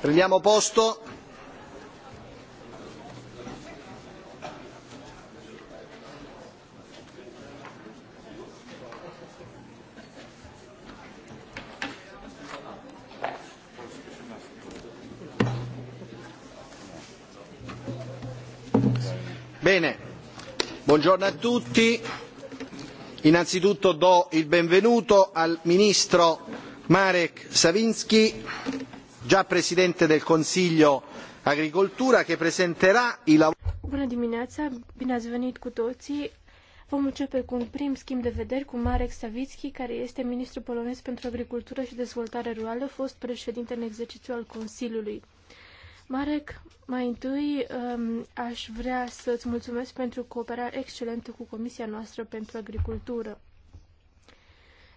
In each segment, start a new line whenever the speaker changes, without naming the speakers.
Prendiamo posto. Bene, buongiorno a tutti. Innanzitutto do il benvenuto al ministro Marek Savinsky già presidente del Consiglio Agricoltura, che presenterà i lavori.
Bună dimineața, bine ați venit cu toții. Vom începe cu un prim schimb de vederi cu Marek Savitski, care este ministru polonez pentru agricultură și dezvoltare rurală, fost președinte în exercițiu al Consiliului. Marek, mai întâi um, aș vrea să-ți mulțumesc pentru cooperarea excelentă cu Comisia noastră pentru Agricultură.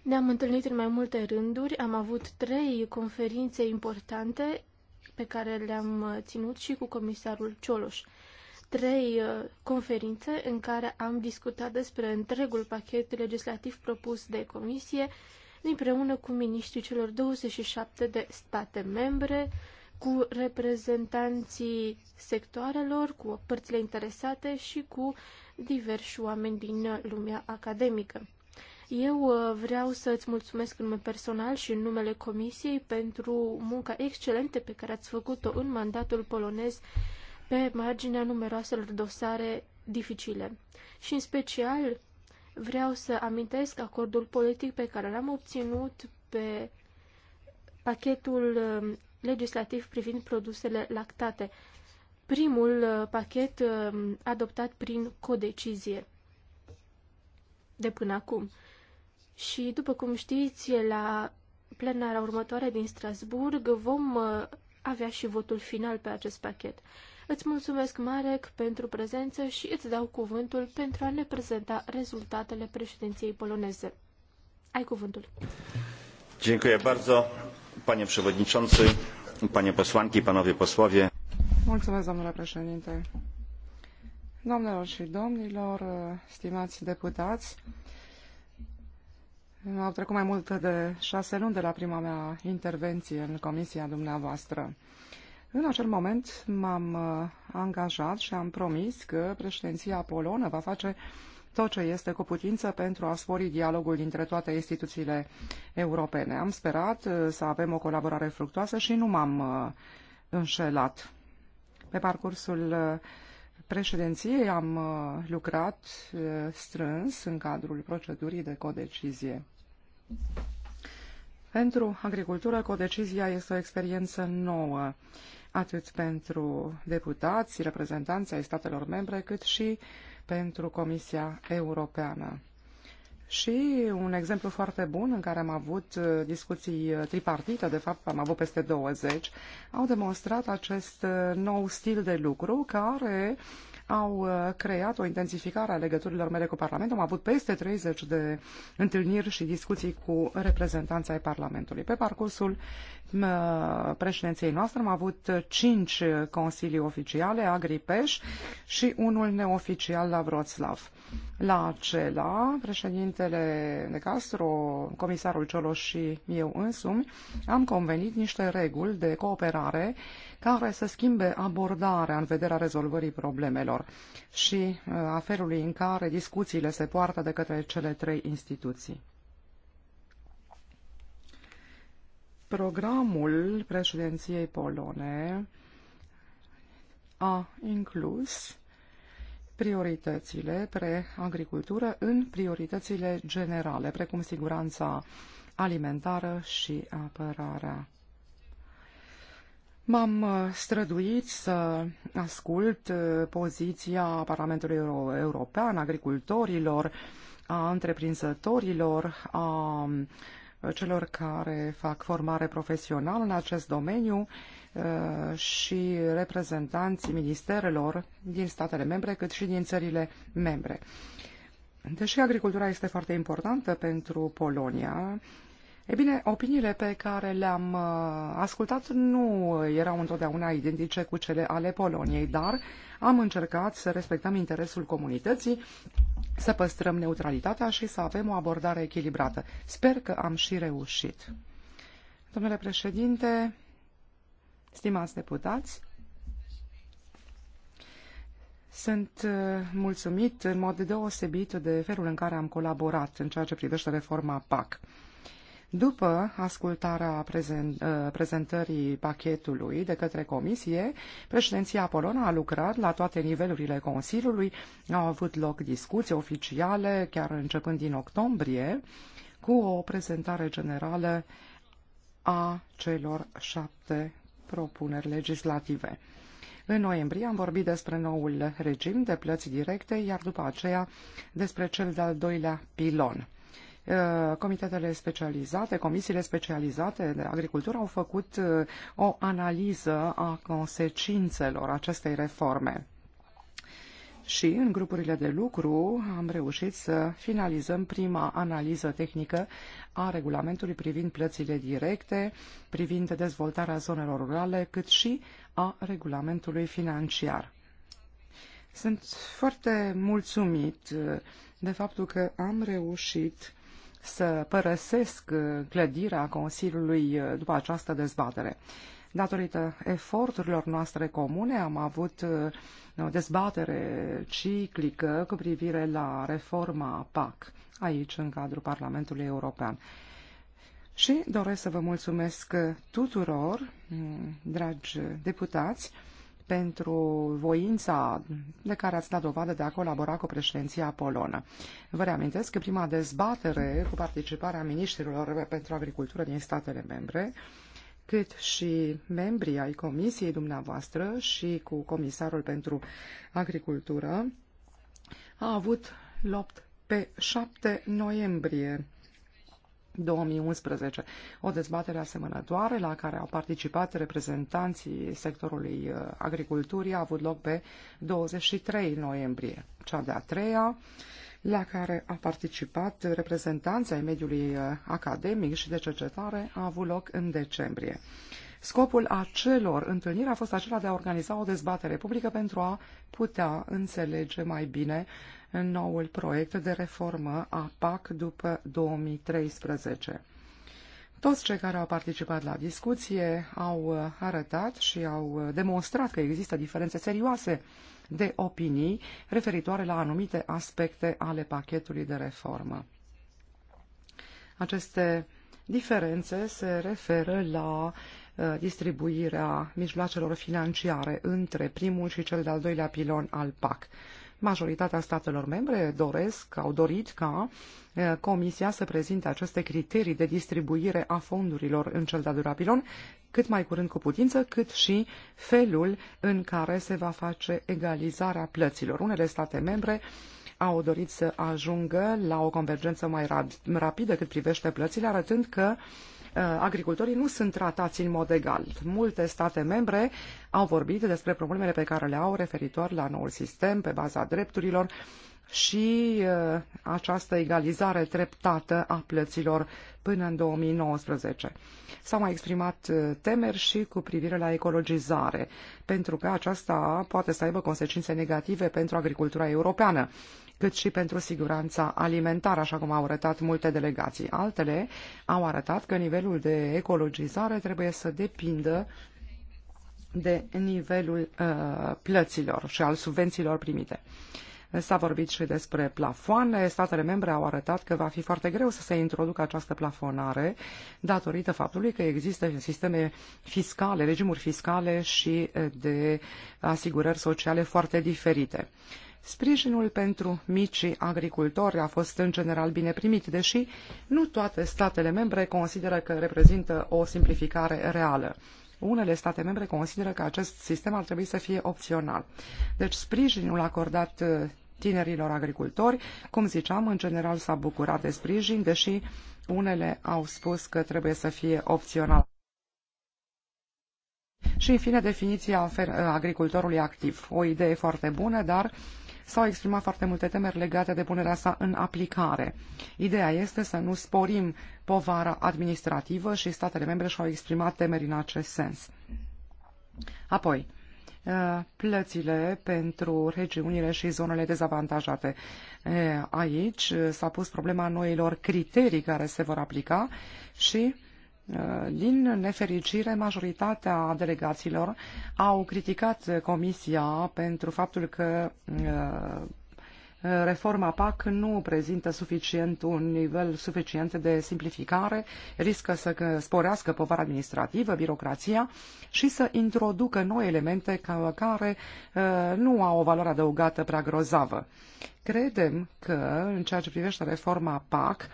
Ne-am întâlnit în mai multe rânduri, am avut trei conferințe importante pe care le-am uh, ținut și cu comisarul Cioloș. Trei uh, conferințe în care am discutat despre întregul pachet legislativ propus de comisie, împreună cu ministrii celor 27 de state membre, cu reprezentanții sectoarelor, cu părțile interesate și cu diversi oameni din lumea academică. Eu uh, vreau să-ți mulțumesc în numele personal și în numele Comisiei pentru munca excelentă pe care ați făcut-o în mandatul polonez pe marginea numeroaselor dosare dificile. Și în special vreau să amintesc acordul politic pe care l-am obținut pe pachetul uh, legislativ privind produsele lactate, primul uh, pachet adoptat prin codecizie de până acum. Și, după cum știți, la plenara următoare din Strasburg vom uh, avea și votul final pe acest pachet. Îți mulțumesc, Marek, pentru prezență și îți dau cuvântul pentru a ne prezenta rezultatele președinției poloneze. Ai cuvântul.
Dziękuję bardzo, panie przewodniczący, panie posłanki, panowie posłowie.
Mulțumesc, domnule președinte. Domnilor și domnilor, stimați deputați, au trecut mai mult de șase luni de la prima mea intervenție în comisia dumneavoastră. În acel moment m-am uh, angajat și am promis că președinția polonă va face tot ce este cu putință pentru a spori dialogul dintre toate instituțiile europene. Am sperat uh, să avem o colaborare fructoasă și nu m-am uh, înșelat. Pe parcursul președinției am lucrat strâns în cadrul procedurii de codecizie. Pentru agricultură, codecizia este o experiență nouă, atât pentru deputați, reprezentanții ai statelor membre, cât și pentru Comisia Europeană. Și un exemplu foarte bun în care am avut uh, discuții uh, tripartite, de fapt am avut peste 20, au demonstrat acest uh, nou stil de lucru care au uh, creat o intensificare a legăturilor mele cu Parlamentul. Am avut peste 30 de întâlniri și discuții cu reprezentanța ai Parlamentului. Pe parcursul uh, președinției noastre am avut 5 consilii oficiale, Agripeș și unul neoficial la Wroclaw. La acela, președintele de Castro, comisarul Cioloș și eu însumi, am convenit niște reguli de cooperare uh, care să schimbe abordarea în vederea rezolvării problemelor și uh, a felului în care discuțiile se poartă de către cele trei instituții. Programul președinției polone a inclus prioritățile pre agricultură în prioritățile generale, precum siguranța alimentară și apărarea. M-am uh, străduit să ascult uh, poziția Parlamentului European, agricultorilor, a întreprinzătorilor, a uh, celor care fac formare profesională în acest domeniu și reprezentanții ministerelor din statele membre, cât și din țările membre. Deși agricultura este foarte importantă pentru Polonia, ei bine, opiniile pe care le-am uh, ascultat nu erau întotdeauna identice cu cele ale Poloniei, dar am încercat să respectăm interesul comunității, să păstrăm neutralitatea și să avem o abordare echilibrată. Sper că am și reușit. Domnule președinte, stimați deputați, sunt uh, mulțumit în mod deosebit de felul în care am colaborat în ceea ce privește reforma PAC. După ascultarea uh, prezentării pachetului de către Comisie, președinția Polona a lucrat la toate nivelurile Consiliului, au avut loc discuții oficiale, chiar începând din octombrie, cu o prezentare generală a celor șapte propuneri legislative. În noiembrie am vorbit despre noul regim de plăți directe, iar după aceea despre cel de-al doilea pilon. Uh, comitetele specializate, comisiile specializate de agricultură au făcut uh, o analiză a consecințelor acestei reforme. Și în grupurile de lucru am reușit să finalizăm prima analiză tehnică a regulamentului privind plățile directe, privind dezvoltarea zonelor rurale, cât și a regulamentului financiar. Sunt foarte mulțumit uh, de faptul că am reușit să părăsesc uh, clădirea Consiliului uh, după această dezbatere. Datorită eforturilor noastre comune am avut uh, o dezbatere ciclică cu privire la reforma PAC aici în cadrul Parlamentului European. Și doresc să vă mulțumesc tuturor, mm, dragi deputați, pentru voința de care ați dat dovadă de a colabora cu președinția polonă. Vă reamintesc că prima dezbatere cu participarea ministrilor pentru agricultură din statele membre cât și membrii ai comisiei dumneavoastră și cu comisarul pentru agricultură, a avut loc pe 7 noiembrie 2011. O dezbatere asemănătoare la care au participat reprezentanții sectorului uh, agriculturii a avut loc pe 23 noiembrie. Cea de-a treia la care a participat reprezentanții ai mediului uh, academic și de cercetare a avut loc în decembrie. Scopul acelor întâlniri a fost acela de a organiza o dezbatere publică pentru a putea înțelege mai bine noul proiect de reformă a PAC după 2013. Toți cei care au participat la discuție au uh, arătat și au uh, demonstrat că există diferențe serioase de opinii referitoare la anumite aspecte ale pachetului de reformă. Aceste diferențe se referă la uh, distribuirea mijloacelor financiare între primul și cel de-al doilea pilon al PAC. Majoritatea statelor membre doresc, au dorit ca Comisia să prezinte aceste criterii de distribuire a fondurilor în cel de-al doilea pilon cât mai curând cu putință, cât și felul în care se va face egalizarea plăților. Unele state membre au dorit să ajungă la o convergență mai rapidă cât privește plățile, arătând că uh, Uh, agricultorii nu sunt tratați în mod egal. Multe state membre au vorbit despre problemele pe care le au referitor la noul sistem pe baza drepturilor și uh, această egalizare treptată a plăților până în 2019. S-au mai exprimat uh, temeri și cu privire la ecologizare, pentru că aceasta poate să aibă consecințe negative pentru agricultura europeană cât și pentru siguranța alimentară, așa cum au arătat multe delegații. Altele au arătat că nivelul de ecologizare trebuie să depindă de nivelul uh, plăților și al subvențiilor primite. S-a vorbit și despre plafoane. Statele membre au arătat că va fi foarte greu să se introducă această plafonare datorită faptului că există sisteme fiscale, regimuri fiscale și uh, de asigurări sociale foarte diferite. Sprijinul pentru micii agricultori a fost în general bine primit, deși nu toate statele membre consideră că reprezintă o simplificare reală. Unele state membre consideră că acest sistem ar trebui să fie opțional. Deci sprijinul acordat uh, tinerilor agricultori, cum ziceam, în general s-a bucurat de sprijin, deși unele au spus că trebuie să fie opțional. Și, în fine, definiția uh, agricultorului activ. O idee foarte bună, dar s-au exprimat foarte multe temeri legate de punerea sa în aplicare. Ideea este să nu sporim povara administrativă și statele membre și-au exprimat temeri în acest sens. Apoi, eh, plățile pentru regiunile și zonele dezavantajate. Eh, aici s-a pus problema noilor criterii care se vor aplica și Eh, din nefericire, majoritatea delegaților au criticat Comisia pentru faptul că eh, reforma PAC nu prezintă suficient un nivel suficient de simplificare, riscă să sporească povara administrativă, birocrația și să introducă noi elemente care eh, nu au o valoare adăugată prea grozavă. Credem că, în ceea ce privește reforma PAC,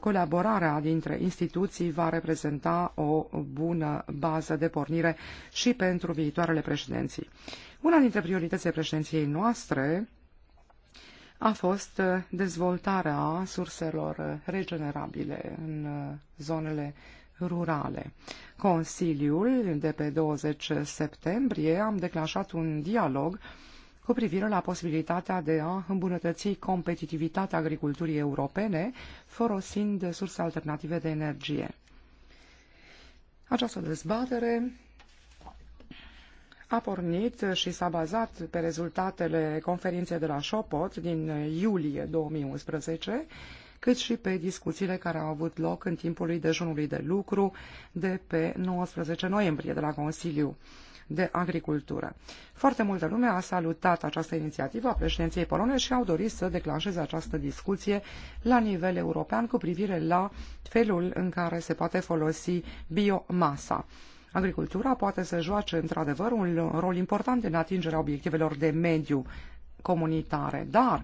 colaborarea dintre instituții va reprezenta o bună bază de pornire și pentru viitoarele președinții. Una dintre prioritățile președinției noastre a fost dezvoltarea surselor regenerabile în zonele rurale. Consiliul de pe 20 septembrie am declanșat un dialog uh, cu privire la posibilitatea de a îmbunătăți competitivitatea agriculturii europene folosind surse alternative de energie. Această dezbatere a pornit și s-a bazat pe rezultatele conferinței de la Șopot din iulie 2011, cât și pe discuțiile care au avut loc în timpul dejunului de lucru de pe 19 noiembrie de la Consiliu de agricultură. Foarte multă lume a salutat această inițiativă a președinției polone și au dorit să declanșeze această discuție la nivel european cu privire la felul în care se poate folosi biomasa. Agricultura poate să joace într-adevăr un rol important în atingerea obiectivelor de mediu comunitare, dar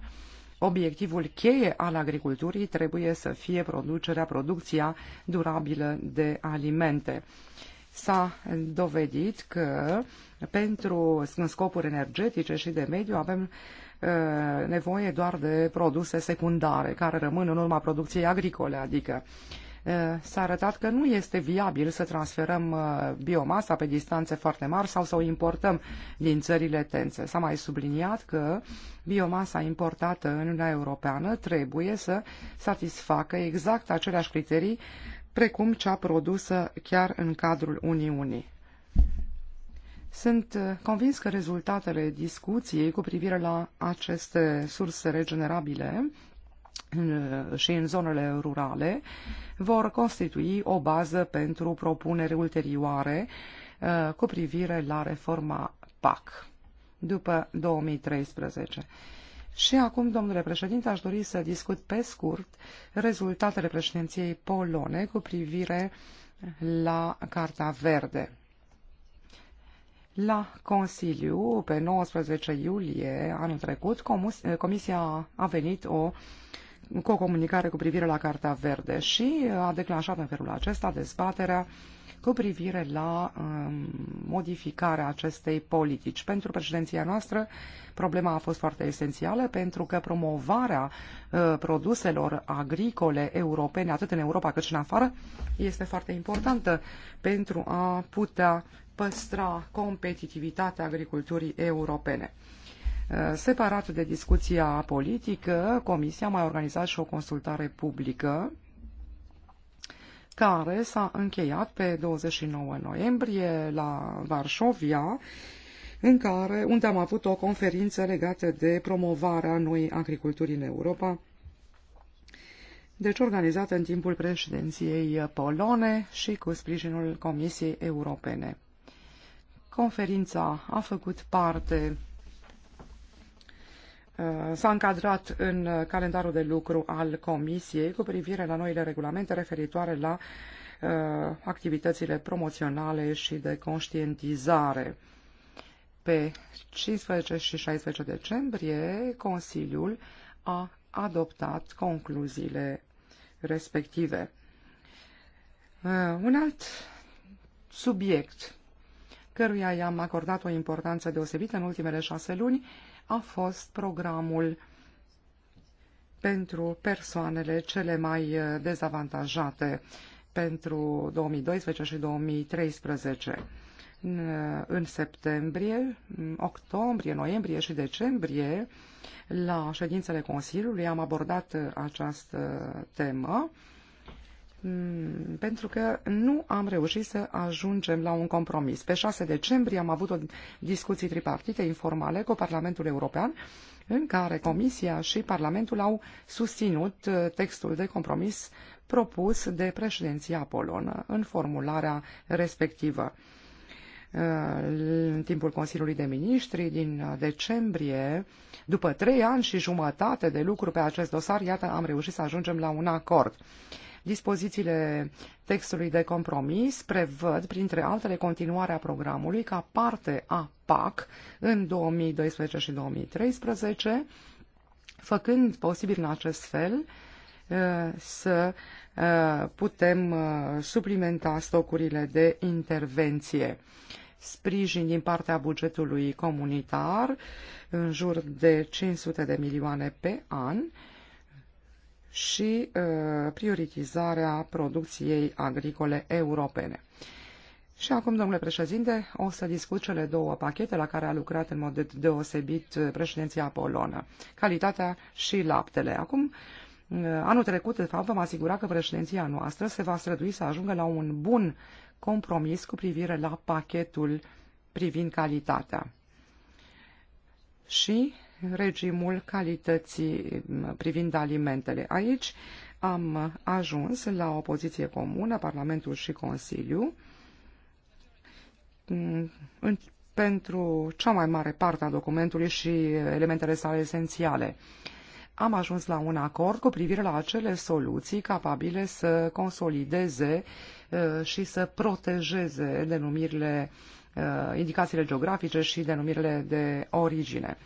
obiectivul cheie al agriculturii trebuie să fie producerea, producția durabilă de alimente s-a dovedit că pentru în scopuri energetice și de mediu avem uh, nevoie doar de produse secundare care rămân în urma producției agricole, adică uh, s-a arătat că nu este viabil să transferăm uh, biomasa pe distanțe foarte mari sau să o importăm din țările tențe. S-a mai subliniat că biomasa importată în Uniunea Europeană trebuie să satisfacă exact aceleași criterii precum cea produsă chiar în cadrul Uniunii. Sunt uh, convins că rezultatele discuției cu privire la aceste surse regenerabile uh, și în zonele rurale vor constitui o bază pentru propuneri ulterioare uh, cu privire la reforma PAC după 2013. Și acum, domnule președinte, aș dori să discut pe scurt rezultatele președinției polone cu privire la Carta Verde. La Consiliu, pe 19 iulie anul trecut, Comisia a venit o, cu o comunicare cu privire la Carta Verde și a declanșat în felul acesta dezbaterea uh, cu privire la um, modificarea acestei politici. Pentru președinția noastră, problema a fost foarte esențială pentru că promovarea uh, produselor agricole europene, atât în Europa cât și în afară, este foarte importantă pentru a putea păstra competitivitatea agriculturii europene. Uh, Separat de discuția politică, Comisia a mai organizat și o consultare publică care s-a încheiat pe 29 noiembrie la Varșovia, în care, unde am avut o conferință legată de promovarea noii agriculturii în Europa, deci organizată în timpul președinției polone și cu sprijinul Comisiei Europene. Conferința a făcut parte Uh, s-a încadrat în uh, calendarul de lucru al Comisiei cu privire la noile regulamente referitoare la uh, activitățile promoționale și de conștientizare. Pe 15 și 16 decembrie, Consiliul a adoptat concluziile respective. Un alt subiect căruia i-am acordat o importanță deosebită în ultimele șase luni a fost programul pentru persoanele cele mai eh, dezavantajate pentru 2012 și 2013. Eh, în septembrie, octombrie, noiembrie și decembrie, la ședințele Consiliului am abordat eh, această temă Mm, pentru că nu am reușit să ajungem la un compromis. Pe 6 decembrie am avut o discuție tripartite informale cu Parlamentul European în care Comisia și Parlamentul au susținut uh, textul de compromis propus de președinția polonă în formularea respectivă. Uh, în timpul Consiliului de Ministri din decembrie, după trei ani și jumătate de lucru pe acest dosar, iată, am reușit să ajungem la un acord. Dispozițiile textului de compromis prevăd, printre altele, continuarea programului ca parte a PAC în 2012 și 2013, făcând posibil în acest fel uh, să uh, putem uh, suplimenta stocurile de intervenție. Sprijin din partea bugetului comunitar în jur de 500 de milioane pe an și uh, prioritizarea producției agricole europene. Și acum, domnule președinte, o să discut cele două pachete la care a lucrat în mod deosebit uh, președinția polonă, calitatea și laptele. Acum, uh, anul trecut, de fapt, vom asigura că președinția noastră se va strădui să ajungă la un bun compromis cu privire la pachetul privind calitatea. Și regimul calității privind alimentele. Aici am ajuns la o poziție comună, Parlamentul și Consiliu, pentru cea mai mare parte a documentului și elementele sale esențiale. Am ajuns la un acord cu privire la acele soluții capabile să consolideze uh, și să protejeze denumirile, uh, indicațiile geografice și denumirile de origine.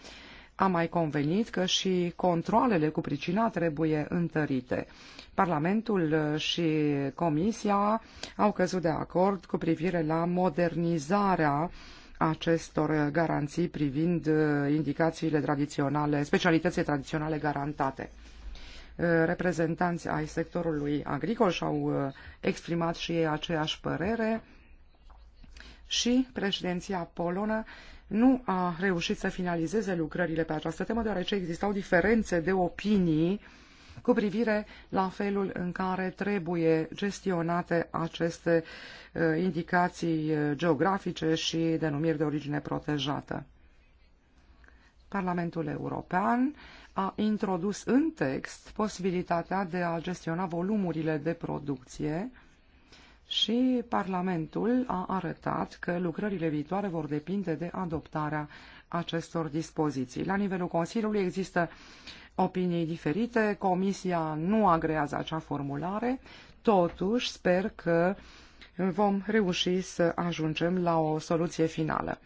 Am mai convenit că și controlele cu pricina trebuie întărite. Parlamentul și Comisia au căzut de acord cu privire la modernizarea acestor garanții privind uh, indicațiile tradiționale, specialitățile tradiționale garantate. Uh, reprezentanții ai sectorului agricol și-au uh, exprimat și ei aceeași părere și președinția polonă nu a reușit să finalizeze lucrările pe această temă, deoarece existau diferențe de opinii cu privire la felul în care trebuie gestionate aceste uh, indicații uh, geografice și denumiri de origine protejată. Parlamentul European a introdus în text posibilitatea de a gestiona volumurile de producție și Parlamentul a arătat că lucrările viitoare vor depinde de adoptarea acestor dispoziții. La nivelul Consiliului există opinii diferite, Comisia nu agrează acea formulare, totuși sper că vom reuși să ajungem la o soluție finală.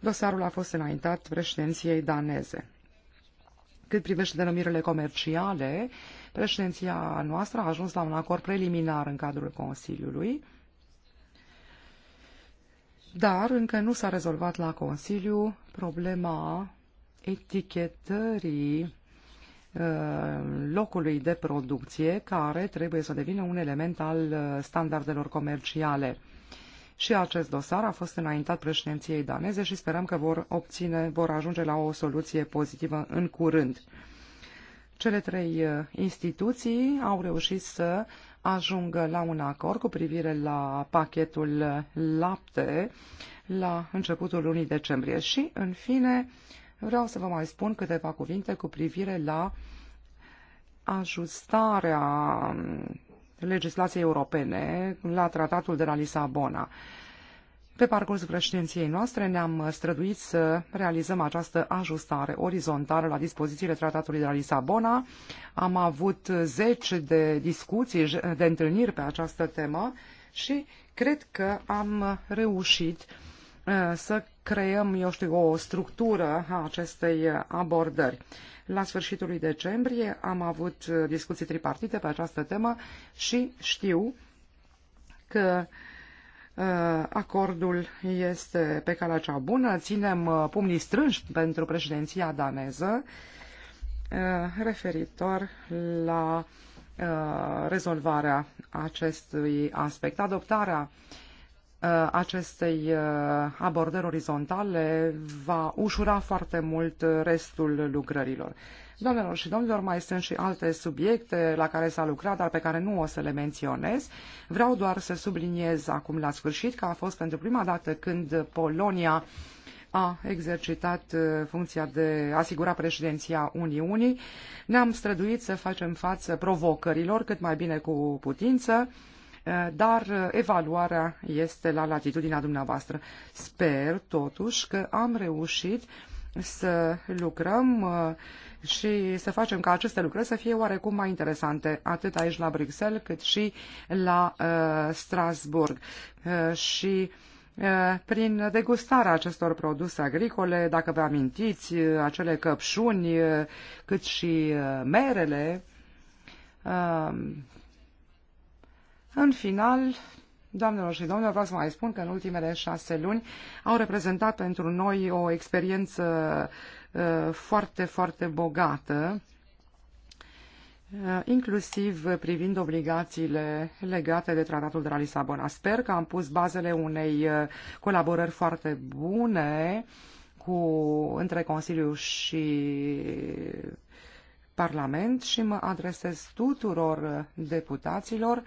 Dosarul a fost înaintat președinției daneze. Cât privește denumirile comerciale, Președinția noastră a ajuns la un acord preliminar în cadrul Consiliului, dar încă nu s-a rezolvat la Consiliu problema etichetării uh, locului de producție care trebuie să devină un element al uh, standardelor comerciale. Și acest dosar a fost înaintat președinției daneze și sperăm că vor obține, vor ajunge la o soluție pozitivă în curând. Cele trei uh, instituții au reușit să ajungă la un acord cu privire la pachetul uh, lapte la începutul lunii decembrie. Și, în fine, vreau să vă mai spun câteva cuvinte cu privire la ajustarea um, legislației europene la tratatul de la Lisabona. Pe parcursul președinției noastre ne-am străduit să realizăm această ajustare orizontală la dispozițiile Tratatului de la Lisabona. Am avut zeci de discuții, de întâlniri pe această temă și cred că am reușit uh, să creăm, eu știu, o structură a acestei abordări. La sfârșitul lui decembrie am avut uh, discuții tripartite pe această temă și știu că uh, Uh, acordul este pe calea cea bună, ținem uh, pumnii strânși pentru președinția daneză uh, referitor la rezolvarea acestui aspect. Adoptarea acestei abordări orizontale va ușura foarte mult restul lucrărilor. Doamnelor și domnilor, mai sunt și alte subiecte la care s-a lucrat, dar pe care nu o să le menționez. Vreau doar să subliniez acum la sfârșit că a fost pentru prima dată când Polonia a exercitat uh, funcția de asigura președinția Uniunii. Ne-am străduit să facem față provocărilor cât mai bine cu putință uh, dar uh, evaluarea este la latitudinea dumneavoastră. Sper totuși că am reușit să lucrăm și să facem ca aceste lucrări să fie oarecum mai interesante, atât aici la Bruxelles, cât și la uh, Strasburg. Uh, și uh, prin degustarea acestor produse agricole, dacă vă amintiți, uh, acele căpșuni, uh, cât și merele, um, în final, Doamnelor și domnilor, vreau să mai spun că în ultimele șase luni au reprezentat pentru noi o experiență Uh, foarte, foarte bogată, uh, inclusiv privind obligațiile legate de Tratatul de la Lisabona. Sper că am pus bazele unei uh, colaborări foarte bune cu, între Consiliu și Parlament și mă adresez tuturor deputaților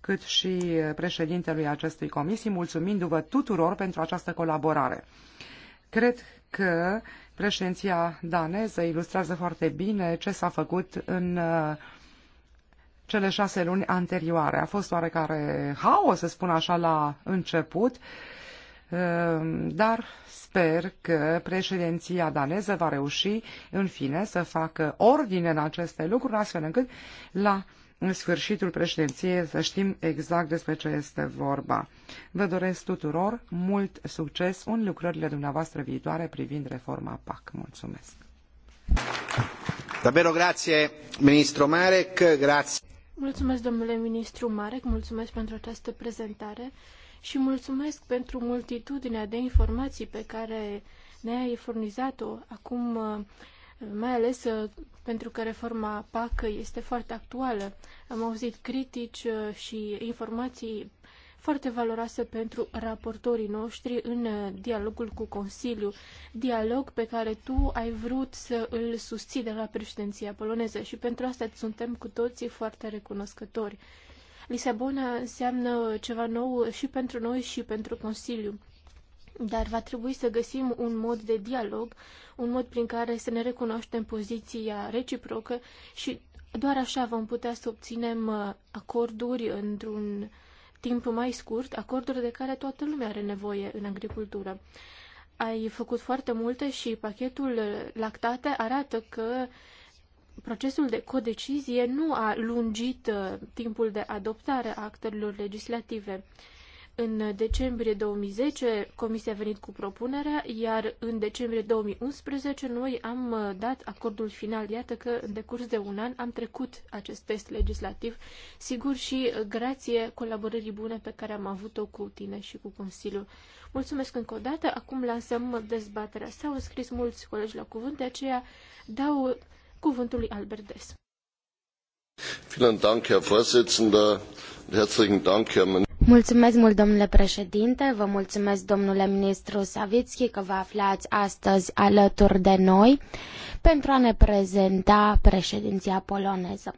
cât și președintelui acestei comisii, mulțumindu-vă tuturor pentru această colaborare. Cred că Președinția daneză ilustrează foarte bine ce s-a făcut în uh, cele șase luni anterioare. A fost oarecare haos, să spun așa, la început, uh, dar sper că președinția daneză va reuși, în fine, să facă ordine în aceste lucruri, astfel încât la în sfârșitul președinției să știm exact despre ce este vorba. Vă doresc tuturor mult succes în lucrările dumneavoastră viitoare privind reforma PAC. Mulțumesc!
Davvero grazie, ministru Marek, grazie.
Mulțumesc, domnule ministru Marek, mulțumesc pentru această prezentare și mulțumesc pentru multitudinea de informații pe care ne-ai furnizat-o acum mai ales uh, pentru că reforma PAC este foarte actuală. Am auzit critici uh, și informații foarte valoroase pentru raportorii noștri în uh, dialogul cu Consiliu, dialog pe care tu ai vrut să îl susții de la președinția poloneză și pentru asta suntem cu toții foarte recunoscători. Lisabona înseamnă ceva nou și pentru noi și pentru Consiliu. Dar va trebui să găsim un mod de dialog, un mod prin care să ne recunoaștem poziția reciprocă și doar așa vom putea să obținem uh, acorduri într-un timp mai scurt, acorduri de care toată lumea are nevoie în agricultură. Ai făcut foarte multe și pachetul lactate arată că procesul de codecizie nu a lungit uh, timpul de adoptare a actelor legislative. În decembrie 2010 Comisia a venit cu propunerea, iar în decembrie 2011 noi am uh, dat acordul final. Iată că în decurs de un an am trecut acest test legislativ, sigur și uh, grație colaborării bune pe care am avut-o cu tine și cu Consiliul. Mulțumesc încă o dată, acum lansăm dezbaterea. S-au înscris mulți colegi la cuvânt, de aceea dau cuvântul lui Albert Des.
Vielen Dank, Herr Vorsitzender. Herzlichen Dank, Herr Minister.
Mulțumesc mult, domnule președinte, vă mulțumesc, domnule ministru Savitski, că vă aflați astăzi alături de noi pentru a ne prezenta președinția poloneză.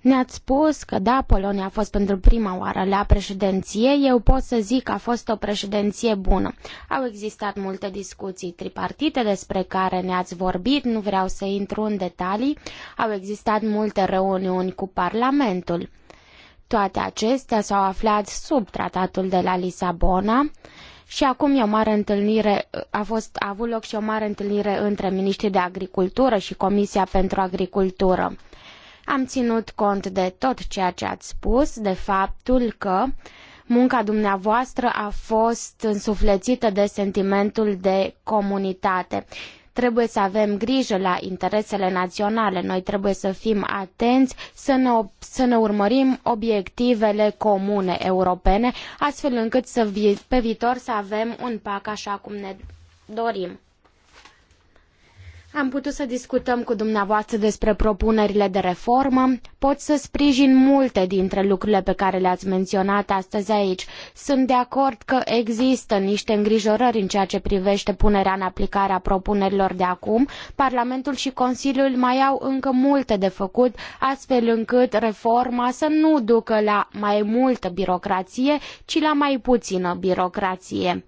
Ne-ați spus că da, Polonia a fost pentru prima oară la președinție, eu pot să zic că a fost o președinție bună. Au existat multe discuții tripartite despre care ne-ați vorbit, nu vreau să intru în detalii, au existat multe reuniuni cu Parlamentul. Toate acestea s-au aflat sub tratatul de la Lisabona și acum e o mare întâlnire, a, fost, a avut loc și o mare întâlnire între ministrii de agricultură și Comisia pentru Agricultură. Am ținut cont de tot ceea ce ați spus, de faptul că munca dumneavoastră a fost însuflețită de sentimentul de comunitate Trebuie să avem grijă la interesele naționale. Noi trebuie să fim atenți, să ne, să ne urmărim obiectivele comune europene, astfel încât să vi pe viitor să avem un pac așa cum ne dorim. Am putut să discutăm cu dumneavoastră despre propunerile de reformă. Pot să sprijin multe dintre lucrurile pe care le-ați menționat astăzi aici. Sunt de acord că există niște îngrijorări în ceea ce privește punerea în aplicare a propunerilor de acum. Parlamentul și Consiliul mai au încă multe de făcut, astfel încât reforma să nu ducă la mai multă birocrație, ci la mai puțină birocrație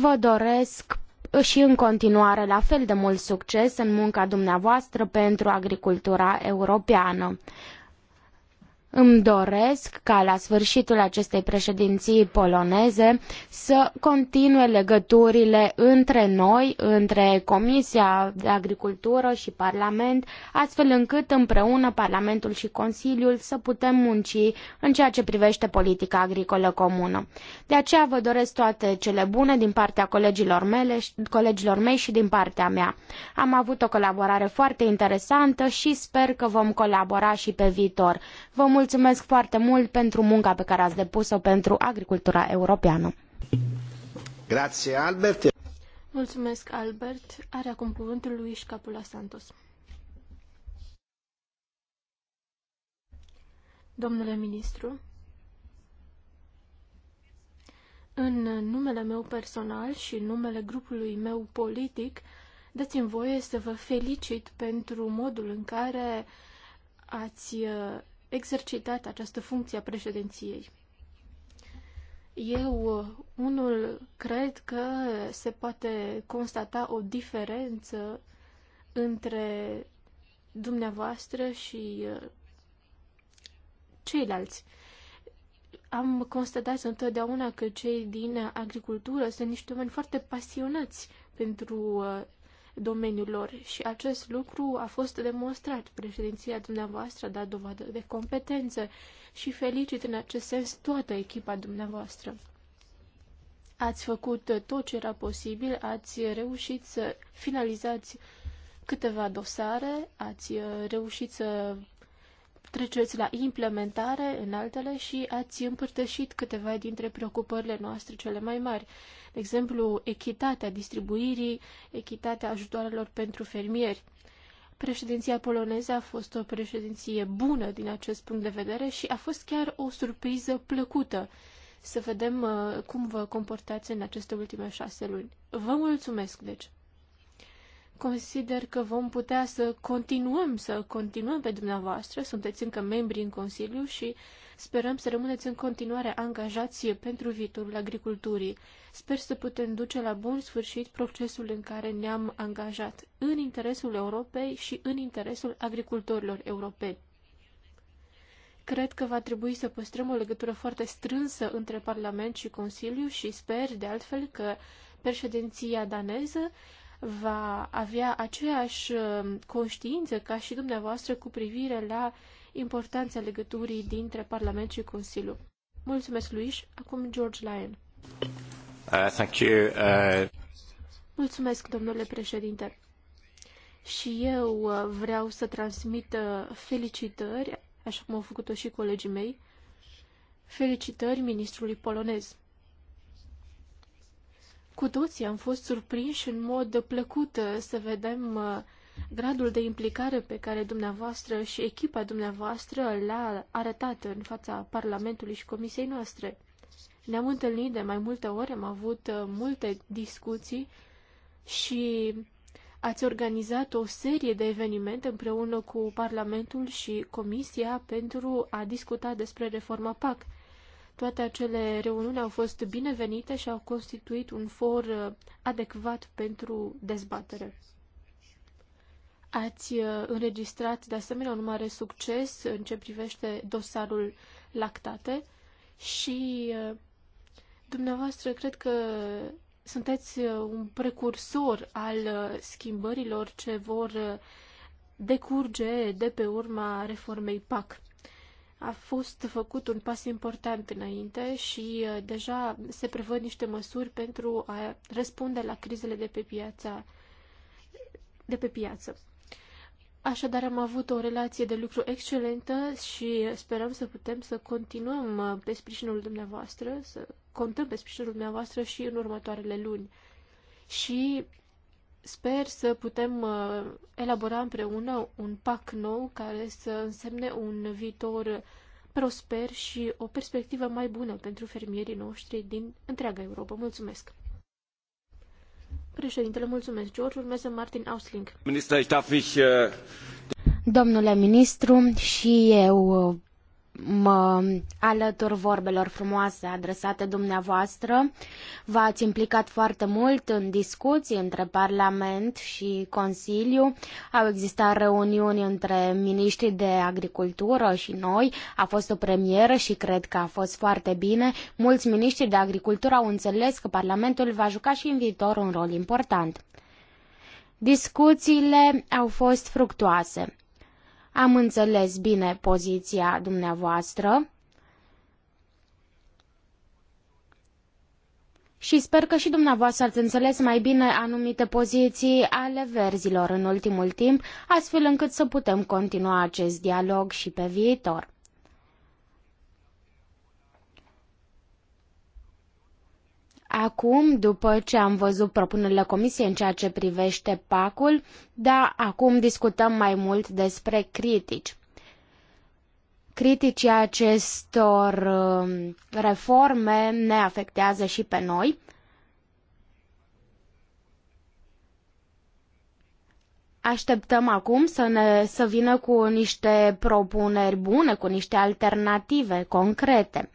Vă doresc și în continuare la fel de mult succes în munca dumneavoastră pentru agricultura europeană. Îmi doresc ca la sfârșitul acestei președinții poloneze să continue legăturile între noi, între Comisia de Agricultură și Parlament, astfel încât împreună Parlamentul și Consiliul să putem munci în ceea ce privește politica agricolă comună. De aceea vă doresc toate cele bune din partea colegilor, mele, colegilor mei și din partea mea. Am avut o colaborare foarte interesantă și sper că vom colabora și pe viitor. Vă mulțumesc mulțumesc foarte mult pentru munca pe care ați depus-o pentru agricultura europeană.
Grazie, Albert.
Mulțumesc, Albert. Are acum cuvântul lui Capula Santos. Domnule ministru, în numele meu personal și în numele grupului meu politic, dați-mi voie să vă felicit pentru modul în care ați exercitat această funcție a președinției. Eu, unul, cred că se poate constata o diferență între dumneavoastră și uh, ceilalți. Am constatat întotdeauna că cei din agricultură sunt niște oameni foarte pasionați pentru uh, domeniul lor și acest lucru a fost demonstrat. Președinția dumneavoastră a dat dovadă de competență și felicit în acest sens toată echipa dumneavoastră. Ați făcut tot ce era posibil, ați reușit să finalizați câteva dosare, ați reușit să treceți la implementare în altele și ați împărtășit câteva dintre preocupările noastre cele mai mari. De exemplu, echitatea distribuirii, echitatea ajutoarelor pentru fermieri. Președinția poloneză a fost o președinție bună din acest punct de vedere și a fost chiar o surpriză plăcută să vedem uh, cum vă comportați în aceste ultime șase luni. Vă mulțumesc, deci! Consider că vom putea să continuăm, să continuăm pe dumneavoastră. Sunteți încă membri în Consiliu și sperăm să rămâneți în continuare angajați pentru viitorul agriculturii. Sper să putem duce la bun sfârșit procesul în care ne-am angajat în interesul Europei și în interesul agricultorilor europeni. Cred că va trebui să păstrăm o legătură foarte strânsă între Parlament și Consiliu și sper, de altfel, că președinția daneză va avea aceeași uh, conștiință ca și dumneavoastră cu privire la importanța legăturii dintre Parlament și Consiliu. Mulțumesc, Luis. Acum George Lyon.
Uh, thank you.
Uh...
Mulțumesc, domnule președinte. Și eu uh, vreau să transmit uh, felicitări, așa cum au făcut-o și colegii mei, felicitări ministrului polonez. Cu toții am fost surprinși în mod plăcut uh, să vedem uh, gradul de implicare pe care dumneavoastră și echipa dumneavoastră l-a arătat în fața Parlamentului și Comisiei noastre. Ne-am întâlnit de mai multe ori, am avut uh, multe discuții și ați organizat o serie de evenimente împreună cu Parlamentul și Comisia pentru a discuta despre reforma PAC. Toate acele reuniuni au fost binevenite și au constituit un for uh, adecvat pentru dezbatere. Ați uh, înregistrat de asemenea un mare succes în ce privește dosarul lactate și uh, dumneavoastră cred că sunteți un precursor al schimbărilor ce vor decurge de pe urma reformei PAC a fost făcut un pas important înainte și uh, deja se prevăd niște măsuri pentru a răspunde la crizele de pe piața de pe piață. Așadar, am avut o relație de lucru excelentă și sperăm să putem să continuăm uh, pe sprijinul dumneavoastră, să contăm pe sprijinul dumneavoastră și în următoarele luni. Și Sper să putem uh, elabora împreună un pac nou care să însemne un viitor prosper și o perspectivă mai bună pentru fermierii noștri din întreaga Europa. Mulțumesc! Președintele, mulțumesc, George. Urmează Martin Ausling.
Uh, Domnule ministru, și eu mă alătur vorbelor frumoase adresate dumneavoastră. V-ați implicat foarte mult în discuții între Parlament și Consiliu. Au existat reuniuni între miniștrii de agricultură și noi. A fost o premieră și cred că a fost foarte bine. Mulți miniștri de agricultură au înțeles că Parlamentul va juca și în viitor un rol important. Discuțiile au fost fructuoase. Am înțeles bine poziția dumneavoastră și sper că și dumneavoastră ați înțeles mai bine anumite poziții ale verzilor în ultimul timp, astfel încât să putem continua acest dialog și pe viitor. Acum, după ce am văzut propunerile Comisiei în ceea ce privește PAC-ul, da, acum discutăm mai mult despre critici. Criticii acestor um, reforme ne afectează și pe noi. Așteptăm acum să, ne, să vină cu niște propuneri bune, cu niște alternative concrete.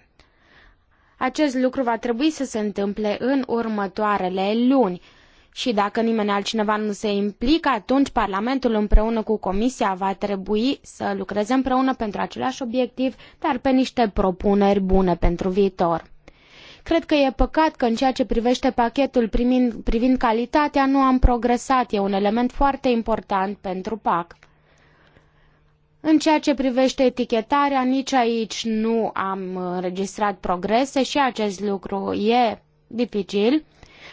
Acest lucru va trebui să se întâmple în următoarele luni. Și dacă nimeni altcineva nu se implică, atunci Parlamentul împreună cu Comisia va trebui să lucreze împreună pentru același obiectiv, dar pe niște propuneri bune pentru viitor. Cred că e păcat că în ceea ce privește pachetul privind, privind calitatea nu am progresat. E un element foarte important pentru PAC. În ceea ce privește etichetarea, nici aici nu am înregistrat progrese și acest lucru e dificil,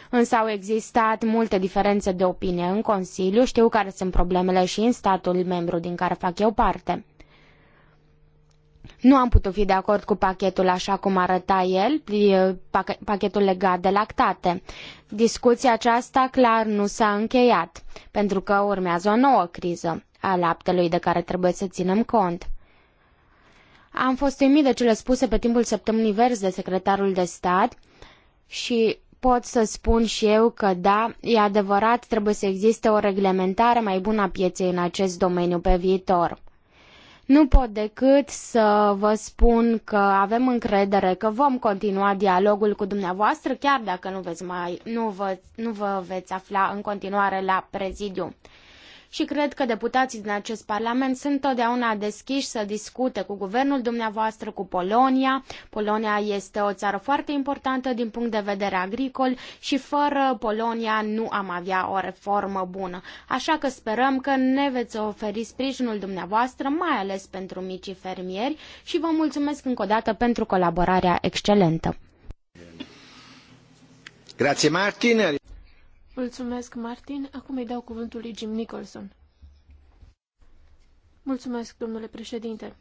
însă au existat multe diferențe de opinie în Consiliu, știu care sunt problemele și în statul membru din care fac eu parte. Nu am putut fi de acord cu pachetul așa cum arăta el, pachetul legat de lactate. Discuția aceasta clar nu s-a încheiat, pentru că urmează o nouă criză a laptelui de care trebuie să ținem cont. Am fost uimit de cele spuse pe timpul săptămânii verzi de secretarul de stat și pot să spun și eu că da, e adevărat, trebuie să existe o reglementare mai bună a pieței în acest domeniu pe viitor. Nu pot decât să vă spun că avem încredere că vom continua dialogul cu dumneavoastră, chiar dacă nu, veți mai, nu, vă, nu vă veți afla în continuare la prezidiu și cred că deputații din acest Parlament sunt totdeauna deschiși să discute cu guvernul dumneavoastră, cu Polonia. Polonia este o țară foarte importantă din punct de vedere agricol și fără Polonia nu am avea o reformă bună. Așa că sperăm că ne veți oferi sprijinul dumneavoastră, mai ales pentru micii fermieri și vă mulțumesc încă o dată pentru colaborarea excelentă.
Grazie Martin.
Mulțumesc, Martin. Acum îi dau cuvântul lui Jim Nicholson. Mulțumesc, domnule președinte.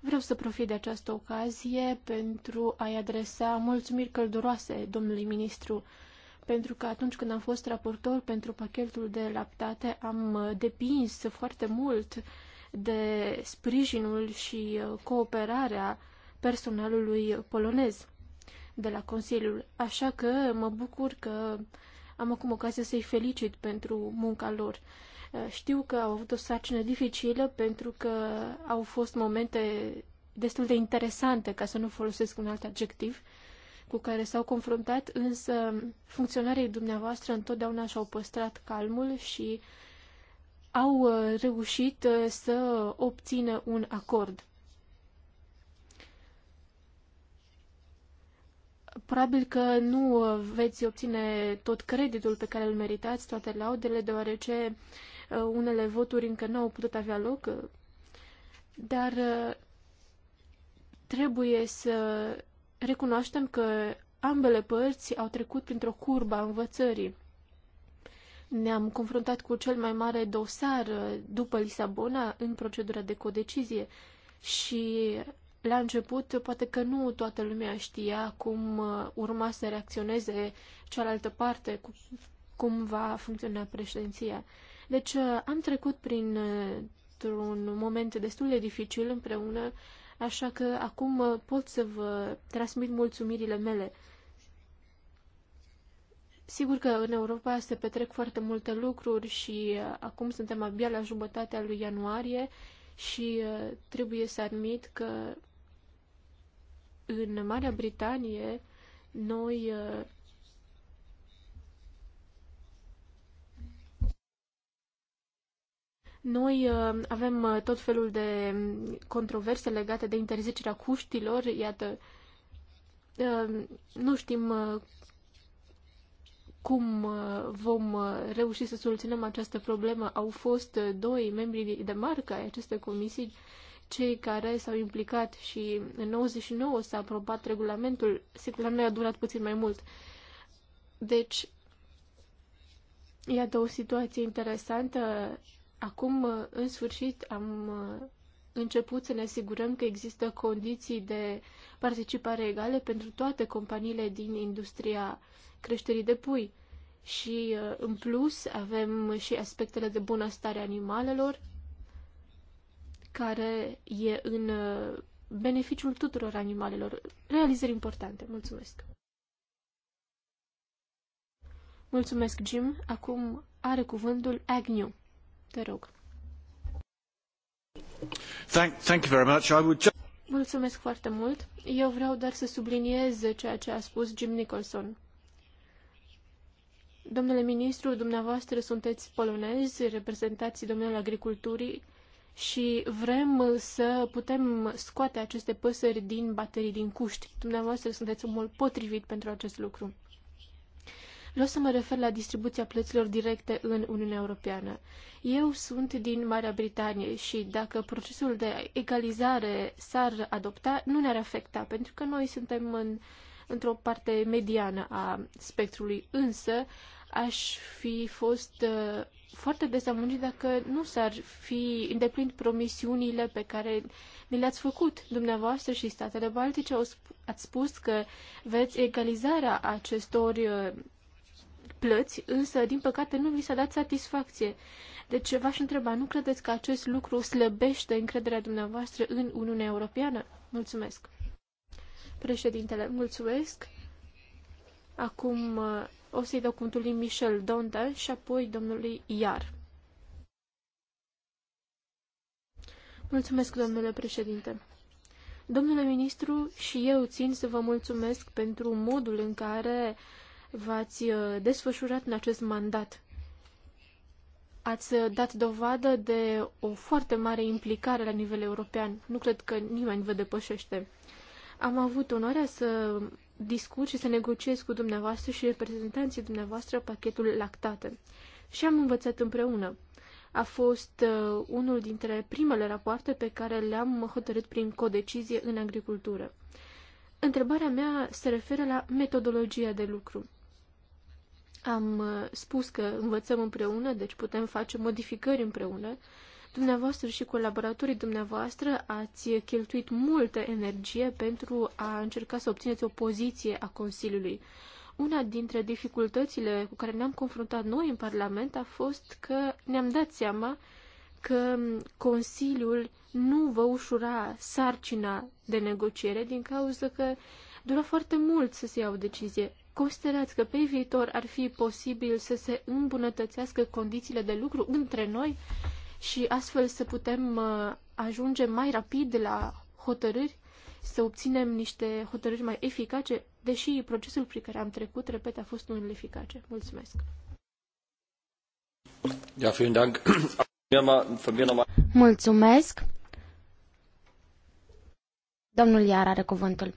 Vreau să profit de această ocazie pentru a-i adresa mulțumiri călduroase domnului ministru, pentru că atunci când am fost raportor pentru pachetul de laptate, am uh, depins foarte mult de sprijinul și uh, cooperarea personalului polonez de la Consiliul. Așa că mă bucur că am acum ocazia să-i felicit pentru munca lor. Eh, știu că au avut o sarcină dificilă pentru că au fost momente destul de interesante, ca să nu folosesc un alt adjectiv, cu care s-au confruntat, însă funcționarii dumneavoastră întotdeauna și-au păstrat calmul și au eh, reușit eh, să obțină un acord. Probabil că nu veți obține tot creditul pe care îl meritați, toate laudele, deoarece uh, unele voturi încă nu au putut avea loc, uh, dar uh, trebuie să recunoaștem că ambele părți au trecut printr-o curbă a învățării. Ne-am confruntat cu cel mai mare dosar după Lisabona în procedura de codecizie și la început poate că nu toată lumea știa cum uh, urma să reacționeze cealaltă parte, cum va funcționa președinția. Deci uh, am trecut prin uh, un moment destul de dificil împreună, așa că acum pot să vă transmit mulțumirile mele. Sigur că în Europa se petrec foarte multe lucruri și acum suntem abia la jumătatea lui ianuarie și trebuie să admit că în Marea Britanie noi uh, Noi uh, avem uh, tot felul de controverse legate de interzicerea cuștilor, iată, nu știm cum vom reuși să soluționăm această problemă. Au fost doi membri de marca ai acestei comisii cei care s-au implicat și în 99 s-a aprobat regulamentul, sigur la noi a durat puțin mai mult. Deci, iată o situație interesantă. Acum, în sfârșit, am uh, început să ne asigurăm că există condiții de participare egale pentru toate companiile din industria creșterii de pui. Și, uh, în plus, avem și aspectele de bunăstare animalelor, care e în uh, beneficiul tuturor animalelor. Realizări importante. Mulțumesc! Mulțumesc, Jim. Acum are cuvântul Agnew. Te rog.
Thank, thank you very much. I would just...
Mulțumesc foarte mult. Eu vreau doar să subliniez ceea ce a spus Jim Nicholson. Domnule ministru, dumneavoastră sunteți polonezi, reprezentați domeniul agriculturii și vrem să putem scoate aceste păsări din baterii din cuști. Dumneavoastră sunteți omul potrivit pentru acest lucru. Vreau să mă refer la distribuția plăților directe în Uniunea Europeană. Eu sunt din Marea Britanie și dacă procesul de egalizare s-ar adopta, nu ne-ar afecta, pentru că noi suntem în, într-o parte mediană a spectrului, însă aș fi fost uh, foarte dezamăgit dacă nu s-ar fi îndeplinit promisiunile pe care ni le-ați făcut. Dumneavoastră și statele baltice ați spus că veți egalizarea acestor uh, plăți, însă, din păcate, nu vi s-a dat satisfacție. Deci v-aș întreba, nu credeți că acest lucru slăbește încrederea dumneavoastră în Uniunea Europeană? Mulțumesc. Președintele, mulțumesc. Acum uh, o să-i dau cuvântul lui Michel Donde și apoi domnului Iar. Mulțumesc, domnule președinte. Domnule ministru, și eu țin să vă mulțumesc pentru modul în care v-ați uh, desfășurat în acest mandat. Ați uh, dat dovadă de o foarte mare implicare la nivel european. Nu cred că nimeni vă depășește. Am avut onoarea să discut și să negociez cu dumneavoastră și reprezentanții dumneavoastră pachetul lactate. Și am învățat împreună. A fost uh, unul dintre primele rapoarte pe care le-am hotărât prin codecizie în agricultură. Întrebarea mea se referă la metodologia de lucru. Am uh, spus că învățăm împreună, deci putem face modificări împreună, uh, Dumneavoastră și colaboratorii dumneavoastră ați cheltuit multă energie pentru a încerca să obțineți o poziție a Consiliului. Una dintre dificultățile cu care ne-am confruntat noi în Parlament a fost că ne-am dat seama că Consiliul nu vă ușura sarcina de negociere din cauza că dura foarte mult să se ia o decizie. Considerați că pe viitor ar fi posibil să se îmbunătățească condițiile de lucru între noi și astfel să putem uh, ajunge mai rapid la hotărâri, să obținem niște hotărâri mai eficace, deși procesul prin care am trecut, repet, a fost unul eficace. Mulțumesc!
Ja, vielen Dank.
Mulțumesc! Domnul Iar are cuvântul.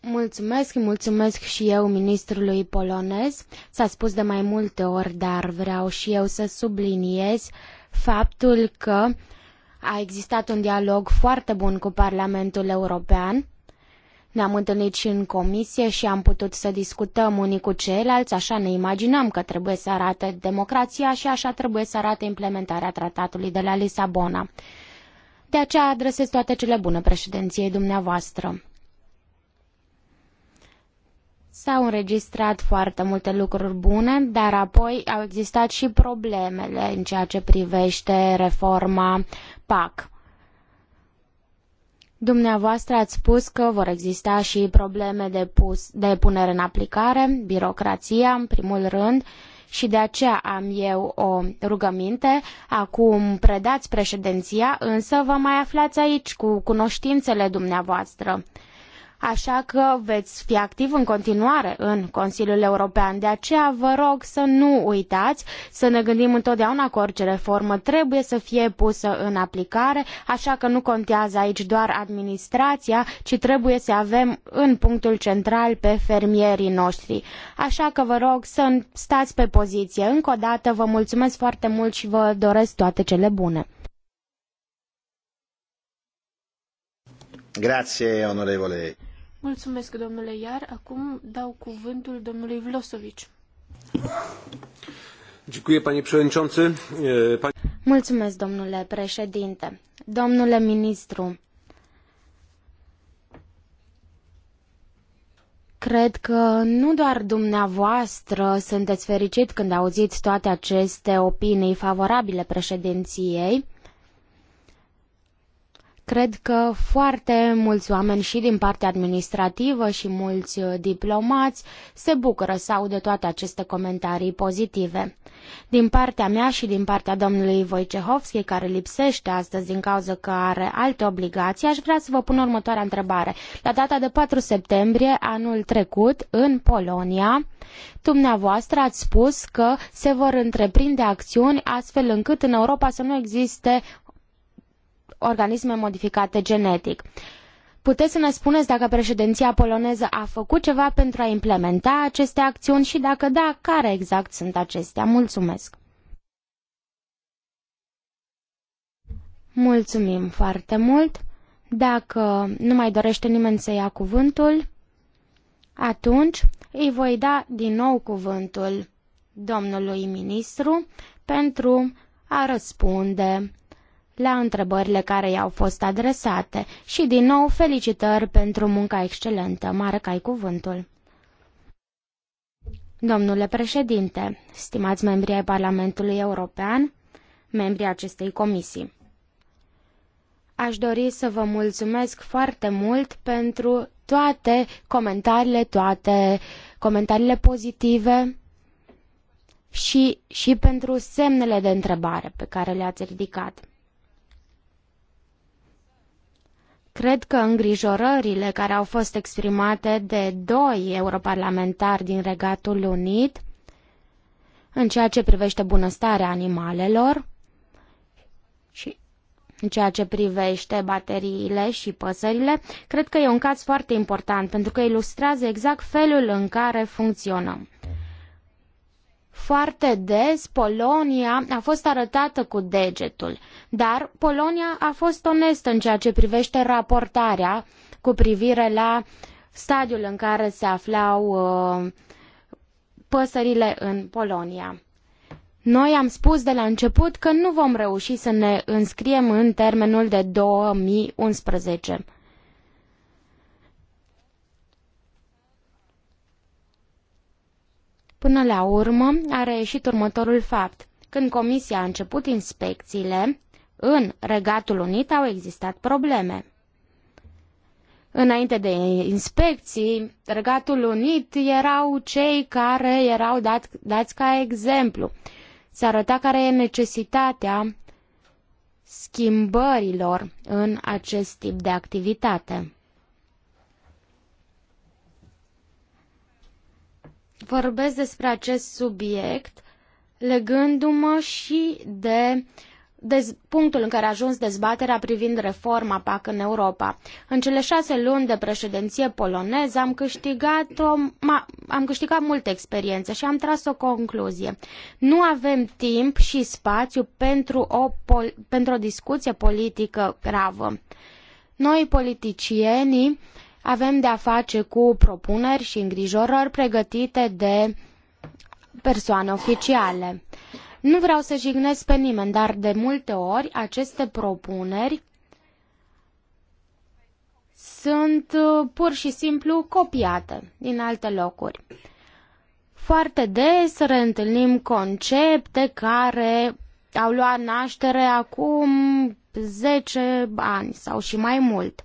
Mulțumesc, mulțumesc și eu ministrului polonez. S-a spus de mai multe ori, dar vreau și eu să subliniez faptul că a existat un dialog foarte bun cu Parlamentul European. Ne-am întâlnit și în comisie și am putut să discutăm unii cu ceilalți, așa ne imaginam că trebuie să arate democrația și așa trebuie să arate implementarea tratatului de la Lisabona. De aceea adresez toate cele bune președinției dumneavoastră. S-au înregistrat foarte multe lucruri bune, dar apoi au existat și problemele în ceea ce privește reforma PAC. Dumneavoastră ați spus că vor exista și probleme de, pus, de punere în aplicare, birocrația în primul rând, și de aceea am eu o rugăminte. Acum predați președinția, însă vă mai aflați aici cu cunoștințele dumneavoastră. Uh, Așa că veți fi activ în continuare în Consiliul European. De aceea vă rog să nu uitați, să ne gândim întotdeauna că orice reformă trebuie să fie pusă în aplicare, așa că nu contează aici doar administrația, ci trebuie să avem în punctul central pe fermierii noștri. Așa că vă rog să stați pe poziție. Încă o dată vă mulțumesc foarte mult și vă doresc toate cele bune.
Grazie, onorevole.
Mulțumesc, domnule Iar. Acum dau cuvântul domnului Vlosovici.
Mulțumesc, domnule președinte. Domnule ministru, Cred că nu doar dumneavoastră sunteți fericit când auziți toate aceste opinii favorabile președinției, Cred că foarte mulți oameni și din partea administrativă și mulți uh, diplomați se bucură să audă toate aceste comentarii pozitive. Din partea mea și din partea domnului Wojciechowski, care lipsește astăzi din cauza că are alte obligații, aș vrea să vă pun următoarea întrebare. La data de 4 septembrie anul trecut, în Polonia, dumneavoastră ați spus că se vor întreprinde acțiuni astfel încât în Europa să nu existe organisme modificate genetic. Puteți să ne spuneți dacă președinția poloneză a făcut ceva pentru a implementa aceste acțiuni și dacă da, care exact sunt acestea? Mulțumesc! Mulțumim foarte mult! Dacă nu mai dorește nimeni să ia cuvântul, atunci îi voi da din nou cuvântul domnului ministru pentru a răspunde la întrebările care i-au fost adresate și din nou felicitări pentru munca excelentă. Mare ai cuvântul. Domnule președinte, stimați membri ai Parlamentului European, membrii acestei comisii, aș dori să vă mulțumesc foarte mult pentru toate comentariile, toate comentariile pozitive și, și pentru semnele de întrebare pe care le-ați ridicat. Cred că îngrijorările care au fost exprimate de doi europarlamentari din Regatul Unit în ceea ce privește bunăstarea animalelor și în ceea ce privește bateriile și păsările, cred că e un caz foarte important pentru că ilustrează exact felul în care funcționăm. Foarte des Polonia a fost arătată cu degetul, dar Polonia a fost onestă în ceea ce privește raportarea cu privire la stadiul în care se aflau uh, păsările în Polonia. Noi am spus de la început că nu vom reuși să ne înscriem în termenul de 2011. Până la urmă a reieșit următorul fapt. Când comisia a început inspecțiile, în Regatul Unit au existat probleme. Înainte de inspecții, Regatul Unit erau cei care erau dat, dați ca exemplu. Se arăta care e necesitatea schimbărilor în acest tip de activitate. vorbesc despre acest subiect legându-mă și de punctul în care a ajuns dezbaterea privind reforma PAC în Europa. În cele șase luni de președinție poloneză am câștigat, o, am câștigat multă experiență și am tras o concluzie. Nu avem timp și spațiu pentru o, pentru o discuție politică gravă. Noi politicienii avem de a face cu propuneri și îngrijorări pregătite de persoane oficiale. Nu vreau să jignesc pe nimeni, dar de multe ori aceste propuneri sunt uh, pur și simplu copiate din alte locuri. Foarte des reîntâlnim concepte care au luat naștere acum 10 ani sau și mai mult.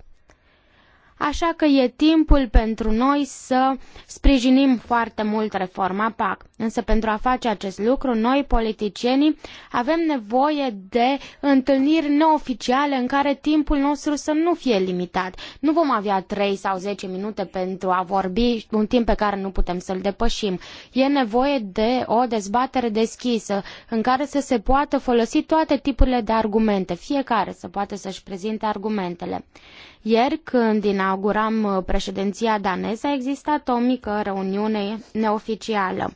Așa că e timpul pentru noi să sprijinim foarte mult reforma PAC. Însă pentru a face acest lucru, noi, politicienii, avem nevoie de întâlniri neoficiale în care timpul nostru să nu fie limitat. Nu vom avea 3 sau 10 minute pentru a vorbi, un timp pe care nu putem să-l depășim. E nevoie de o dezbatere deschisă în care să se poată folosi toate tipurile de argumente, fiecare să poată să-și prezinte argumentele. Ieri, când inauguram uh, președinția daneză, a existat o mică reuniune neoficială.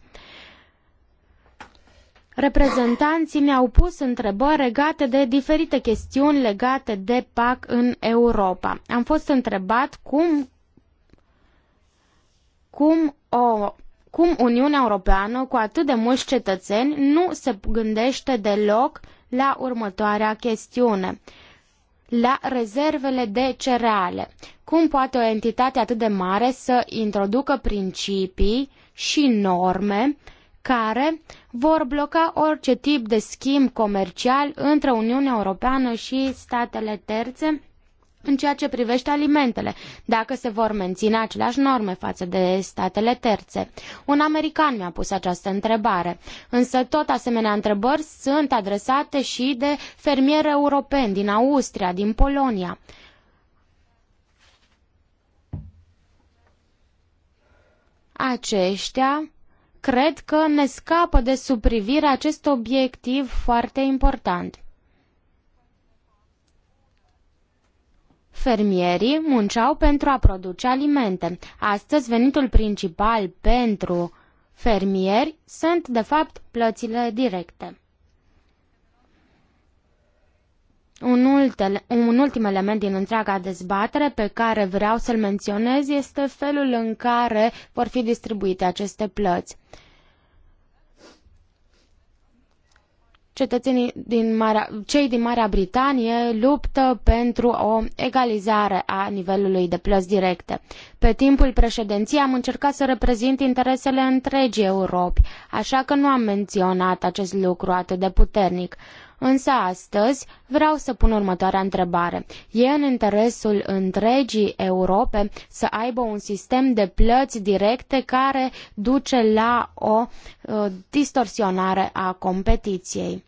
Reprezentanții mi-au pus întrebări legate de diferite chestiuni legate de PAC în Europa. Am fost întrebat cum, cum, o, cum Uniunea Europeană cu atât de mulți cetățeni nu se gândește deloc la următoarea chestiune la rezervele de cereale. Cum poate o entitate atât de mare să introducă principii și norme care vor bloca orice tip de schimb comercial între Uniunea Europeană și statele terțe? în ceea ce privește alimentele, dacă se vor menține aceleași norme față de statele terțe. Un american mi-a pus această întrebare, însă tot asemenea întrebări sunt adresate și de fermieri europeni din Austria, din Polonia. Aceștia cred că ne scapă de sub privire acest obiectiv foarte important. Fermierii munceau pentru a produce alimente. Astăzi, venitul principal pentru fermieri sunt, de fapt, plățile directe. Un, ultele, un ultim element din întreaga dezbatere pe care vreau să-l menționez este felul în care vor fi distribuite aceste plăți. cetățenii din Marea, cei din Marea Britanie luptă pentru o egalizare a nivelului de plăți directe. Pe timpul președinției am încercat să reprezint interesele întregii Europi, așa că nu am menționat acest lucru atât de puternic. Însă astăzi vreau să pun următoarea întrebare. E în interesul întregii Europe să aibă un sistem de plăți directe care duce la o uh, distorsionare a competiției.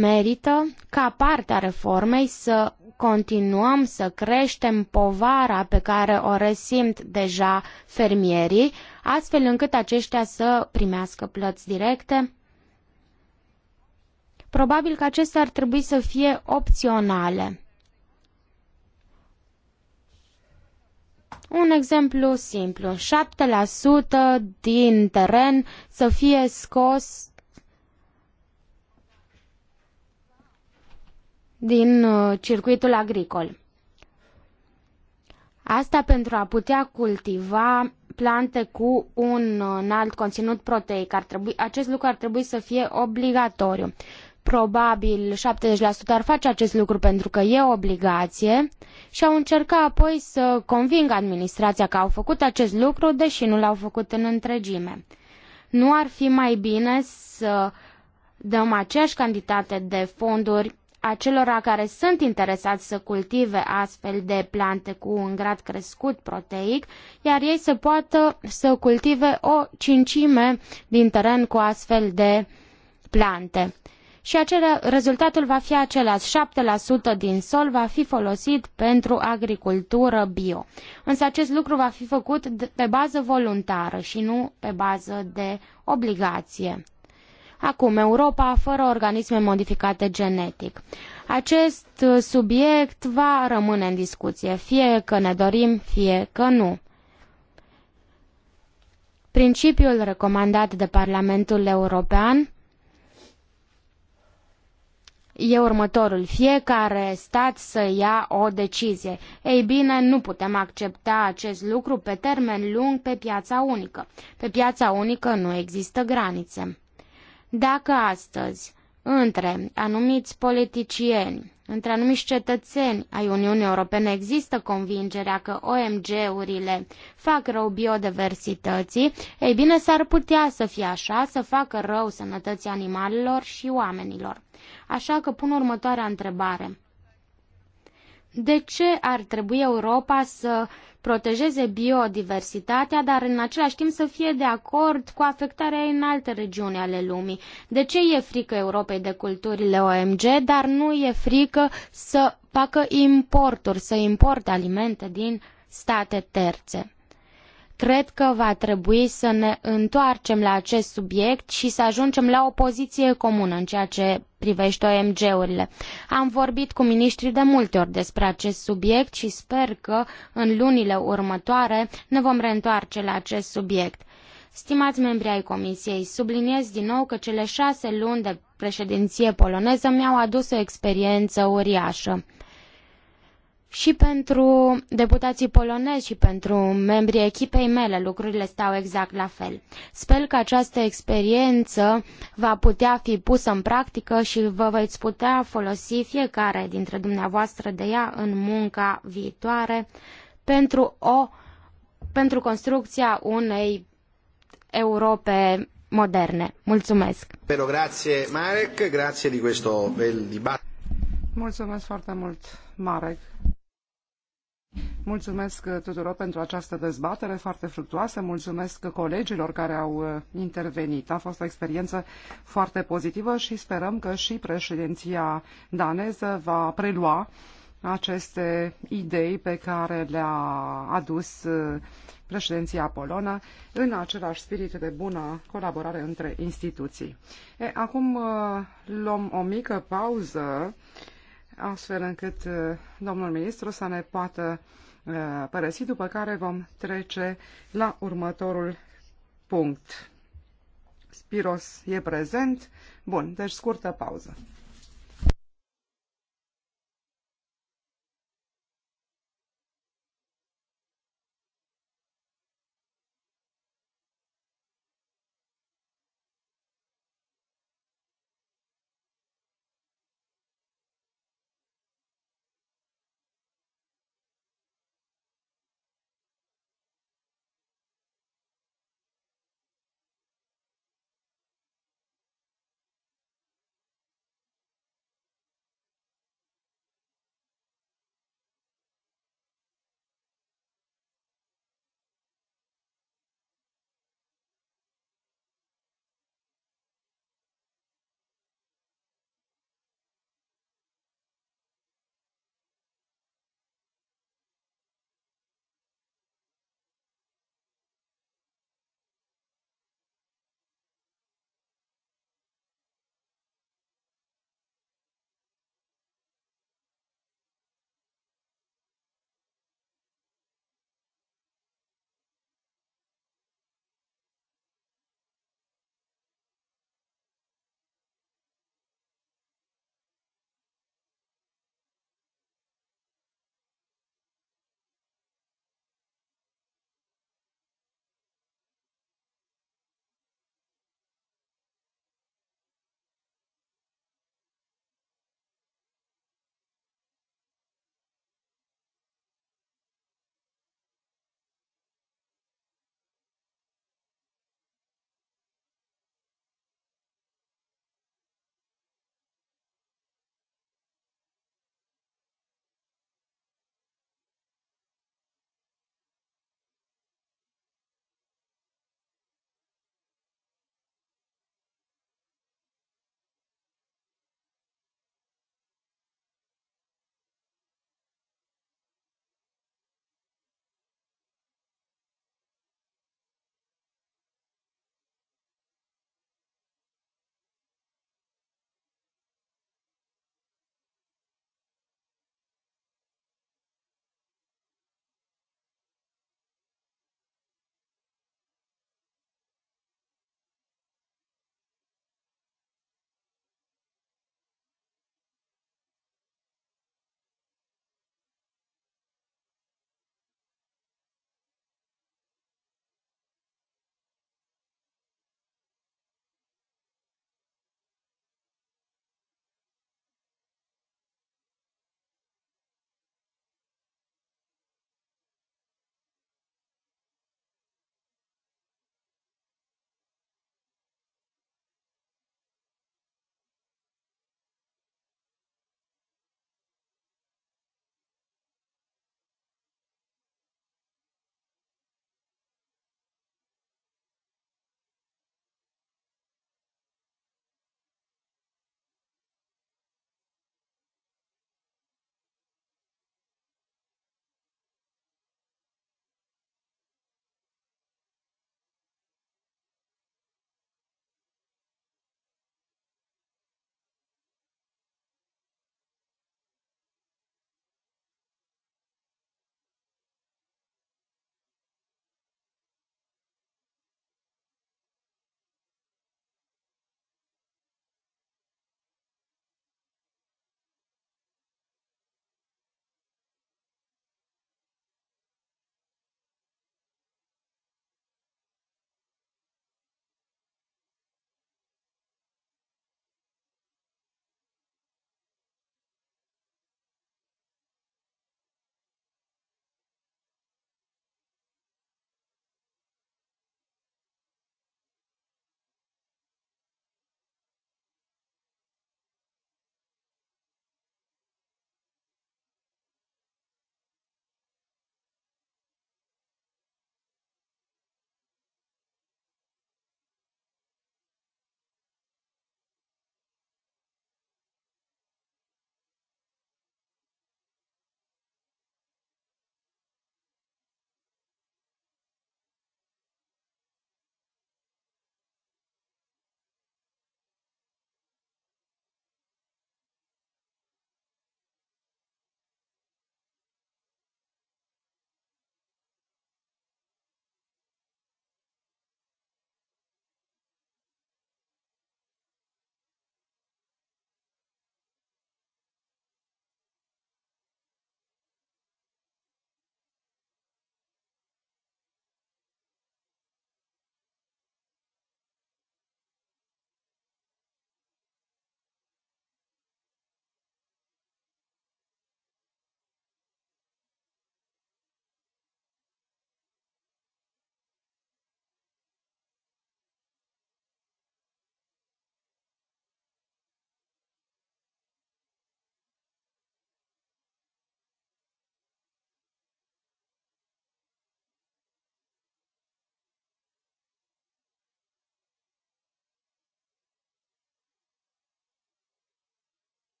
Merită ca parte a reformei să continuăm să creștem povara pe care o resimt deja fermierii, astfel încât aceștia să primească plăți directe? Probabil că acestea ar trebui să fie opționale. Un exemplu simplu, 7% din teren să fie scos din uh, circuitul agricol. Asta pentru a putea cultiva plante cu un uh, înalt conținut proteic. Ar trebui, acest lucru ar trebui să fie obligatoriu. Probabil 70% ar face acest lucru pentru că e obligație și au încercat apoi să convingă administrația că au făcut acest lucru, deși nu l-au făcut în întregime. Nu ar fi mai bine să dăm aceeași cantitate de fonduri acelora care sunt interesați să cultive astfel de plante cu un grad crescut proteic, iar ei să poată să cultive o cincime din teren cu astfel de plante. Și acele, rezultatul va fi același, 7% din sol va fi folosit pentru agricultură bio. Însă acest lucru va fi făcut pe bază voluntară și nu pe bază de obligație. Acum, Europa fără organisme modificate genetic. Acest uh, subiect va rămâne în discuție, fie că ne dorim, fie că nu. Principiul recomandat de Parlamentul European e următorul. Fiecare stat să ia o decizie. Ei bine, nu putem accepta acest lucru pe termen lung pe piața unică. Pe piața unică nu există granițe. Dacă astăzi între anumiți politicieni, între anumiți cetățeni ai Uniunii Europene există convingerea că OMG-urile fac rău biodiversității, ei bine, s-ar putea să fie așa, să facă rău sănătății animalelor și oamenilor. Așa că pun următoarea întrebare. De ce ar trebui Europa să protejeze biodiversitatea, dar în același timp să fie de acord cu afectarea în alte regiuni ale lumii. De ce e frică Europei de culturile OMG, dar nu e frică să facă importuri, să importe alimente din state terțe? Cred că va trebui să ne întoarcem la acest subiect și să ajungem la o poziție comună în ceea ce privește OMG-urile. Am vorbit cu miniștrii de multe ori despre acest subiect și sper că în lunile următoare ne vom reîntoarce la acest subiect. Stimați membri ai Comisiei, subliniez din nou că cele șase luni de președinție poloneză mi-au adus o experiență uriașă. Și pentru deputații polonezi și pentru membrii echipei mele lucrurile stau exact la fel. Sper că această experiență va putea fi pusă în practică și vă veți putea folosi fiecare dintre dumneavoastră de ea în munca viitoare pentru, o, pentru construcția unei Europe moderne. Mulțumesc!
Pero grazie Marek, grazie di questo bel dibattito.
Mulțumesc foarte mult, Marek. Mulțumesc tuturor pentru această dezbatere foarte fructuoasă, mulțumesc colegilor care au uh, intervenit. A fost o experiență foarte pozitivă și sperăm că și președinția daneză va prelua aceste idei pe care le-a adus uh, președinția polonă în același spirit de bună colaborare între instituții. E, acum uh, luăm o mică pauză astfel încât uh, domnul ministru să ne poată uh, părăsi, după care vom trece la următorul punct. Spiros e prezent. Bun, deci scurtă pauză.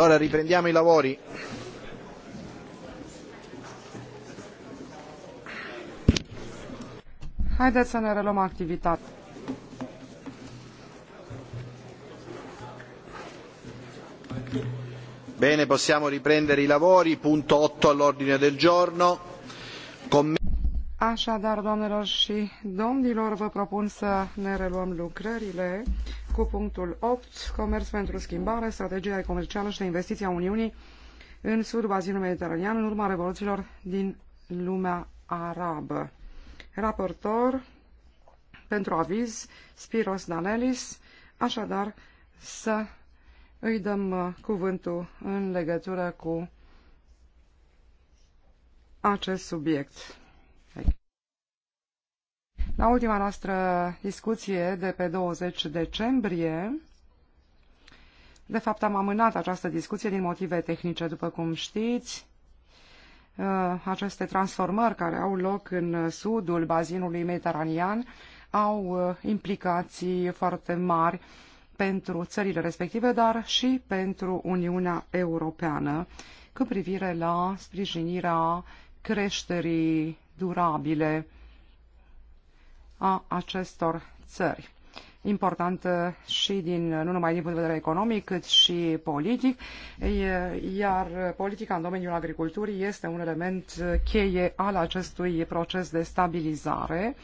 Allora riprendiamo i lavori.
Haideți să ne reluăm activitatea.
Bene, possiamo riprendere i lavori. Punto 8 all'ordine del giorno. Com
Așadar, doamnelor și domnilor, vă propun să ne reluăm lucrările cu punctul 8, comerț pentru schimbare, strategia comercială și de investiții a Uniunii în sud bazinul mediteranean în urma revoluțiilor din lumea arabă. Raportor pentru aviz, Spiros Danelis, așadar să îi dăm uh, cuvântul în legătură cu acest subiect. La ultima noastră discuție de pe 20 decembrie, de fapt am amânat această discuție din motive tehnice, după cum știți, uh, aceste transformări care au loc în sudul bazinului mediteranean au uh, implicații foarte mari pentru țările respective, dar și pentru Uniunea Europeană cu privire la sprijinirea creșterii durabile a acestor țări Important uh, și din, uh, nu numai din punct de vedere economic, cât și politic, iar politica în domeniul agriculturii este un element uh, cheie al acestui proces de stabilizare,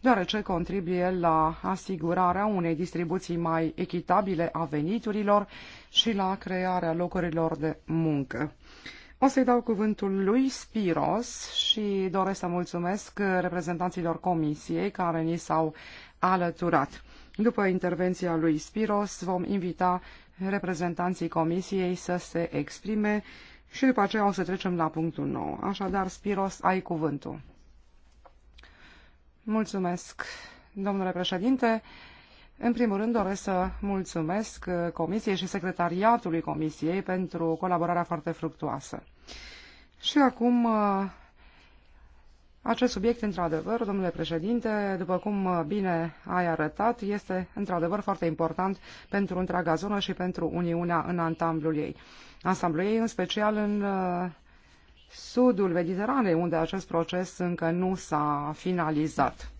deoarece contribuie la asigurarea unei distribuții mai echitabile a veniturilor și la crearea locurilor de muncă. O să-i dau cuvântul lui Spiros și doresc să mulțumesc reprezentanților comisiei care ni s-au alăturat. După intervenția lui Spiros vom invita reprezentanții comisiei să se exprime și după aceea o să trecem la punctul nou. Așadar, Spiros, ai cuvântul. Mulțumesc, domnule președinte. În primul rând doresc să mulțumesc Comisiei și Secretariatului Comisiei pentru colaborarea foarte fructuoasă. Și acum uh, acest subiect, într-adevăr, domnule președinte, după cum uh, bine ai arătat, este într-adevăr foarte important pentru întreaga zonă și pentru Uniunea în ansamblul ei. Ansamblul ei, în special în uh, sudul Mediteranei, unde acest proces încă nu s-a finalizat.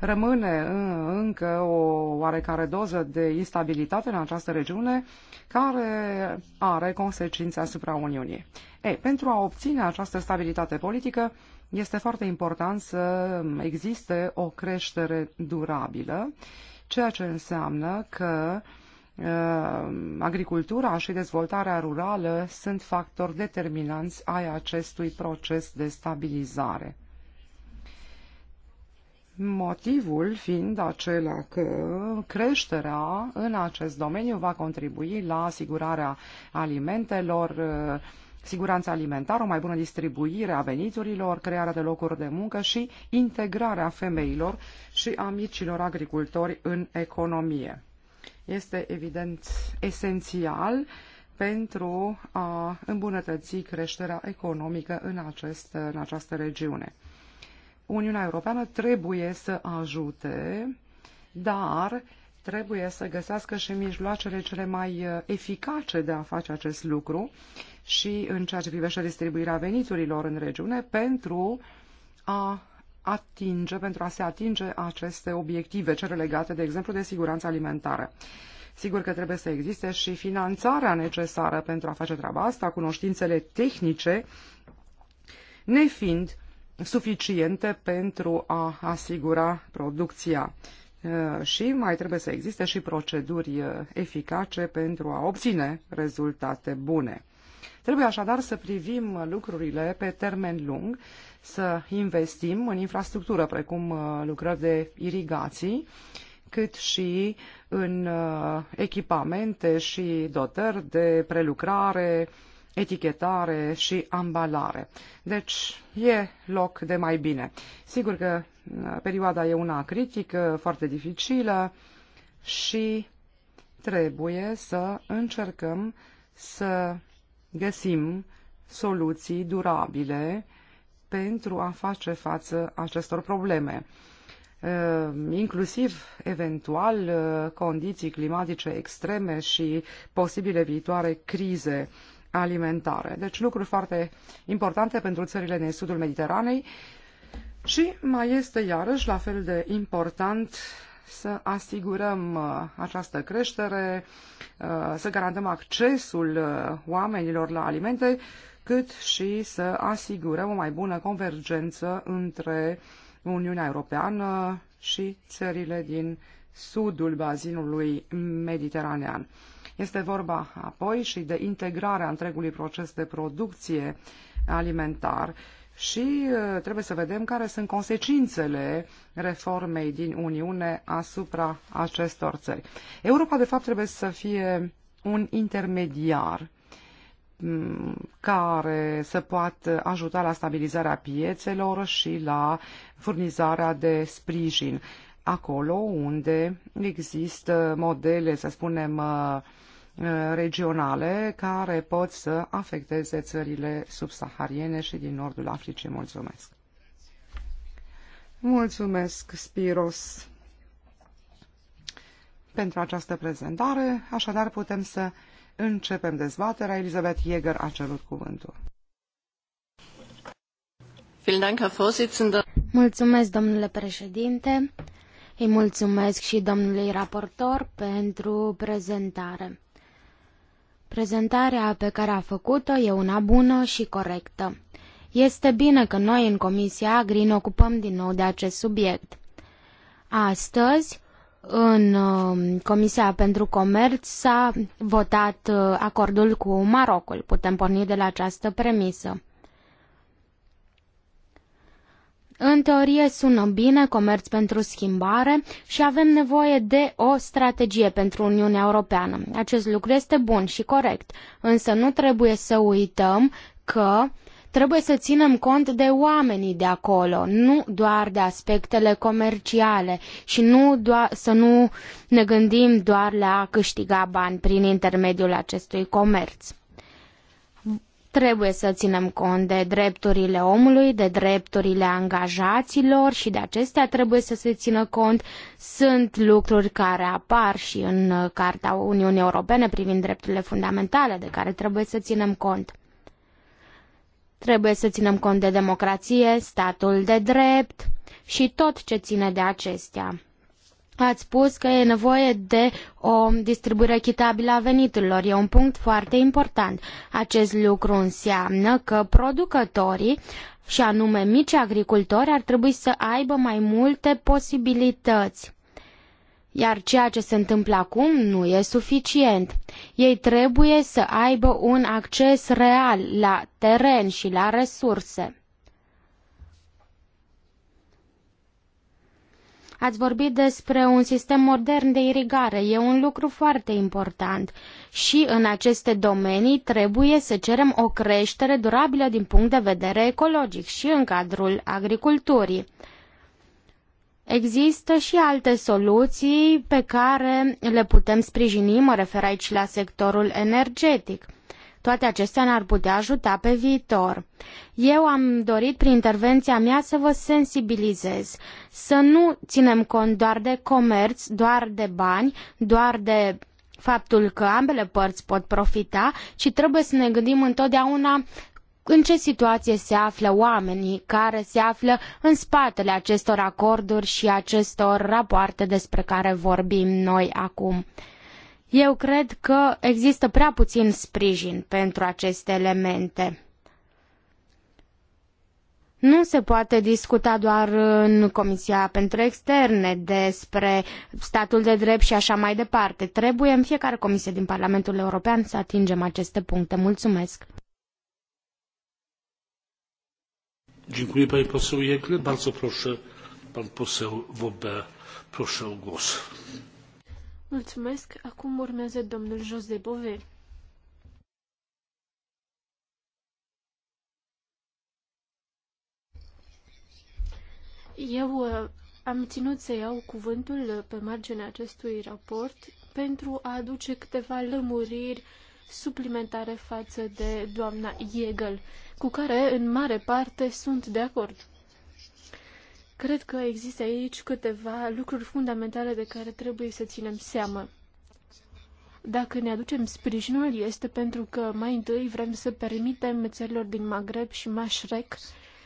Rămâne ă, încă o oarecare doză de instabilitate în această regiune care are consecințe asupra Uniunii. Ei, pentru a obține această stabilitate politică este foarte important să existe o creștere durabilă, ceea ce înseamnă că ă, agricultura și dezvoltarea rurală sunt factori determinanți ai acestui proces de stabilizare. Motivul fiind acela că creșterea în acest domeniu va contribui la asigurarea alimentelor, uh, siguranța alimentară, o mai bună distribuire a veniturilor, crearea de locuri de muncă și integrarea femeilor și a micilor agricultori în economie. Este evident esențial pentru a îmbunătăți creșterea economică în, acest, în această regiune. Uniunea Europeană trebuie să ajute, dar trebuie să găsească și mijloacele cele mai uh, eficace de a face acest lucru și în ceea ce privește distribuirea veniturilor în regiune pentru a atinge, pentru a se atinge aceste obiective, cele legate, de exemplu, de siguranța alimentară. Sigur că trebuie să existe și finanțarea necesară pentru a face treaba asta, cunoștințele tehnice, nefiind suficiente pentru a asigura producția uh, și mai trebuie să existe și proceduri uh, eficace pentru a obține rezultate bune. Trebuie așadar să privim lucrurile pe termen lung, să investim în infrastructură precum uh, lucrări de irigații, cât și în echipamente și dotări de prelucrare, etichetare și ambalare. Deci e loc de mai bine. Sigur că uh, perioada e una critică, foarte dificilă și trebuie să încercăm să găsim soluții durabile pentru a face față acestor probleme, uh, inclusiv eventual uh, condiții climatice extreme și posibile viitoare crize alimentare. Deci lucruri foarte importante pentru țările din sudul Mediteranei și mai este iarăși la fel de important să asigurăm uh, această creștere, uh, să garantăm accesul uh, oamenilor la alimente, cât și să asigurăm o mai bună convergență între Uniunea Europeană și țările din sudul bazinului mediteranean. Este vorba apoi și de integrarea întregului proces de producție alimentar și uh, trebuie să vedem care sunt consecințele reformei din Uniune asupra acestor țări. Europa, de fapt, trebuie să fie un intermediar mm, care să poată ajuta la stabilizarea piețelor și la furnizarea de sprijin acolo unde există modele, să spunem, uh, regionale care pot să afecteze țările subsahariene și din nordul Africii. Mulțumesc! Mulțumesc, Spiros, pentru această prezentare. Așadar, putem să începem dezbaterea. Elizabeth Jäger a cerut cuvântul.
Mulțumesc, domnule președinte. Îi mulțumesc și domnului raportor pentru prezentare. Prezentarea pe care a făcut-o e una bună și corectă. Este bine că noi în Comisia Agri ne ocupăm din nou de acest subiect. Astăzi, în um, Comisia pentru Comerț s-a votat uh, acordul cu Marocul. Putem porni de la această premisă. În teorie sună bine comerț pentru schimbare și avem nevoie de o strategie pentru Uniunea Europeană. Acest lucru este bun și corect, însă nu trebuie să uităm că trebuie să ținem cont de oamenii de acolo, nu doar de aspectele comerciale și nu să nu ne gândim doar la a câștiga bani prin intermediul acestui comerț. Trebuie să ținem cont de drepturile omului, de drepturile angajaților și de acestea trebuie să se țină cont. Sunt lucruri care apar și în Carta Uniunii Europene privind drepturile fundamentale de care trebuie să ținem cont. Trebuie să ținem cont de democrație, statul de drept și tot ce ține de acestea. Ați spus că e nevoie de o distribuire echitabilă a veniturilor. E un punct foarte important. Acest lucru înseamnă că producătorii, și anume mici agricultori, ar trebui să aibă mai multe posibilități. Iar ceea ce se întâmplă acum nu e suficient. Ei trebuie să aibă un acces real la teren și la resurse. Ați vorbit despre un sistem modern de irigare. E un lucru foarte important. Și în aceste domenii trebuie să cerem o creștere durabilă din punct de vedere ecologic și în cadrul agriculturii. Există și alte soluții pe care le putem sprijini, mă refer aici la sectorul energetic toate acestea ne-ar putea ajuta pe viitor. Eu am dorit prin intervenția mea să vă sensibilizez, să nu ținem cont doar de comerț, doar de bani, doar de faptul că ambele părți pot profita, ci trebuie să ne gândim întotdeauna în ce situație se află oamenii care se află în spatele acestor acorduri și acestor rapoarte despre care vorbim noi acum. Eu cred că există prea puțin sprijin pentru aceste elemente. Nu se poate discuta doar în Comisia pentru Externe despre statul de drept și așa mai departe. Trebuie în fiecare comisie din Parlamentul European să atingem aceste puncte. Mulțumesc!
Dziękuję panie poseł Jegle. Bardzo proszę pan poseł Wobę. Proszę o głos.
Mulțumesc. Acum urmează domnul Jose Bove. Eu uh, am ținut să iau cuvântul uh, pe marginea acestui raport pentru a aduce câteva lămuriri suplimentare față de doamna Iegel, cu care în mare parte sunt de acord. Cred că există aici câteva lucruri fundamentale de care trebuie să ținem seama. Dacă ne aducem sprijinul, este pentru că mai întâi vrem să permitem țărilor din Maghreb și Mașrec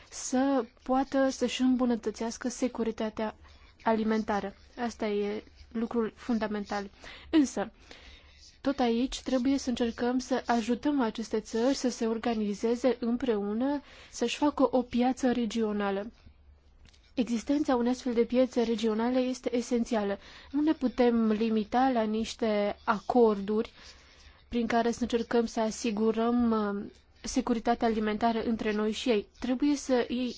să poată să-și îmbunătățească securitatea alimentară. Asta e lucrul fundamental. Însă, tot aici trebuie să încercăm să ajutăm aceste țări să se organizeze împreună, să-și facă o piață regională. Existența unei astfel de piețe regionale este esențială. Nu ne putem limita la niște acorduri prin care să încercăm să asigurăm uh, securitatea alimentară între noi și ei. Trebuie să îi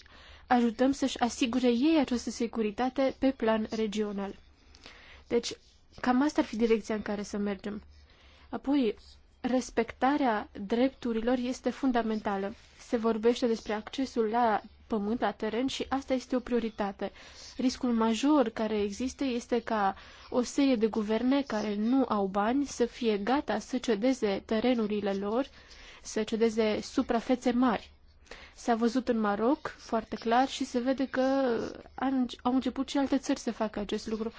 ajutăm să-și asigure ei această securitate pe plan regional. Deci, cam asta ar fi direcția în care să mergem. Apoi, respectarea drepturilor este fundamentală. Se vorbește despre accesul la pământ, la teren și asta este o prioritate. Riscul major care există este ca o serie de guverne care nu au bani să fie gata să cedeze terenurile lor, să cedeze suprafețe mari. S-a văzut în Maroc foarte clar și se vede că au început și alte țări să facă acest lucru.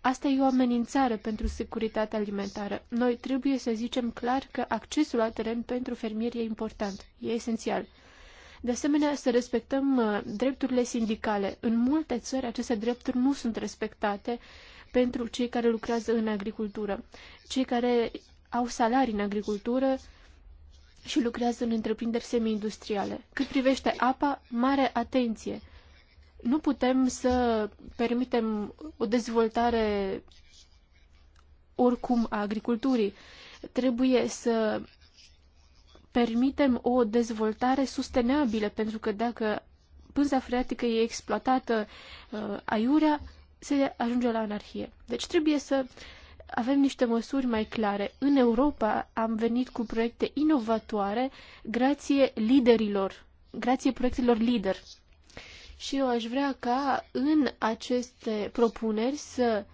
Asta e o amenințare pentru securitatea alimentară. Noi trebuie să zicem clar că accesul la teren pentru fermieri e important, e esențial. De asemenea, să respectăm uh, drepturile sindicale. În multe țări aceste drepturi nu sunt respectate pentru cei care lucrează în agricultură. Cei care au salarii în agricultură și lucrează în întreprinderi semi-industriale. Cât privește apa, mare atenție! Nu putem să permitem o dezvoltare oricum a agriculturii. Trebuie să permitem o dezvoltare sustenabilă, pentru că dacă pânza freatică e exploatată uh, aiurea, se ajunge la anarhie. Deci trebuie să avem niște măsuri mai clare. În Europa am venit cu proiecte inovatoare grație liderilor, grație proiectelor lider. Și eu aș vrea ca în aceste propuneri să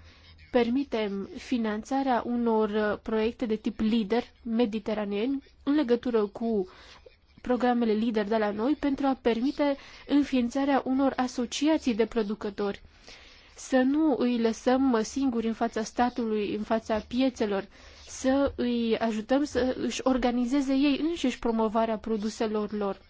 permitem finanțarea unor uh, proiecte de tip lider mediteraneeni în legătură cu programele lider de la noi pentru a permite înființarea unor asociații de producători. Să nu îi lăsăm uh, singuri în fața statului, în fața piețelor, să îi ajutăm să își organizeze ei înșiși promovarea produselor lor.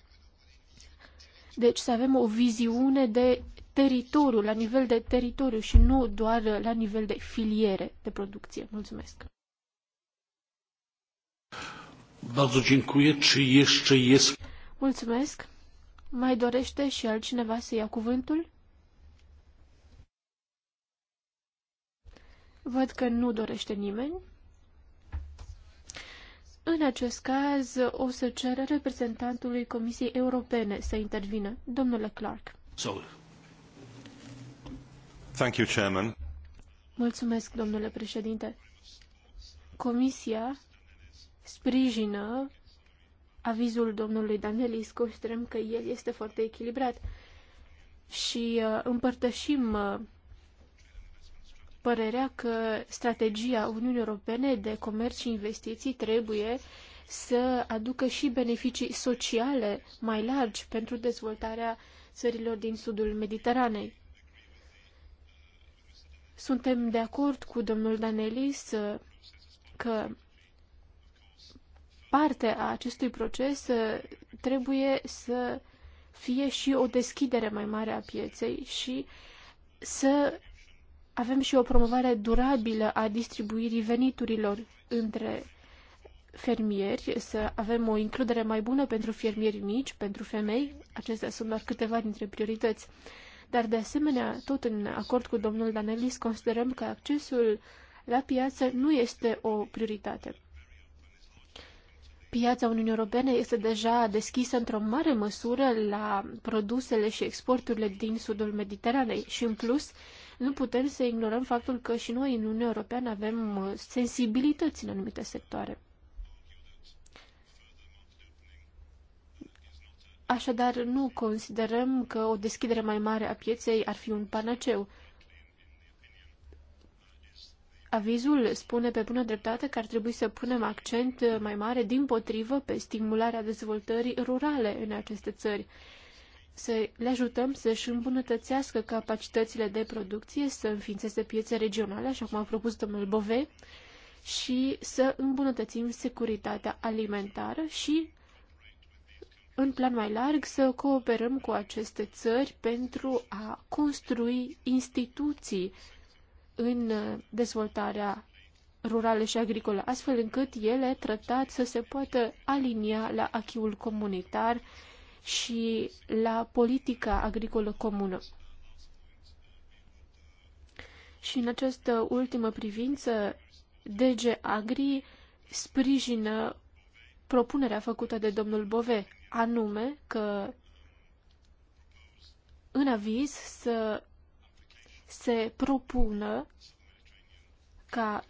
Deci să avem o viziune de teritoriu, la nivel de teritoriu și nu doar la nivel de filiere de producție. Mulțumesc.
Bardzo dziękuję. Czy jeszcze jest...
Mulțumesc. Mai dorește și altcineva să ia cuvântul? Văd că nu dorește nimeni. În acest caz, o să cer reprezentantului Comisiei Europene să intervină, domnule Clark. Sorry. Mulțumesc, domnule președinte. Comisia sprijină avizul domnului Danielis, considerăm că el este foarte echilibrat și uh, împărtășim uh, părerea că strategia Uniunii Europene de comerț și investiții trebuie să aducă și beneficii sociale mai largi pentru dezvoltarea țărilor din sudul Mediteranei. Suntem de acord cu domnul Danelis uh, că parte a acestui proces uh, trebuie să fie și o deschidere mai mare a pieței și să avem și o promovare durabilă a distribuirii veniturilor între fermieri, să avem o includere mai bună pentru fermieri mici, pentru femei. Acestea sunt doar câteva dintre priorități. Dar, de asemenea, tot în acord cu domnul Danelis, considerăm că accesul la piață nu este o prioritate. Piața Uniunii Europene este deja deschisă într-o mare măsură la produsele și exporturile din sudul Mediteranei și, în plus, nu putem să ignorăm faptul că și noi în Uniunea Europeană avem uh, sensibilități în anumite sectoare. Așadar, nu considerăm că o deschidere mai mare a pieței ar fi un panaceu. Avizul spune pe bună dreptate că ar trebui să punem accent mai mare, din potrivă, pe stimularea dezvoltării rurale în aceste țări. Să le ajutăm să-și îmbunătățească capacitățile de producție, să înființeze piețe regionale, așa cum a propus domnul Bove, și să îmbunătățim securitatea alimentară și în plan mai larg, să cooperăm cu aceste țări pentru a construi instituții în dezvoltarea rurală și agricolă, astfel încât ele tratat să se poată alinia la achiul comunitar și la politica agricolă comună. Și în această ultimă privință, DG Agri sprijină propunerea făcută de domnul Bove anume că în aviz să se propună ca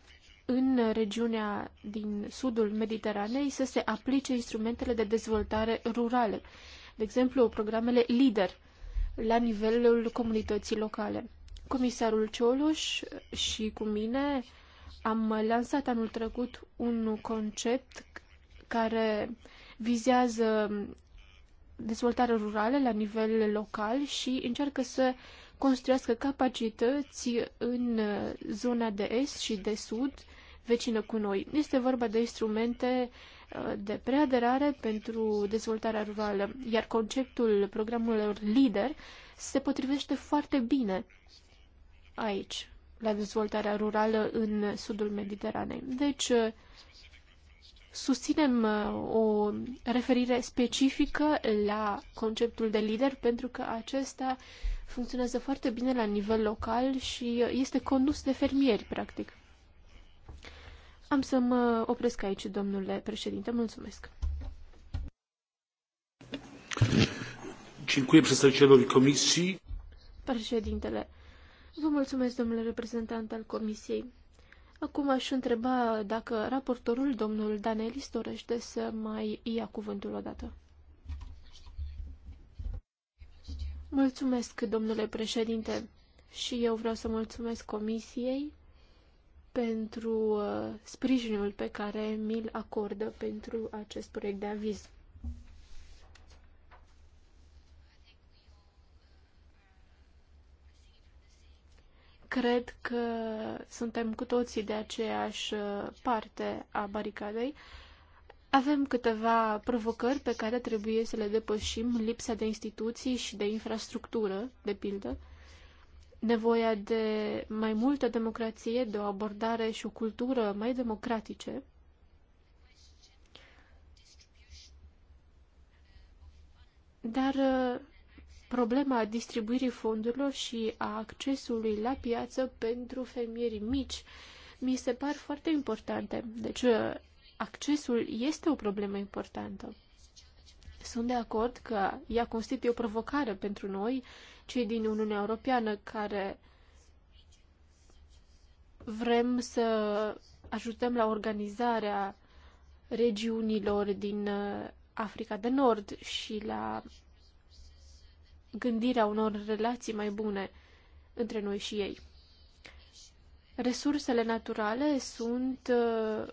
în regiunea din sudul Mediteranei să se aplice instrumentele de dezvoltare rurale, de exemplu programele LIDER la nivelul comunității locale. Comisarul Cioloș și cu mine am lansat anul trecut un concept care uh, vizează dezvoltarea rurală la nivel local și încearcă să construiască capacități în zona de est și de sud, vecină cu noi. Este vorba de instrumente uh, de preaderare pentru dezvoltarea rurală, iar conceptul programelor LIDER se potrivește foarte bine aici, la dezvoltarea rurală în sudul Mediteranei. Deci, uh, susținem uh, o referire specifică la conceptul de lider pentru că acesta funcționează foarte bine la nivel local și este condus de fermieri, practic. Am să mă opresc aici, domnule președinte. Mulțumesc.
Dziękuję przedstawicielowi komisji.
Președintele, vă mulțumesc, domnule reprezentant al comisiei. Acum aș întreba dacă raportorul, domnul Danelis, dorește să mai ia cuvântul odată. Mulțumesc, domnule președinte, și eu vreau să mulțumesc comisiei pentru uh, sprijinul pe care mi-l acordă pentru acest proiect de aviz. Cred că suntem cu toții de aceeași uh, parte a baricadei. Avem câteva provocări pe care trebuie să le depășim, lipsa de instituții și de infrastructură, de pildă, nevoia de mai multă democrație, de o abordare și o cultură mai democratice, dar uh, problema distribuirii fondurilor și a accesului la piață pentru fermierii mici mi se par foarte importante. Deci, uh, accesul este o problemă importantă. Sunt de acord că ea constituie o provocare pentru noi, cei din Uniunea Europeană, care vrem să ajutăm la organizarea regiunilor din uh, Africa de Nord și la gândirea unor relații mai bune între noi și ei. Resursele naturale sunt uh,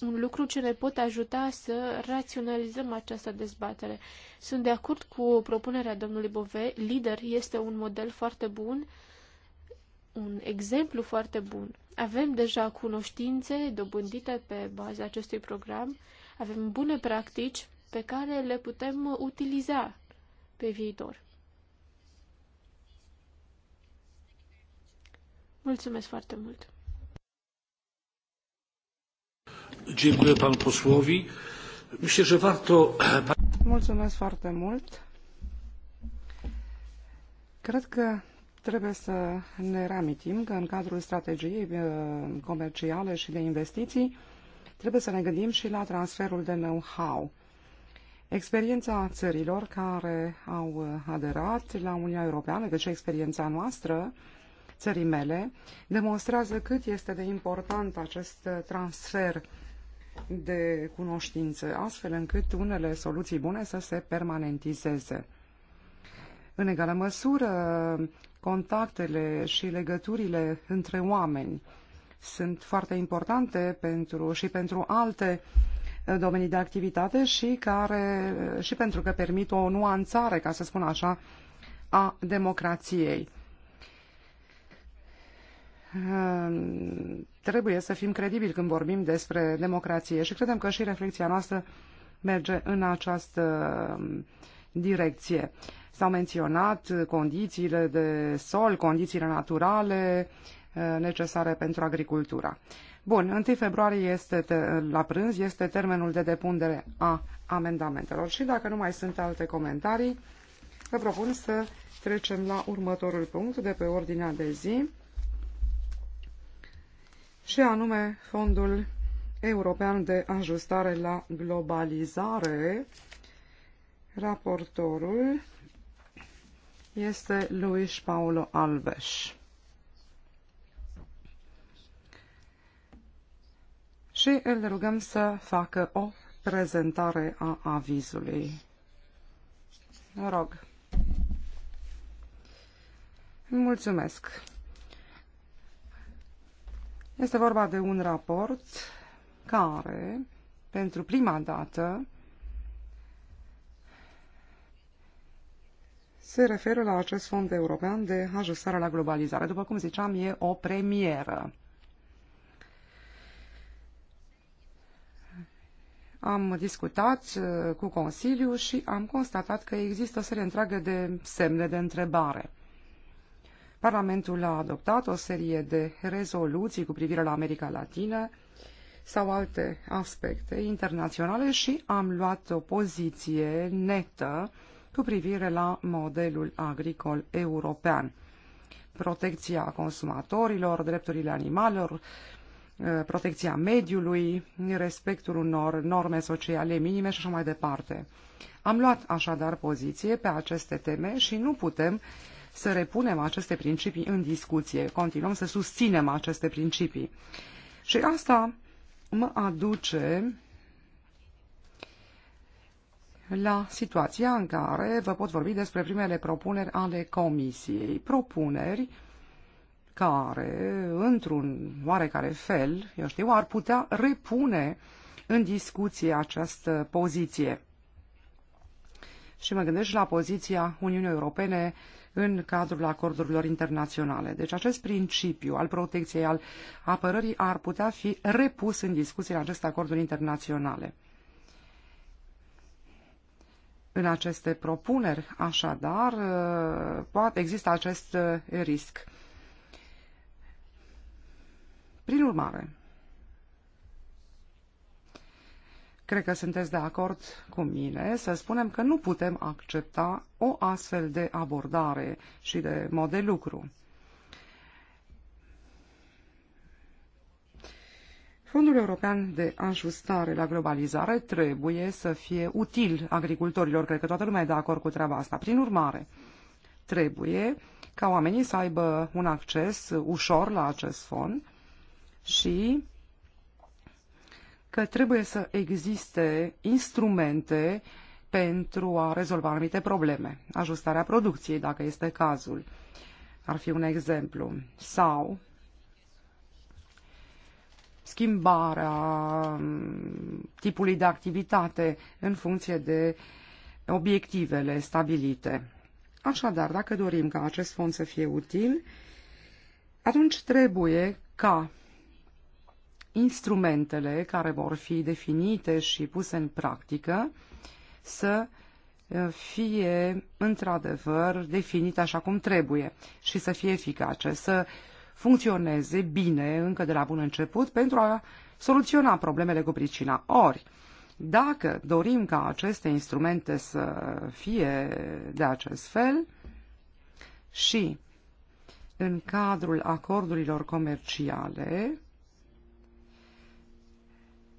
un lucru ce ne pot ajuta să raționalizăm această dezbatere. Sunt de acord cu propunerea domnului Bove. Lider este un model foarte bun, un exemplu foarte bun. Avem deja cunoștințe dobândite pe baza acestui program, avem bune practici pe care le putem utiliza pe viitor. Mulțumesc foarte mult!
Dziękuję panu posłowi. Myślę, że warto...
Mulțumesc foarte mult! Cred că trebuie să ne reamintim că în cadrul strategiei uh, comerciale și de investiții trebuie să ne gândim și la transferul de know-how. Experiența țărilor care au aderat la Uniunea Europeană, deci experiența noastră, țării mele, demonstrează cât este de important acest transfer de cunoștințe, astfel încât unele soluții bune să se permanentizeze. În egală măsură, contactele și legăturile între oameni sunt foarte importante pentru, și pentru alte domenii de activitate și, care, și pentru că permit o nuanțare, ca să spun așa, a democrației. Trebuie să fim credibili când vorbim despre democrație și credem că și reflexia noastră merge în această um, direcție. S-au menționat condițiile de sol, condițiile naturale uh, necesare pentru agricultura. Bun, 1 februarie este la prânz, este termenul de depunere a amendamentelor și dacă nu mai sunt alte comentarii, vă propun să trecem la următorul punct de pe ordinea de zi și anume Fondul European de Ajustare la Globalizare. Raportorul este Luis Paulo Alves. și îl rugăm să facă o prezentare a avizului. Mă rog. Mulțumesc. Este vorba de un raport care, pentru prima dată, se referă la acest fond european de ajustare la globalizare. După cum ziceam, e o premieră. Am discutat uh, cu Consiliul și am constatat că există o serie întreagă de semne de întrebare. Parlamentul a adoptat o serie de rezoluții cu privire la America Latină sau alte aspecte internaționale și am luat o poziție netă cu privire la modelul agricol european. Protecția consumatorilor, drepturile animalelor, Uh, protecția mediului, respectul unor norme sociale minime și așa mai departe. Am luat așadar poziție pe aceste teme și nu putem să repunem aceste principii în discuție. Continuăm să susținem aceste principii. Și asta mă aduce la situația în care vă pot vorbi despre primele propuneri ale Comisiei. Propuneri uh, care, într-un oarecare fel, eu știu, ar putea repune în discuție această poziție. Și mă gândesc la poziția Uniunii Europene în cadrul acordurilor internaționale. Deci acest principiu al protecției, al apărării ar putea fi repus în discuție în aceste acorduri internaționale. În aceste propuneri, așadar, poate există acest risc. Prin urmare, cred că sunteți de acord cu mine să spunem că nu putem accepta o astfel de abordare și de mod de lucru. Fondul European de Ajustare la Globalizare trebuie să fie util agricultorilor. Cred că toată lumea e de acord cu treaba asta. Prin urmare, trebuie ca oamenii să aibă un acces ușor la acest fond și că trebuie să existe instrumente pentru a rezolva anumite probleme. Ajustarea producției, dacă este cazul, ar fi un exemplu. Sau schimbarea mm, tipului de activitate în funcție de obiectivele stabilite. Așadar, dacă dorim ca acest fond să fie util, atunci trebuie ca instrumentele care vor fi definite și puse în practică să uh, fie într-adevăr definite așa cum trebuie și să fie eficace, să funcționeze bine încă de la bun început pentru a soluționa problemele cu pricina. Ori, dacă dorim ca aceste instrumente să fie de acest fel și în cadrul acordurilor comerciale,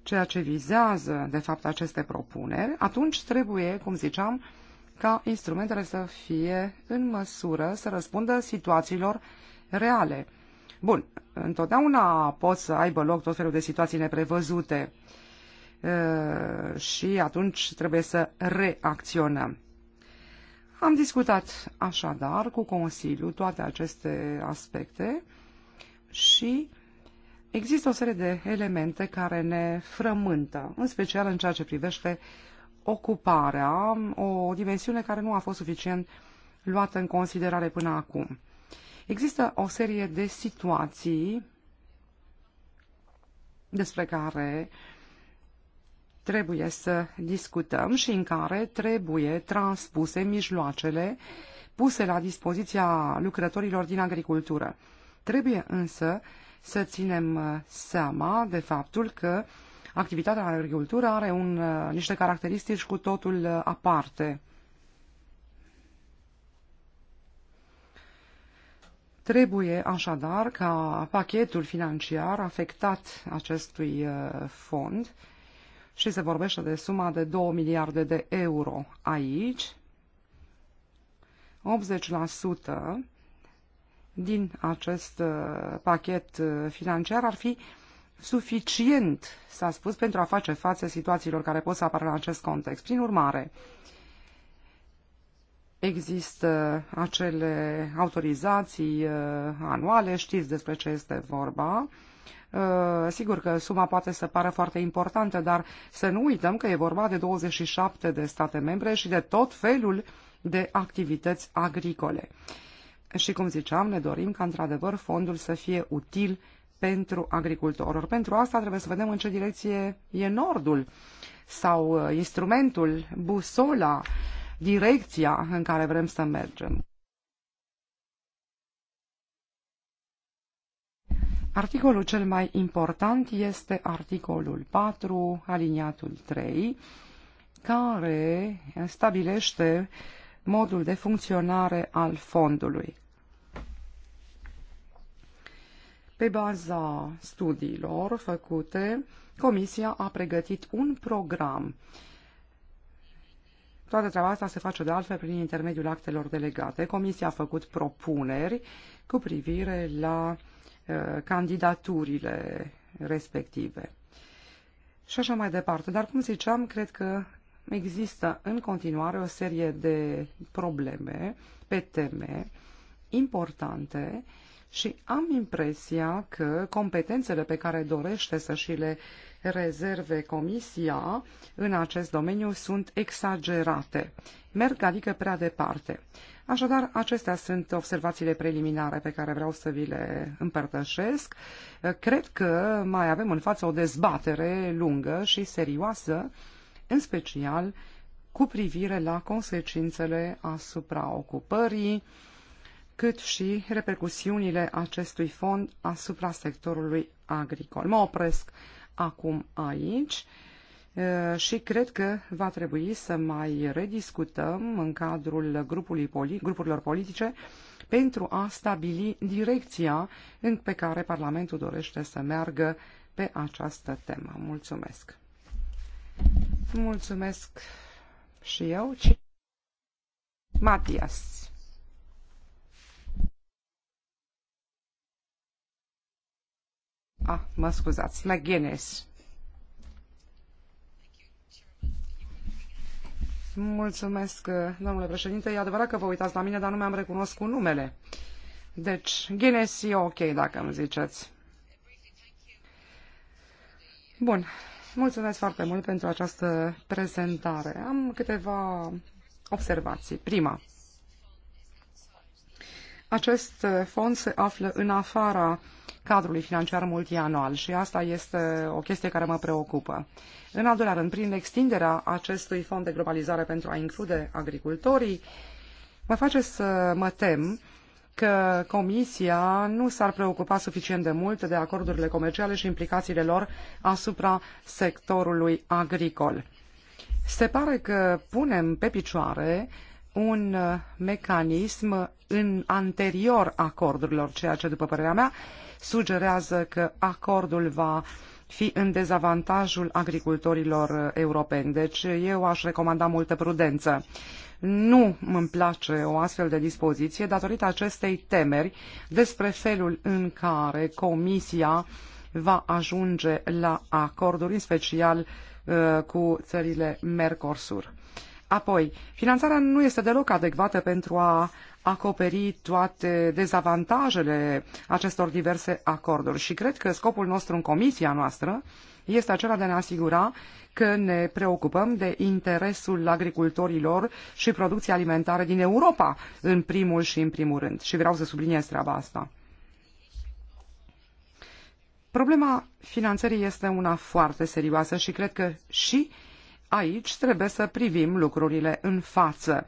ceea ce vizează, de fapt, aceste propuneri, atunci trebuie, cum ziceam, ca instrumentele să fie în măsură să răspundă situațiilor reale. Bun, întotdeauna pot să aibă loc tot felul de situații neprevăzute uh, și atunci trebuie să reacționăm. Am discutat așadar cu Consiliul toate aceste aspecte și Există o serie de elemente care ne frământă, în special în ceea ce privește ocuparea, o dimensiune care nu a fost suficient luată în considerare până acum. Există o serie de situații despre care trebuie să discutăm și în care trebuie transpuse mijloacele puse la dispoziția lucrătorilor din agricultură. Trebuie însă să ținem uh, seama de faptul că activitatea în agricultură are un, uh, niște caracteristici cu totul uh, aparte. Trebuie așadar ca pachetul financiar afectat acestui fond și se vorbește de suma de 2 miliarde de euro aici, 80% din acest uh, pachet uh, financiar ar fi suficient, s-a spus, pentru a face față situațiilor care pot să apară în acest context. Prin urmare, există acele autorizații uh, anuale, știți despre ce este vorba. Sigur că suma poate să pară foarte importantă, dar să nu uităm că e vorba de 27 de state membre și de tot felul de activități agricole. Și cum ziceam, ne dorim ca într-adevăr fondul să fie util pentru agricultor. Pentru asta trebuie să vedem în ce direcție e nordul sau uh, instrumentul, busola, direcția în care vrem să mergem. Articolul cel mai important este articolul 4, aliniatul 3, care stabilește modul de funcționare al fondului. Pe baza studiilor făcute, Comisia a pregătit un program. Toată treaba asta se face de altfel prin intermediul actelor delegate. Comisia a făcut propuneri cu privire la uh, candidaturile respective. Și așa mai departe. Dar, cum ziceam, cred că există în continuare o serie de probleme pe teme importante uh, și am impresia că competențele pe care dorește să și le rezerve Comisia în acest domeniu sunt exagerate. Merg adică prea departe. Așadar, acestea sunt observațiile preliminare pe care vreau să vi le împărtășesc. Cred că mai avem în față o dezbatere lungă și serioasă, în special cu privire la consecințele asupra ocupării, cât și repercusiunile acestui fond asupra sectorului agricol. Mă opresc acum aici și cred că va trebui să mai rediscutăm în cadrul grupului politi- grupurilor politice pentru a stabili direcția în pe care Parlamentul dorește să meargă pe această temă. Mulțumesc! Mulțumesc și eu. Matias. Ah, mă scuzați, McGuinness. Mulțumesc, domnule președinte. E adevărat că vă uitați la mine, dar nu mi-am recunoscut numele. Deci, Guinness e ok, dacă îmi ziceți. Bun. Mulțumesc foarte mult pentru această prezentare. Am câteva observații. Prima. Acest fond se află în afara cadrului financiar multianual și asta este o chestie care mă preocupă. În al doilea rând, prin extinderea acestui fond de globalizare pentru a include agricultorii, mă face să mă tem că Comisia nu s-ar preocupa suficient de mult de acordurile comerciale și implicațiile lor asupra sectorului agricol. Se pare că punem pe picioare uh, un uh, mecanism în anterior acordurilor, ceea ce, după părerea mea, sugerează că acordul va fi în dezavantajul agricultorilor uh, europeni. Deci uh, eu aș recomanda multă prudență. Nu îmi place o astfel de dispoziție datorită acestei temeri despre felul în care Comisia va ajunge la acorduri, în special cu țările Mercosur. Apoi, finanțarea nu este deloc adecvată pentru a acoperi toate dezavantajele acestor diverse acorduri și cred că scopul nostru în comisia noastră este acela de a ne asigura că ne preocupăm de interesul agricultorilor și producției alimentare din Europa în primul și în primul rând. Și vreau să subliniez treaba asta. Problema finanțării este una foarte serioasă și cred că și aici trebuie să privim lucrurile în față.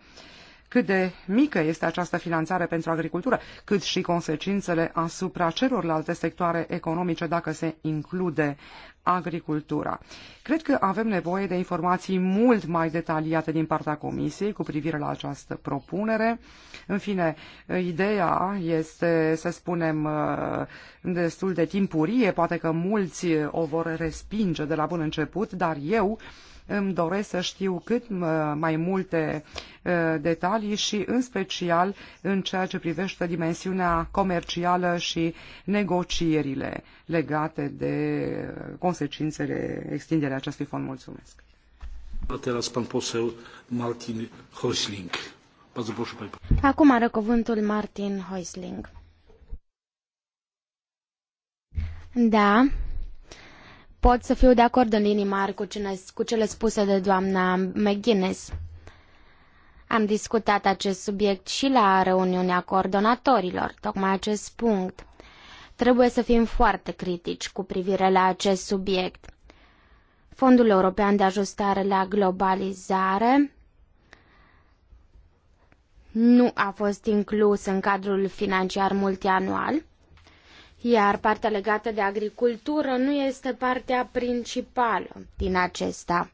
Cât de mică este această finanțare pentru agricultură, cât și consecințele asupra celorlalte sectoare economice dacă se include agricultura. Cred că avem nevoie de informații mult mai detaliate din partea Comisiei cu privire la această propunere. În fine, ideea este, să spunem, uh, destul de timpurie, poate că mulți o vor respinge de la bun început, dar eu îmi doresc să știu cât mai multe ă, detalii și în special în ceea ce privește dimensiunea comercială și negocierile legate de ă, consecințele extinderea acestui fond. Mulțumesc.
Teraz pan poseł Martin Häusling.
Acum are cuvântul Martin Häusling. Da, pot să fiu de acord în linii mari cu, cine, cu cele spuse de doamna McGuinness. Am discutat acest subiect și la reuniunea coordonatorilor, tocmai acest punct. Trebuie să fim foarte critici cu privire la acest subiect. Fondul European de Ajustare la Globalizare nu a fost inclus în cadrul financiar multianual iar partea legată de agricultură nu este partea principală din acesta.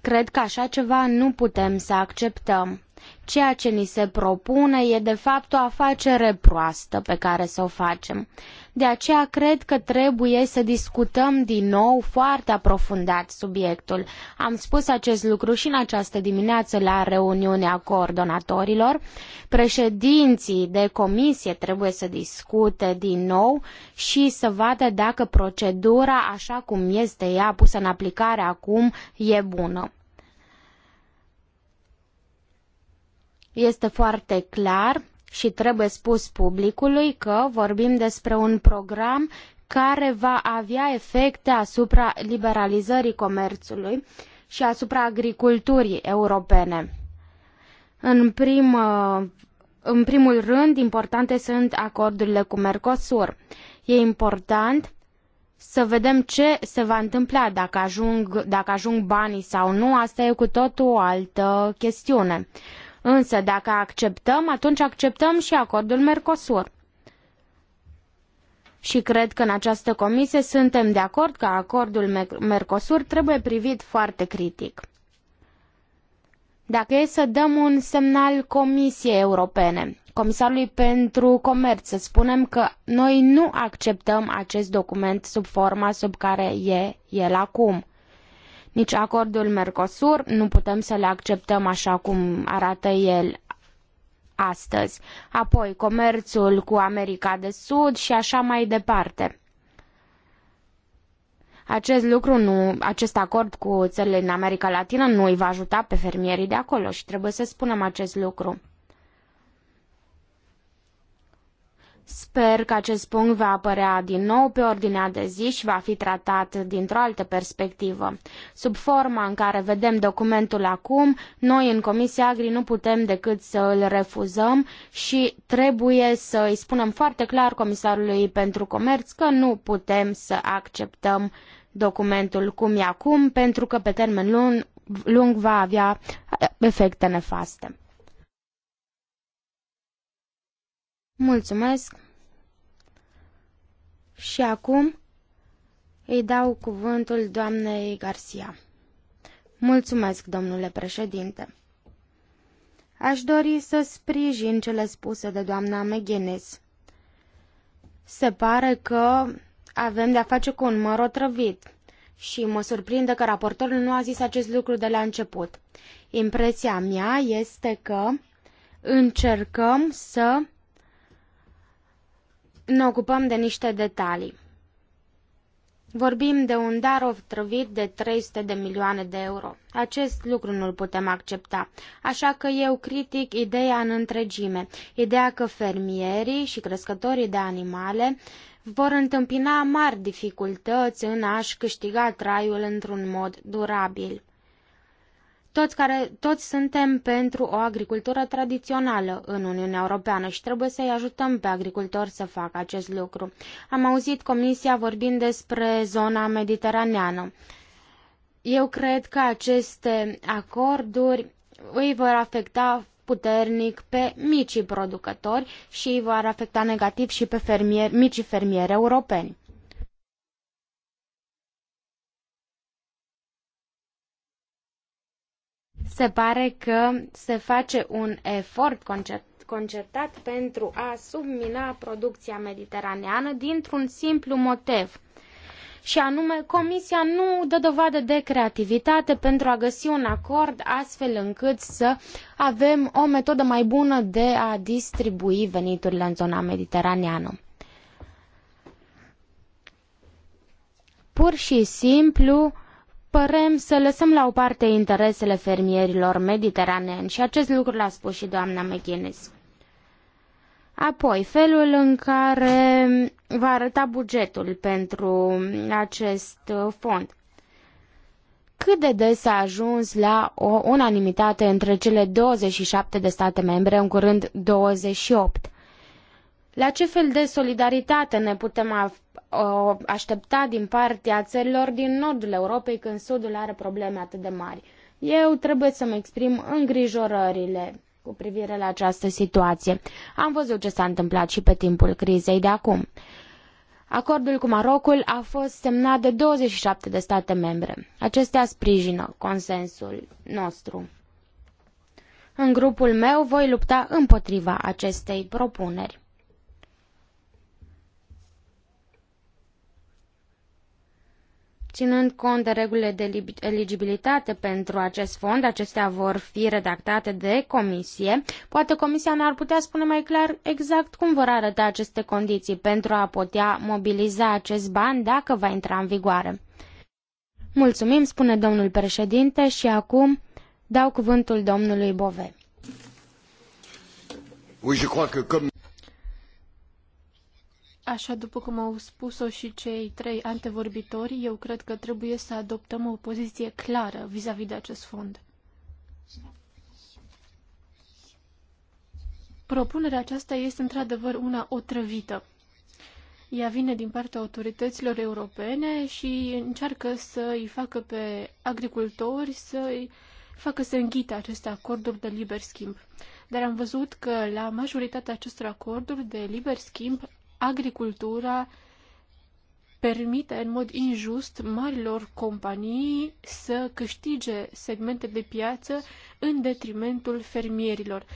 Cred că așa ceva nu putem să acceptăm. Ceea ce ni se propune e de fapt o afacere proastă pe care să o facem. De aceea cred că trebuie să discutăm din nou foarte aprofundat subiectul. Am spus acest lucru și în această dimineață la reuniunea coordonatorilor. Președinții de comisie trebuie să discute din nou și să vadă dacă procedura, așa cum este ea pusă în aplicare acum, e bună. Este foarte clar și trebuie spus publicului că vorbim despre un program care va avea efecte asupra liberalizării comerțului și asupra agriculturii europene. În, prim, uh, în primul rând, importante sunt acordurile cu Mercosur. E important să vedem ce se va întâmpla, dacă ajung, dacă ajung banii sau nu, asta e cu totul o altă chestiune. Însă dacă acceptăm, atunci acceptăm și acordul Mercosur. Și cred că în această comisie suntem de acord că acordul Mercosur trebuie privit foarte critic. Dacă e să dăm un semnal Comisiei Europene, Comisarului pentru Comerț, să spunem că noi nu acceptăm acest document sub forma sub care e el acum. Nici acordul Mercosur nu putem să le acceptăm așa cum arată el astăzi. Apoi comerțul cu America de Sud și așa mai departe. Acest lucru nu, acest acord cu țările din America Latină nu îi va ajuta pe fermierii de acolo și trebuie să spunem acest lucru. Sper că acest punct va apărea din nou pe ordinea de zi și va fi tratat dintr-o altă perspectivă. Sub forma în care vedem documentul acum, noi în Comisia Agri nu putem decât să îl refuzăm și trebuie să îi spunem foarte clar Comisarului pentru Comerț că nu putem să acceptăm documentul cum e acum, pentru că pe termen lung, lung va avea efecte nefaste. Mulțumesc. Și acum îi dau cuvântul doamnei Garcia. Mulțumesc, domnule președinte. Aș dori să sprijin cele spuse de doamna McGuinness. Se pare că avem de-a face cu un măr otrăvit și mă surprinde că raportorul nu a zis acest lucru de la început. Impresia mea este că încercăm să ne ocupăm de niște detalii. Vorbim de un dar otrăvit de 300 de milioane de euro. Acest lucru nu-l putem accepta. Așa că eu critic ideea în întregime, ideea că fermierii și crescătorii de animale vor întâmpina mari dificultăți în a-și câștiga traiul într-un mod durabil. Toți, care, toți suntem pentru o agricultură tradițională în Uniunea Europeană și trebuie să-i ajutăm pe agricultori să facă acest lucru. Am auzit Comisia vorbind despre zona mediteraneană. Eu cred că aceste acorduri îi vor afecta puternic pe micii producători și îi vor afecta negativ și pe fermieri, micii fermieri europeni. se pare că se face un efort concert, concertat pentru a submina producția mediteraneană dintr-un simplu motiv. Și anume, Comisia nu dă dovadă de creativitate pentru a găsi un acord astfel încât să avem o metodă mai bună de a distribui veniturile în zona mediteraneană. Pur și simplu, părem să lăsăm la o parte interesele fermierilor mediteraneni și acest lucru l-a spus și doamna McGuinness. Apoi, felul în care va arăta bugetul pentru acest fond. Cât de des s-a ajuns la o unanimitate între cele 27 de state membre, în curând 28? La ce fel de solidaritate ne putem aștepta din partea țărilor din nordul Europei când sudul are probleme atât de mari? Eu trebuie să-mi exprim îngrijorările cu privire la această situație. Am văzut ce s-a întâmplat și pe timpul crizei de acum. Acordul cu Marocul a fost semnat de 27 de state membre. Acestea sprijină consensul nostru. În grupul meu voi lupta împotriva acestei propuneri. inând cont de regulile de eligibilitate pentru acest fond, acestea vor fi redactate de comisie. Poate comisia ne-ar putea spune mai clar exact cum vor arăta aceste condiții pentru a putea mobiliza acest ban dacă va intra în vigoare. Mulțumim, spune domnul președinte, și acum dau cuvântul domnului Bove.
Oui, je crois que comme...
Așa după cum au spus-o și cei trei antevorbitori, eu cred că trebuie să adoptăm o poziție clară vis-a-vis -vis de acest fond. Propunerea aceasta este într-adevăr una otrăvită. Ea vine din partea autorităților europene și încearcă să îi facă pe agricultori să îi facă să înghită aceste acorduri de liber schimb. Dar am văzut că la majoritatea acestor acorduri de liber schimb agricultura permite în mod injust marilor companii să câștige segmente de piață în detrimentul fermierilor.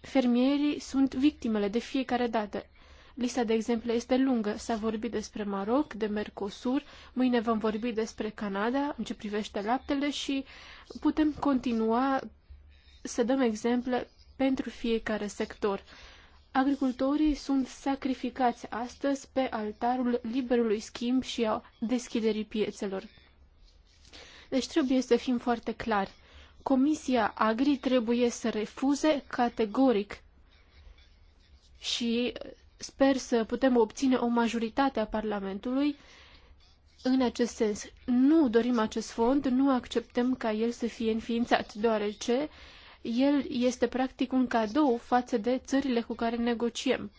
Fermierii sunt victimele de fiecare dată. Lista de exemple este lungă. S-a vorbit despre Maroc, de Mercosur, mâine vom vorbi despre Canada în ce privește laptele și putem continua să dăm exemple pentru fiecare sector. Agricultorii sunt sacrificați astăzi pe altarul liberului schimb și a deschiderii piețelor. Deci trebuie să fim foarte clari. Comisia Agri trebuie să refuze categoric și sper să putem obține o majoritate a Parlamentului în acest sens. Nu dorim acest fond, nu acceptăm ca el să fie înființat, deoarece uh, el este practic un cadou față de țările cu care negociem.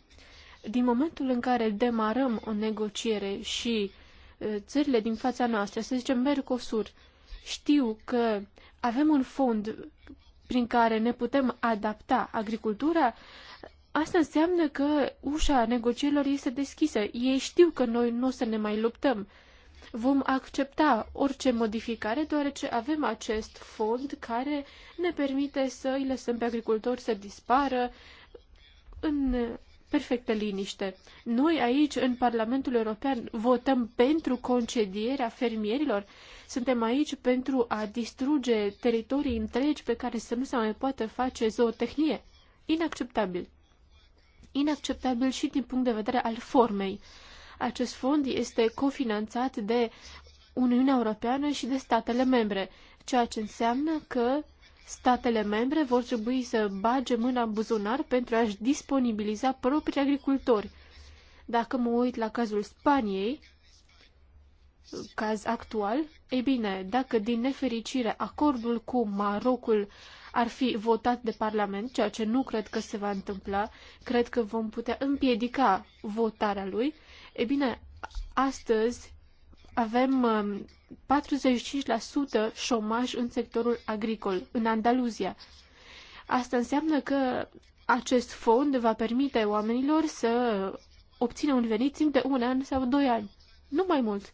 Din momentul în care demarăm o negociere și uh, țările din fața noastră, să zicem Mercosur, știu că avem un fond prin care ne putem adapta agricultura, asta înseamnă că ușa negocierilor este deschisă. Ei știu că noi nu o să ne mai luptăm. Vom accepta orice modificare, deoarece avem acest fond care ne permite să îi lăsăm pe agricultori să dispară în perfectă liniște. Noi aici, în Parlamentul European, votăm pentru concedierea fermierilor. Suntem aici pentru a distruge teritorii întregi pe care să nu se mai poată face zootehnie. Inacceptabil. Inacceptabil și din punct de vedere al formei. Acest fond este cofinanțat de Uniunea Europeană și de statele membre, ceea ce înseamnă că statele membre vor trebui să bage mâna în buzunar pentru a-și disponibiliza proprii agricultori. Dacă mă uit la cazul Spaniei, caz actual, ei bine, dacă din nefericire acordul cu Marocul ar fi votat de Parlament, ceea ce nu cred că se va întâmpla, cred că vom putea împiedica votarea lui, E bine, astăzi avem 45% um, șomaj în sectorul agricol, în Andaluzia. Asta înseamnă că acest fond va permite oamenilor să obțină un venit timp de un an sau doi ani, nu mai mult.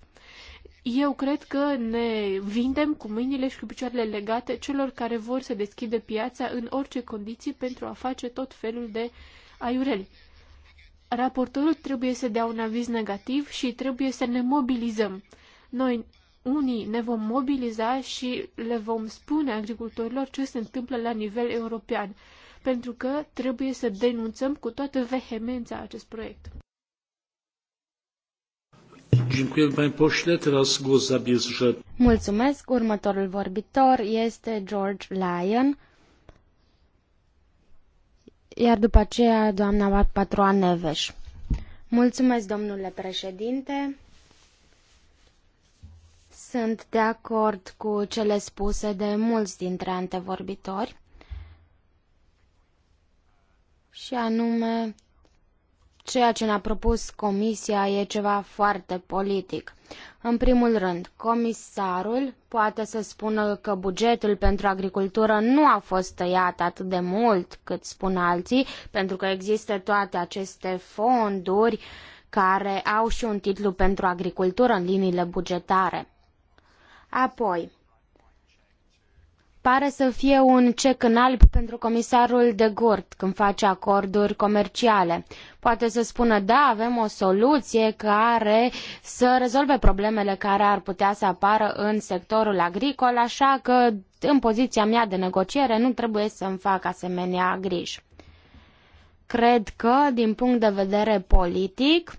Eu cred că ne vindem cu mâinile și cu picioarele legate celor care vor să deschidă piața în orice condiții pentru a face tot felul de aiureli raportorul trebuie să dea un aviz negativ și trebuie să ne mobilizăm. Noi unii ne vom mobiliza și le vom spune agricultorilor ce se întâmplă la nivel european, pentru că trebuie să denunțăm cu toată vehemența
acest proiect. Mulțumesc. Următorul vorbitor este George Lyon iar după aceea doamna Patroa Neveș. Mulțumesc, domnule președinte. Sunt de acord cu cele spuse de mulți dintre antevorbitori și anume Ceea ce ne-a propus Comisia e ceva foarte politic. În primul rând, comisarul poate să spună că bugetul pentru agricultură nu a fost tăiat atât de mult cât spun alții, pentru că există toate aceste fonduri care au și un titlu pentru agricultură în liniile bugetare. Apoi, pare să fie un cec în alb pentru comisarul de Gurt când face acorduri comerciale. Poate să spună, da, avem o soluție care să rezolve problemele care ar putea să apară în sectorul agricol, așa că în poziția mea de negociere nu trebuie să-mi fac asemenea griji. Cred că, din punct de vedere politic,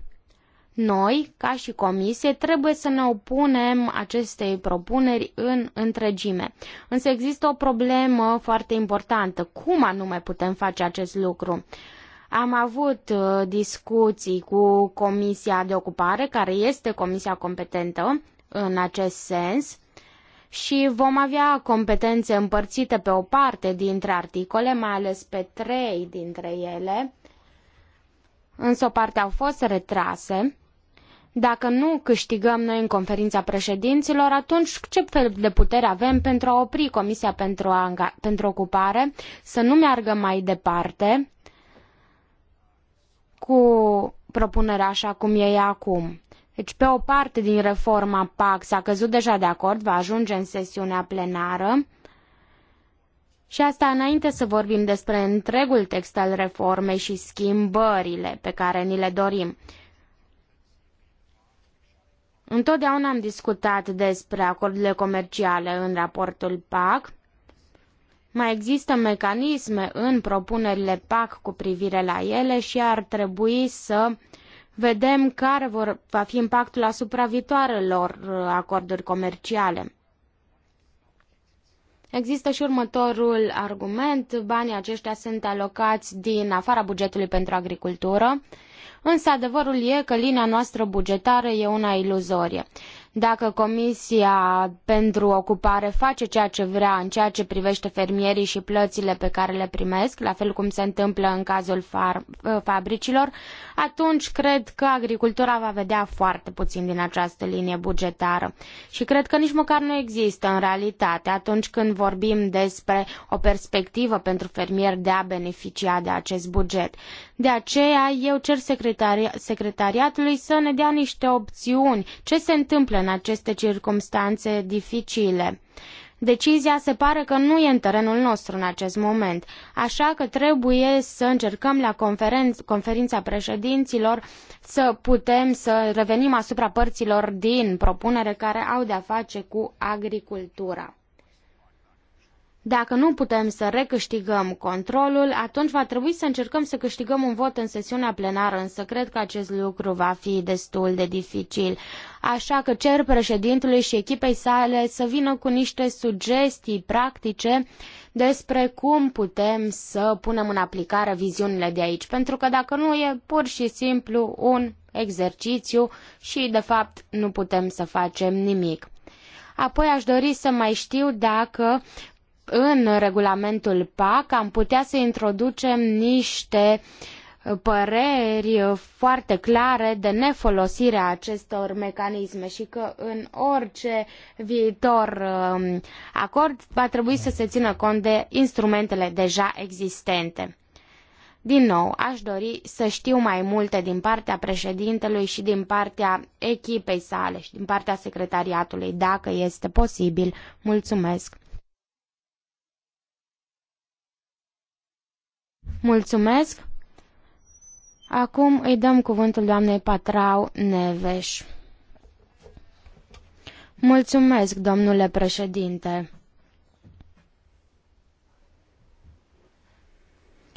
noi, ca și comisie, trebuie să ne opunem acestei propuneri în întregime. Însă există o problemă foarte importantă. Cum anume putem face acest lucru? Am avut uh, discuții cu Comisia de Ocupare, care este comisia competentă în acest sens, și vom avea competențe împărțite pe o parte dintre articole, mai ales pe trei dintre ele, însă o parte au fost retrase dacă nu câștigăm noi în conferința președinților, atunci ce fel de putere avem pentru a opri Comisia pentru, a, pentru Ocupare să nu meargă mai departe cu propunerea așa cum e ea acum? Deci pe o parte din reforma PAC s-a căzut deja de acord, va ajunge în sesiunea plenară. Și asta înainte să vorbim despre întregul text al reformei și schimbările pe care ni le dorim. Întotdeauna am discutat despre acordurile comerciale în raportul PAC. Mai există mecanisme în propunerile PAC cu privire la ele și ar trebui să vedem care vor, va fi impactul asupra viitoarelor uh, acorduri comerciale. Există și următorul argument. Banii aceștia sunt alocați din afara bugetului pentru agricultură. Însă adevărul e că linia noastră bugetară e una iluzorie. Dacă Comisia pentru Ocupare face ceea ce vrea în ceea ce privește fermierii și plățile pe care le primesc, la fel cum se întâmplă în cazul fabricilor, atunci cred că agricultura va vedea foarte puțin din această linie bugetară. Și cred că nici măcar nu există în realitate atunci când vorbim despre o perspectivă pentru fermieri de a beneficia de acest buget. De aceea eu cer secretari secretariatului să ne dea niște opțiuni, ce se întâmplă în aceste circumstanțe dificile. Decizia se pare că nu e în terenul nostru în acest moment, așa că trebuie să încercăm la conferen- conferința președinților să putem să revenim asupra părților din propunere care au de-a face cu agricultura. Dacă nu putem să recâștigăm controlul, atunci va trebui să încercăm să câștigăm un vot în sesiunea plenară, însă cred că acest lucru va fi destul de dificil. Așa că cer președintelui și echipei sale să vină cu niște sugestii practice despre cum putem să punem în aplicare viziunile de aici, pentru că dacă nu e pur și simplu un exercițiu și de fapt nu putem să facem nimic. Apoi aș dori să mai știu dacă în regulamentul PAC am putea să introducem niște păreri foarte clare de nefolosire a acestor mecanisme și că în orice viitor um, acord va trebui să se țină cont de instrumentele deja existente. Din nou, aș dori să știu mai multe din partea președintelui și din partea echipei sale și din partea secretariatului, dacă este posibil. Mulțumesc! Mulțumesc! Acum îi dăm cuvântul doamnei Patrau Neveș. Mulțumesc, domnule președinte.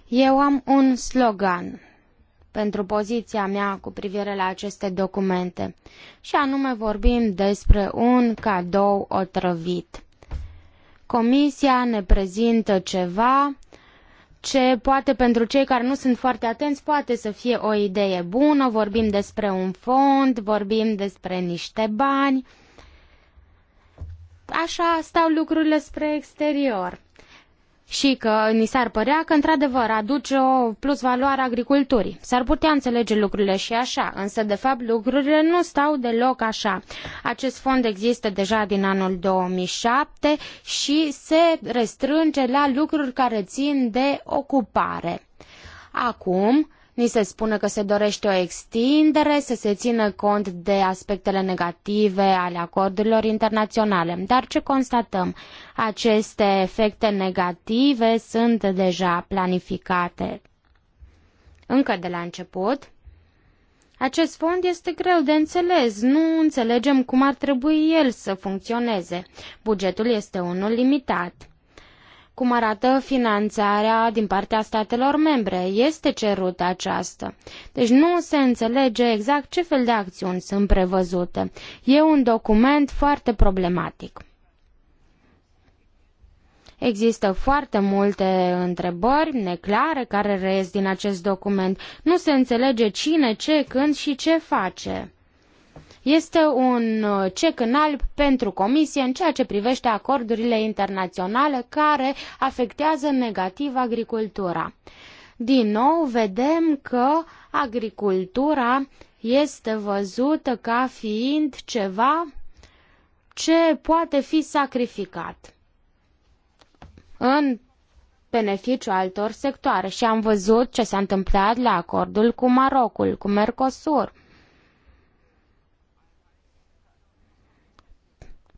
Eu am un slogan pentru poziția mea cu privire la aceste documente, și anume vorbim despre un cadou otrăvit. Comisia ne prezintă ceva, ce poate pentru cei care nu sunt foarte atenți poate să fie o idee bună, vorbim despre un fond, vorbim despre niște bani. Așa stau lucrurile spre exterior și că ni s-ar părea că într-adevăr aduce o plusvaloare agriculturii. S-ar putea înțelege lucrurile și așa, însă de fapt lucrurile nu stau deloc așa. Acest fond există deja din anul 2007 și se restrânge la lucruri care țin de ocupare. Acum, Ni se spune că se dorește o extindere, să se țină cont de aspectele negative ale acordurilor internaționale. Dar ce constatăm? Aceste efecte negative sunt deja planificate. Încă de la început, acest fond este greu de înțeles, nu înțelegem cum ar trebui el să funcționeze. Bugetul este unul limitat cum arată finanțarea din partea statelor membre. Este cerută aceasta. Deci nu se înțelege exact ce fel de acțiuni sunt prevăzute. E un document foarte problematic. Există foarte multe întrebări neclare care reies din acest document. Nu se înțelege cine, ce, când și ce face. Este un uh, cec în alb pentru Comisie în ceea ce privește acordurile internaționale care afectează negativ agricultura. Din nou vedem că agricultura este văzută ca fiind ceva ce poate fi sacrificat în beneficiu altor sectoare și am văzut ce s-a întâmplat la acordul cu Marocul, cu Mercosur.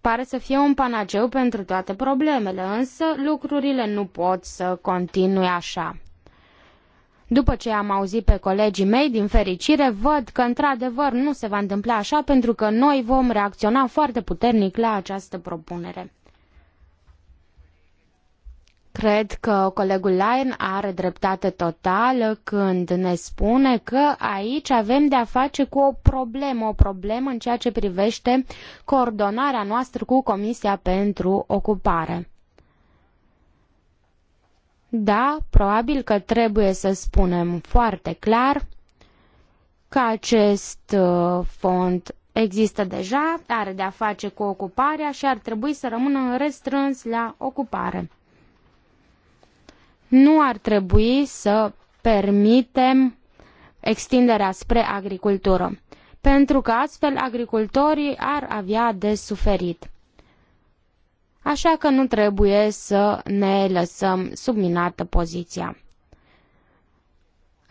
Pare să fie un panaceu pentru toate problemele, însă lucrurile nu pot să continue așa. După ce am auzit pe colegii mei, din fericire, văd că într-adevăr nu se va întâmpla așa pentru că noi vom reacționa foarte puternic la această propunere. Cred că colegul Lyon are dreptate totală când ne spune că aici avem de a face cu o problemă, o problemă în ceea ce privește coordonarea noastră cu Comisia pentru Ocupare. Da, probabil că trebuie să spunem foarte clar că acest uh, fond există deja, are de a face cu ocuparea și ar trebui să rămână restrâns la ocupare. Nu ar trebui să permitem extinderea spre agricultură, pentru că astfel agricultorii ar avea de suferit. Așa că nu trebuie să ne lăsăm subminată poziția.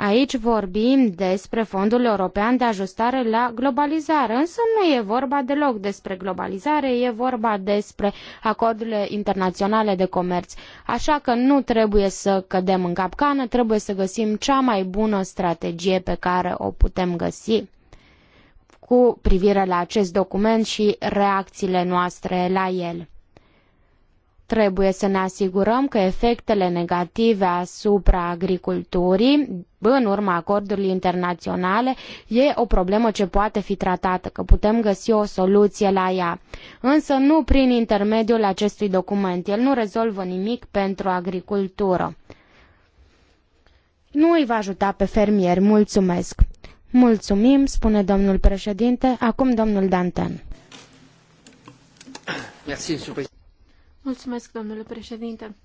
Aici vorbim despre Fondul European de Ajustare la Globalizare, însă nu e vorba deloc despre globalizare, e vorba despre acordurile internaționale de comerț. Așa că nu trebuie să cădem în capcană, trebuie să găsim cea mai bună strategie pe care o putem găsi cu privire la acest document și reacțiile noastre la el. Trebuie să ne asigurăm că efectele negative asupra agriculturii în urma acordurilor internaționale e o problemă ce poate fi tratată, că putem găsi o soluție la ea. Însă nu prin intermediul acestui document. El nu rezolvă nimic pentru agricultură. Nu îi va ajuta pe fermieri. Mulțumesc. Mulțumim, spune domnul președinte. Acum domnul Danten.
Merci, Mulțumesc, domnule președinte.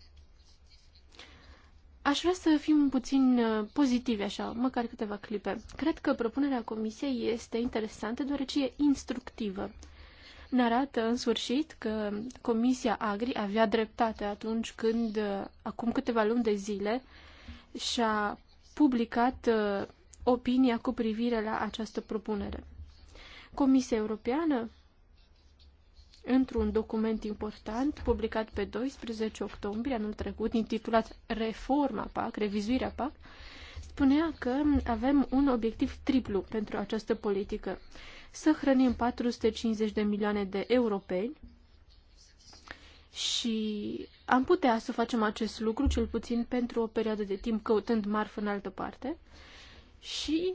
Aș vrea să fim puțin uh, pozitivi, așa, măcar câteva clipe. Cred că propunerea comisiei este interesantă, deoarece e instructivă. Ne arată, în sfârșit, că Comisia Agri avea dreptate atunci când, uh, acum câteva luni de zile, și-a publicat uh, opinia cu privire la această propunere. Comisia Europeană într-un document important publicat pe 12 octombrie anul trecut, intitulat Reforma PAC, Revizuirea PAC, spunea că avem un obiectiv triplu pentru această politică. Să hrănim 450 de milioane de europeni și am putea să facem acest lucru, cel puțin pentru o perioadă de timp, căutând marfă în altă parte. Și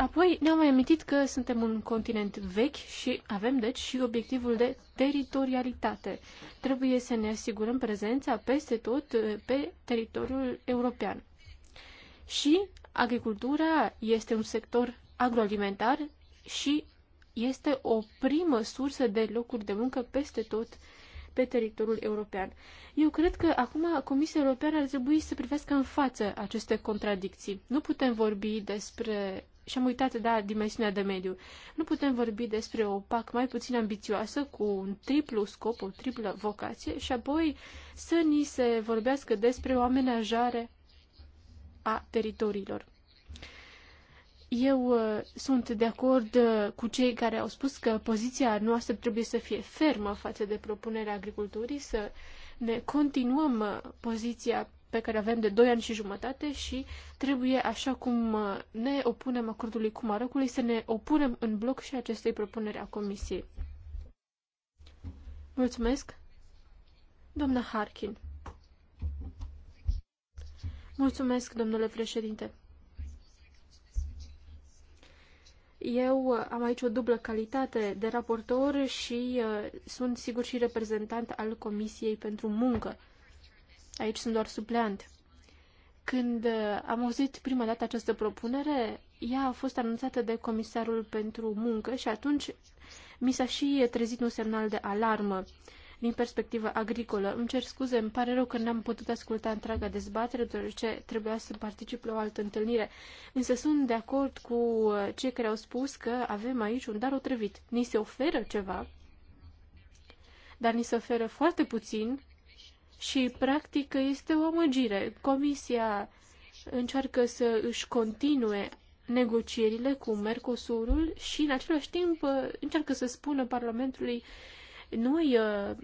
Apoi ne-am mai amintit că suntem un continent vechi și avem deci și obiectivul de teritorialitate. Trebuie să ne asigurăm prezența peste tot eh, pe teritoriul european. Și agricultura este un sector agroalimentar și este o primă sursă de locuri de muncă peste tot pe teritoriul european. Eu cred că acum Comisia Europeană ar trebui să privească în față aceste contradicții. Nu putem vorbi despre și am uitat, da, dimensiunea de mediu. Nu putem vorbi despre o PAC mai puțin ambițioasă, cu un triplu scop, o triplă vocație și apoi să ni se vorbească despre o amenajare a teritoriilor. Eu uh, sunt de acord uh, cu cei care au spus că poziția noastră trebuie să fie fermă față de propunerea agriculturii, să ne continuăm uh, poziția pe care avem de 2 ani și jumătate și trebuie, așa cum uh, ne opunem acordului cu Marocului, să ne opunem în bloc și acestei propuneri a Comisiei. Mulțumesc, doamna Harkin. Mulțumesc, domnule președinte. Eu uh, am aici o dublă calitate de raportor și uh, sunt sigur și reprezentant al Comisiei pentru Muncă. Aici sunt doar supleant. Când uh, am auzit prima dată această propunere, ea a fost anunțată de comisarul pentru muncă și atunci mi s-a și trezit un semnal de alarmă din perspectivă agricolă. Îmi cer scuze, îmi pare rău că n-am putut asculta întreaga dezbatere, deoarece trebuia să particip la o altă întâlnire. Însă sunt de acord cu uh, cei care au spus că avem aici un dar otrăvit. Ni se oferă ceva, dar ni se oferă foarte puțin și, practic, este o amăgire. Comisia încearcă să își continue negocierile cu Mercosurul și, în același timp, încearcă să spună Parlamentului noi uh,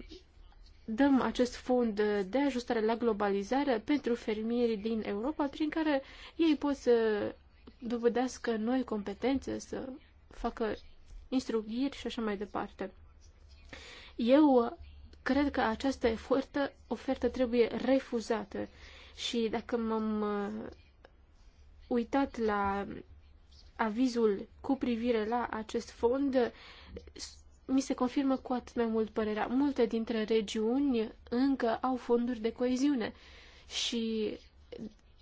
dăm acest fond de ajustare la globalizare pentru fermierii din Europa, prin care ei pot să dovedească noi competențe, să facă instruiri și așa mai departe. Eu Cred că această ofertă, ofertă trebuie refuzată și dacă m-am uh, uitat la avizul cu privire la acest fond, mi se confirmă cu atât mai mult părerea. Multe dintre regiuni încă au fonduri de coeziune și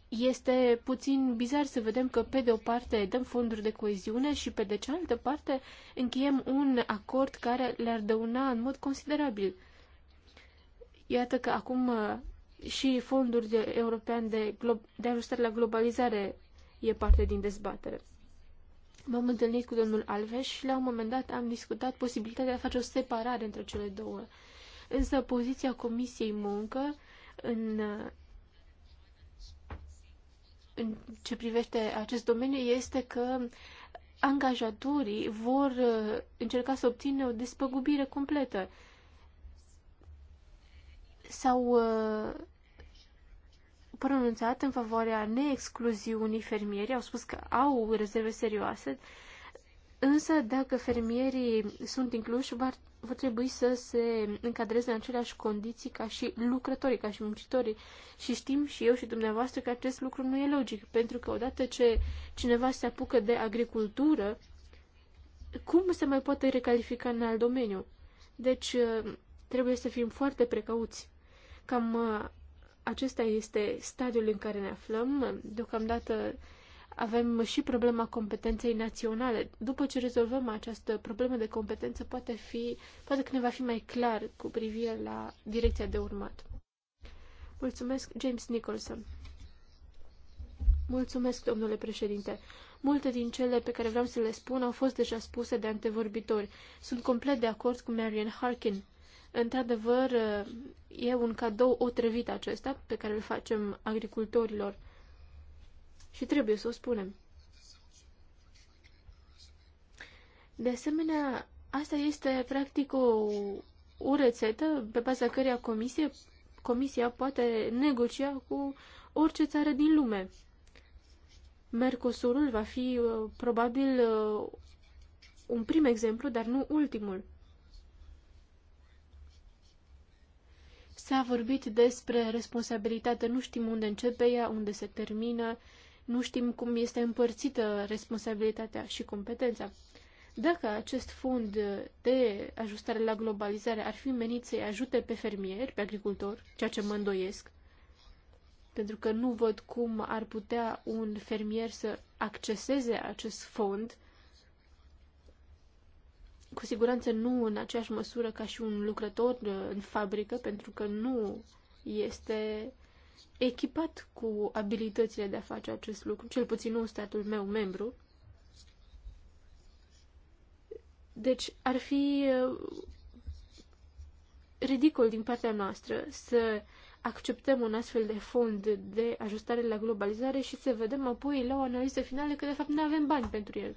este puțin bizar să vedem că pe de o parte dăm fonduri de coeziune și pe de cealaltă parte încheiem un acord care le-ar dăuna în mod considerabil. Iată că acum uh, și fonduri de, european de, glo- de ajustare la globalizare e parte din dezbatere. M-am întâlnit cu domnul Alves și la un moment dat am discutat posibilitatea de a face o separare între cele două. Însă poziția Comisiei Muncă în, uh, în ce privește acest domeniu este că angajatorii vor uh, încerca să obțină o despăgubire completă s-au uh, pronunțat în favoarea neexcluziunii fermierii, au spus că au rezerve serioase, însă dacă fermierii sunt incluși, va, va trebui să se încadreze în aceleași condiții ca și lucrătorii, ca și muncitorii. Și știm și eu și dumneavoastră că acest lucru nu e logic, pentru că odată ce cineva se apucă de agricultură, cum se mai poate recalifica în alt domeniu? Deci uh, trebuie să fim foarte precauți. Cam uh, acesta este stadiul în care ne aflăm. Deocamdată avem și problema competenței naționale. După ce rezolvăm această problemă de competență, poate, fi, poate că ne va fi mai clar cu privire la direcția de urmat. Mulțumesc, James Nicholson. Mulțumesc, domnule președinte. Multe din cele pe care vreau să le spun au fost deja spuse de antevorbitori. Sunt complet de acord cu Marian Harkin. Într-adevăr, e un cadou otrăvit acesta pe care îl facem agricultorilor și trebuie să o spunem. De asemenea, asta este practic o, o rețetă pe baza căreia comisie, comisia poate negocia cu orice țară din lume. Mercosurul va fi uh, probabil uh, un prim exemplu, dar nu ultimul. S-a vorbit despre responsabilitate, nu știm unde începe ea, unde se termină, nu știm cum este împărțită responsabilitatea și competența. Dacă acest fond de ajustare la globalizare ar fi menit să-i ajute pe fermieri, pe agricultori, ceea ce mă îndoiesc, pentru că nu văd cum ar putea un fermier să acceseze acest fond cu siguranță nu în aceeași măsură ca și un lucrător uh, în fabrică, pentru că nu este echipat cu abilitățile de a face acest lucru, cel puțin nu în statul meu membru. Deci ar fi uh, ridicol din partea noastră să acceptăm un astfel de fond de ajustare la globalizare și să vedem apoi la o analiză finală că de fapt nu avem bani pentru el.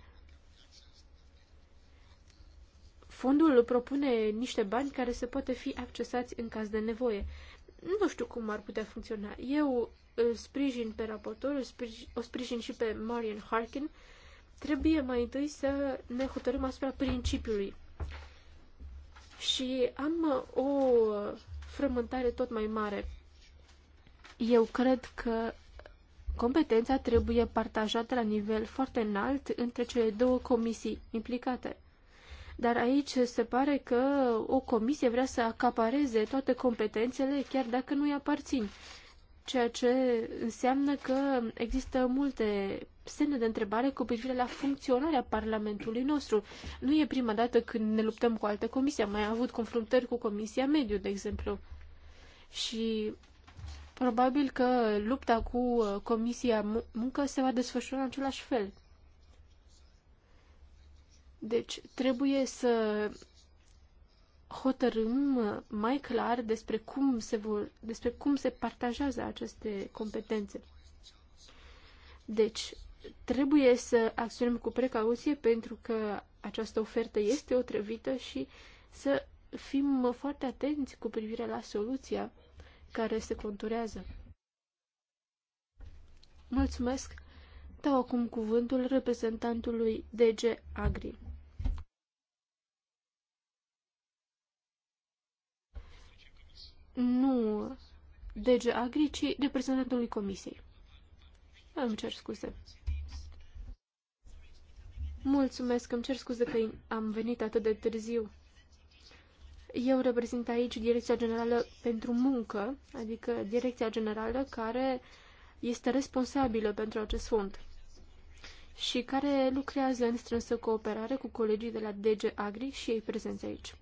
Fondul propune niște bani care se poate fi accesați în caz de nevoie. Nu știu cum ar putea funcționa. Eu îl sprijin pe raportor, îl sprijin, o sprijin și pe Marian Harkin. Trebuie mai întâi să ne hotărâm asupra principiului. Și am o frământare tot mai mare. Eu cred că competența trebuie partajată la nivel foarte înalt între cele două comisii implicate – dar aici se pare că o comisie vrea să acapareze toate competențele, chiar dacă nu i aparțin. Ceea ce înseamnă că există multe semne de întrebare cu privire la funcționarea Parlamentului nostru. Nu e prima dată când ne luptăm cu alte comisii. Am mai avut confruntări cu Comisia Mediu, de exemplu. Și probabil că lupta cu uh, Comisia Muncă se va desfășura în același fel. Deci trebuie să hotărâm mai clar despre cum se, vor, despre cum se partajează aceste competențe. Deci, trebuie să acționăm cu precauție pentru că această ofertă este otrăvită și să fim foarte atenți cu privire la soluția care se conturează. Mulțumesc! Dau acum cuvântul reprezentantului DG Agri. nu DG Agri, ci reprezentantului Comisiei. Îmi cer scuze. Mulțumesc, îmi cer scuze că am venit atât de târziu. Eu reprezint aici Direcția Generală pentru Muncă, adică Direcția Generală care este responsabilă pentru acest fond și care lucrează în strânsă cooperare cu colegii de la DG Agri și ei prezenți aici.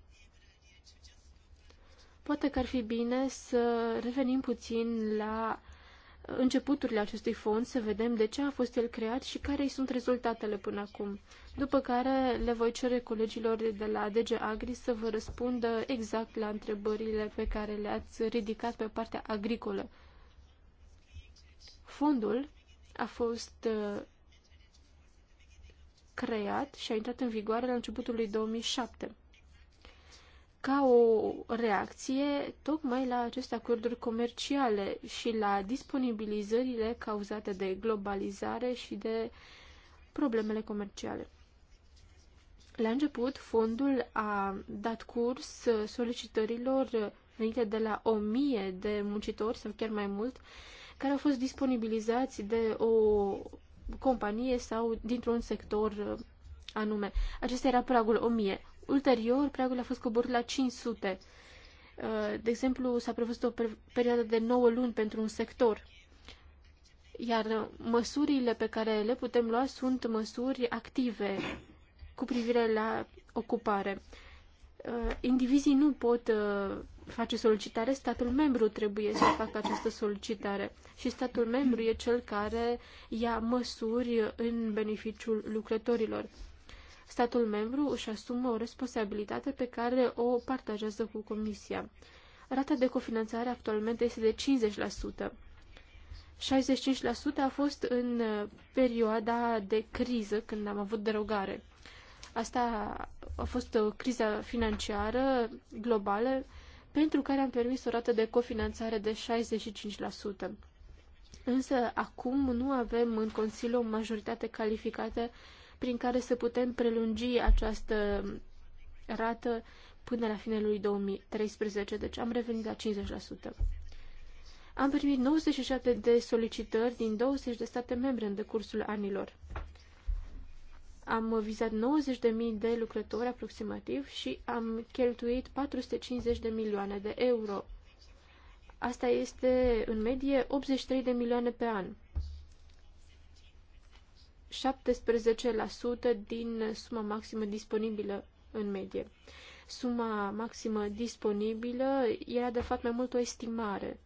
Poate că ar fi bine să revenim puțin la începuturile acestui fond, să vedem de ce a fost el creat și care sunt rezultatele până acum. După care le voi cere colegilor de la DG Agri să vă răspundă exact la întrebările pe care le-ați ridicat pe partea agricolă. Fondul a fost uh, creat și a intrat în vigoare la începutul lui 2007 ca o reacție tocmai la aceste acorduri comerciale și la disponibilizările cauzate de globalizare și de problemele comerciale. La început, fondul a dat curs solicitărilor venite de la o mie de muncitori sau chiar mai mult, care au fost disponibilizați de o companie sau dintr-un sector anume. Acesta era pragul 1000. Ulterior, pragul a fost coborât la 500. Uh, de exemplu, s-a prevăzut o perioadă de 9 luni pentru un sector. Iar măsurile pe care le putem lua sunt măsuri active cu privire la ocupare. Uh, indivizii nu pot uh, face solicitare, statul membru trebuie să facă această solicitare și statul membru e cel care ia măsuri în beneficiul lucrătorilor statul membru își asumă o responsabilitate pe care o partajează cu Comisia. Rata de cofinanțare actualmente este de 50%. 65% a fost în uh, perioada de criză, când am avut derogare. Asta a fost o uh, criză financiară globală, pentru care am permis o rată de cofinanțare de 65%. Însă acum nu avem în Consiliu o majoritate calificată prin care să putem prelungi această rată până la finele lui 2013, deci am revenit la 50%. Am primit 97 de solicitări din 20 de state membre în decursul anilor. Am vizat 90.000 de lucrători aproximativ și am cheltuit 450 de milioane de euro. Asta este, în medie, 83 de milioane pe an. 17% din suma maximă disponibilă în medie. Suma maximă disponibilă era de fapt mai mult o estimare.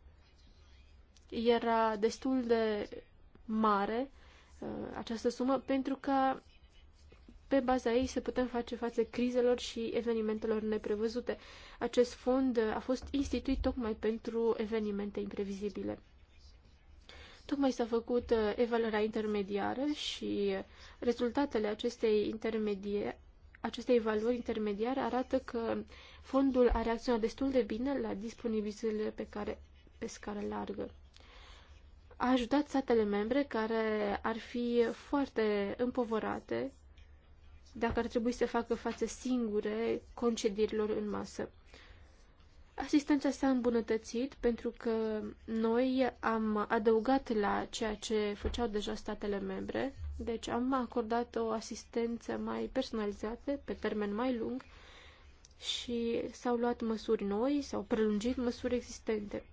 Era destul de mare uh, această sumă pentru că pe baza ei să putem face față crizelor și evenimentelor neprevăzute. Acest fond a fost instituit tocmai pentru evenimente imprevizibile. Tocmai s-a făcut uh, evaluarea intermediară și rezultatele acestei, intermedie, acestei evaluări intermediare arată că fondul a reacționat destul de bine la disponibilizările pe care pe scară largă. A ajutat statele membre care ar fi foarte împovărate dacă ar trebui să facă față singure concedirilor în masă. Asistența s-a îmbunătățit pentru că noi am adăugat la ceea ce făceau deja statele membre, deci am acordat o asistență mai personalizată, pe termen mai lung, și s-au luat măsuri noi, s-au prelungit măsuri existente.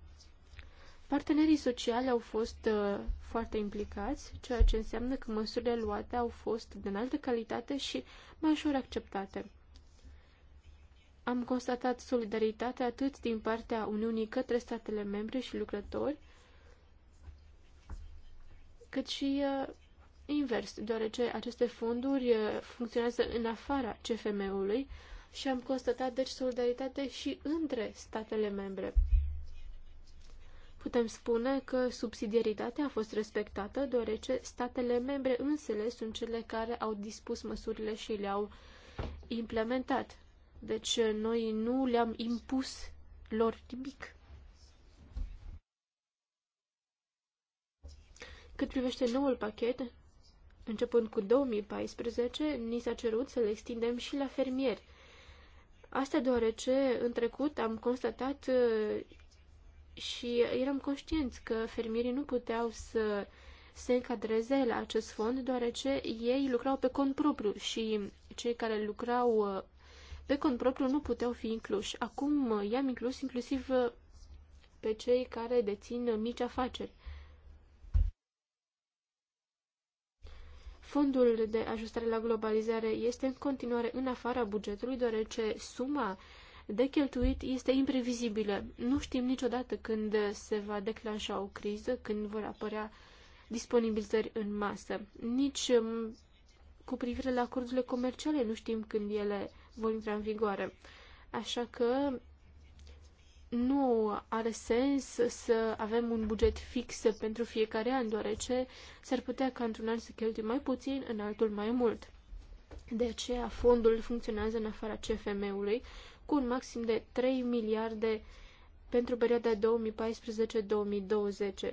Partenerii sociali au fost uh, foarte implicați, ceea ce înseamnă că măsurile luate au fost de înaltă calitate și mai ușor acceptate am constatat solidaritate atât din partea Uniunii către statele membre și lucrători, cât și uh, invers, deoarece aceste fonduri uh, funcționează în afara CFM-ului și am constatat deci solidaritate și între statele membre. Putem spune că subsidiaritatea a fost respectată, deoarece statele membre însele sunt cele care au dispus măsurile și le-au implementat. Deci eh, noi nu le-am impus lor nimic. Cât privește noul pachet, începând cu 2014, ni s-a cerut să le extindem și la fermieri. Asta deoarece în trecut am constatat eh, și eram conștienți că fermierii nu puteau să se încadreze la acest fond, deoarece ei lucrau pe cont propriu și cei care lucrau eh, pe cont propriu nu puteau fi incluși. Acum i-am inclus inclusiv uh, pe cei care dețin mici afaceri. Fondul de ajustare la globalizare este în continuare în afara bugetului, deoarece suma de cheltuit este imprevizibilă. Nu știm niciodată când se va declanșa o criză, când vor apărea disponibilizări în masă. Nici mm, cu privire la acordurile comerciale nu știm când ele vor intra în vigoare. Așa că nu are sens să avem un buget fix pentru fiecare an, deoarece s-ar putea ca într-un an să cheltuim mai puțin, în altul mai mult. De aceea, fondul funcționează în afara CFM-ului cu un maxim de 3 miliarde pentru perioada 2014-2020.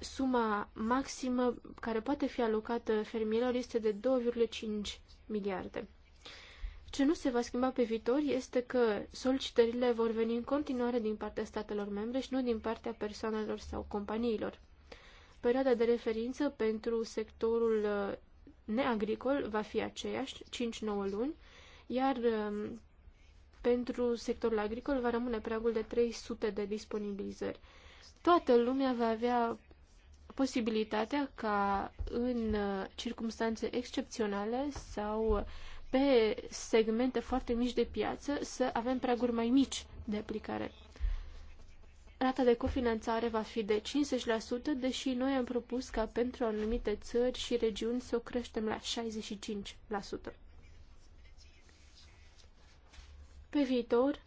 Suma maximă care poate fi alocată fermierilor este de 2,5 miliarde. Ce nu se va schimba pe viitor este că solicitările vor veni în continuare din partea statelor membre și nu din partea persoanelor sau companiilor. Perioada de referință pentru sectorul uh, neagricol va fi aceeași, 5-9 luni, iar um, pentru sectorul agricol va rămâne pragul de 300 de disponibilizări. Toată lumea va avea posibilitatea ca în uh, circunstanțe excepționale sau pe segmente foarte mici de piață să avem praguri mai mici de aplicare. Rata de cofinanțare va fi de 50%, deși noi am propus ca pentru anumite țări și regiuni să o creștem la 65%. Pe viitor,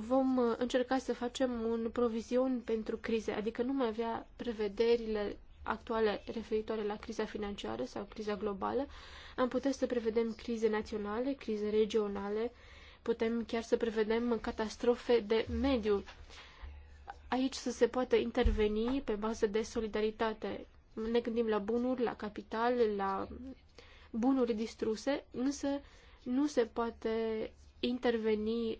vom uh, încerca să facem un provizion pentru crize, adică nu mai avea prevederile actuale referitoare la criza financiară sau criza globală, am putea să prevedem crize naționale, crize regionale, putem chiar să prevedem catastrofe de mediu. Aici să se poată interveni pe bază de solidaritate. Ne gândim la bunuri, la capital, la bunuri distruse, însă nu se poate interveni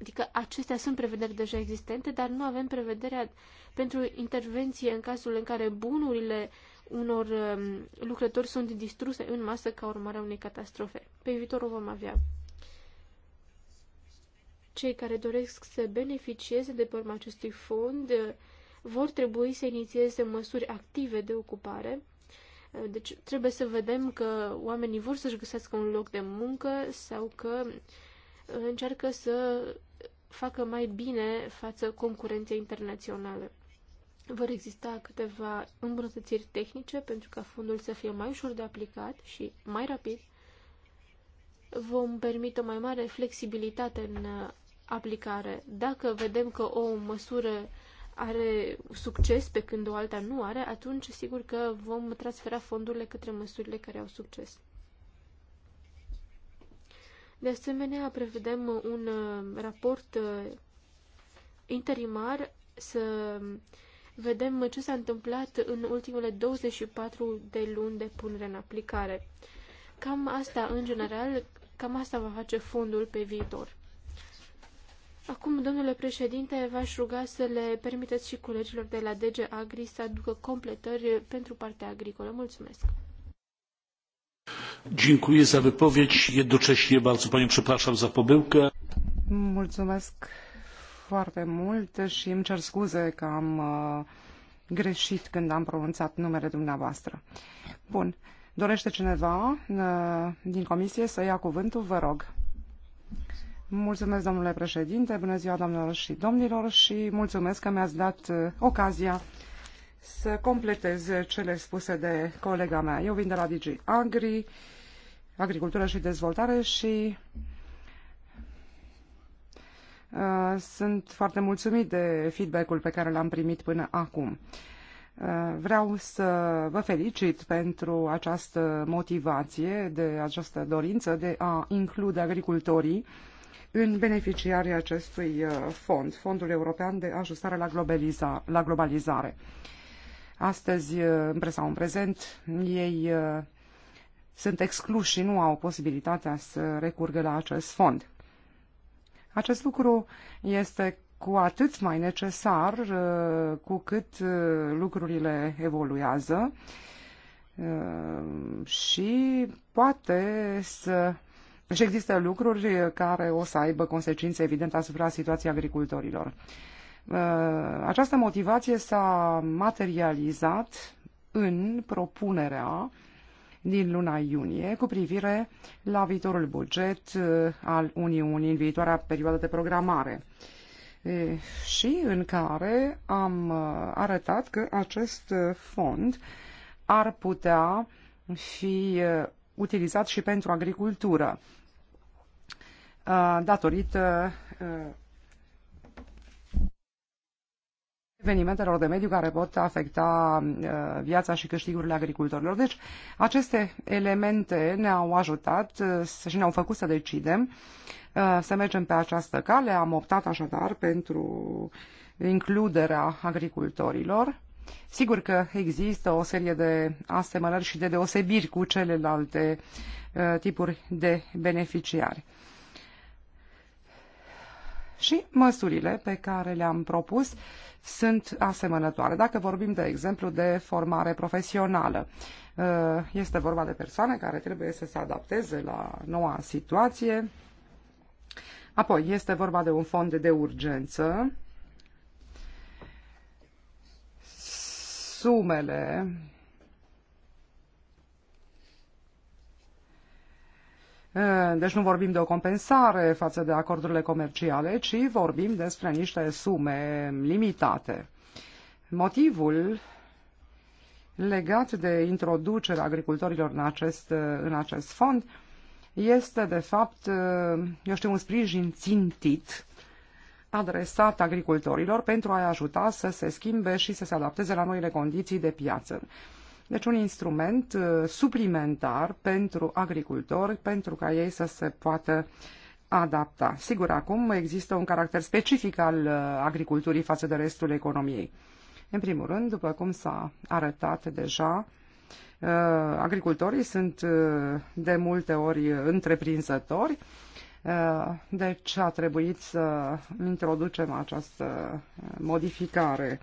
Adică acestea sunt prevederi deja existente, dar nu avem prevederea pentru intervenție în cazul în care bunurile unor um, lucrători sunt distruse în masă ca urmare a unei catastrofe. Pe viitor o vom avea. Cei care doresc să beneficieze de pe acestui fond uh, vor trebui să inițieze măsuri active de ocupare. Uh, deci trebuie să vedem că oamenii vor să-și găsească un loc de muncă sau că uh, încearcă să facă mai bine față concurenței internaționale. Vor exista câteva îmbunătățiri tehnice pentru ca fondul să fie mai ușor de aplicat și mai rapid. Vom permite o mai mare flexibilitate în aplicare. Dacă vedem că o măsură are succes pe când o alta nu are, atunci sigur că vom transfera fondurile către măsurile care au succes. De asemenea, prevedem un uh, raport uh, interimar să vedem ce s-a întâmplat în ultimele 24 de luni de punere în aplicare. Cam asta, în general, cam asta va face fondul pe viitor. Acum, domnule președinte, v-aș ruga să le permiteți și colegilor de la DG Agri să aducă completări pentru partea agricolă. Mulțumesc!
Dziękuję za wypowiedź. Jednocześnie bardzo Panią przepraszam za pomyłkę.
Mulțumesc foarte mult și îmi cer scuze că am uh, greșit când am pronunțat numele dumneavoastră. Bun. Dorește cineva uh, din comisie să ia cuvântul? Vă rog. Mulțumesc, domnule președinte, bună ziua, doamnelor și domnilor și mulțumesc că mi-ați dat uh, ocazia să completez cele spuse de colega mea. Eu vin de la DG Agri, Agricultură și Dezvoltare și uh, sunt foarte mulțumit de feedback-ul pe care l-am primit până acum. Uh, vreau să vă felicit pentru această motivație, de această dorință de a include agricultorii în beneficiarii acestui uh, fond, Fondul European de Ajustare la, globaliza, la Globalizare. Astăzi, uh, sau în prezent, ei uh, sunt excluși și nu au posibilitatea să recurgă la acest fond. Acest lucru este cu atât mai necesar uh, cu cât lucrurile evoluează și poate să și există lucruri care o să aibă consecințe evidente asupra situației agricultorilor. Uh, această motivație s-a materializat în propunerea din luna iunie cu privire la viitorul buget uh, al Uniunii în viitoarea perioadă de programare și în care am uh, arătat că acest fond ar putea fi utilizat și pentru agricultură datorită evenimentelor de mediu care pot afecta uh, viața și câștigurile agricultorilor. Deci, aceste elemente ne-au ajutat uh, și ne-au făcut să decidem uh, să mergem pe această cale. Am optat așadar pentru includerea agricultorilor. Sigur că există o serie de asemănări și de deosebiri cu celelalte tipuri de beneficiari și măsurile pe care le-am propus sunt asemănătoare. Dacă vorbim, de exemplu, de formare profesională, uh, este vorba de persoane care trebuie să se adapteze la noua situație. Apoi, este vorba de un fond de urgență. Sumele Deci nu vorbim de o compensare față de acordurile comerciale, ci vorbim despre niște sume limitate. Motivul legat de introducerea agricultorilor în acest, în acest fond este, de fapt, eu știu, un sprijin țintit adresat agricultorilor pentru a-i ajuta să se schimbe și să se adapteze la noile condiții de piață. Deci un instrument uh, suplimentar pentru agricultori, pentru ca ei să se poată adapta. Sigur, acum există un caracter specific al uh, agriculturii față de restul economiei. În primul rând, după cum s-a arătat deja, uh, agricultorii sunt de multe ori întreprinzători, deci a trebuit să introducem această modificare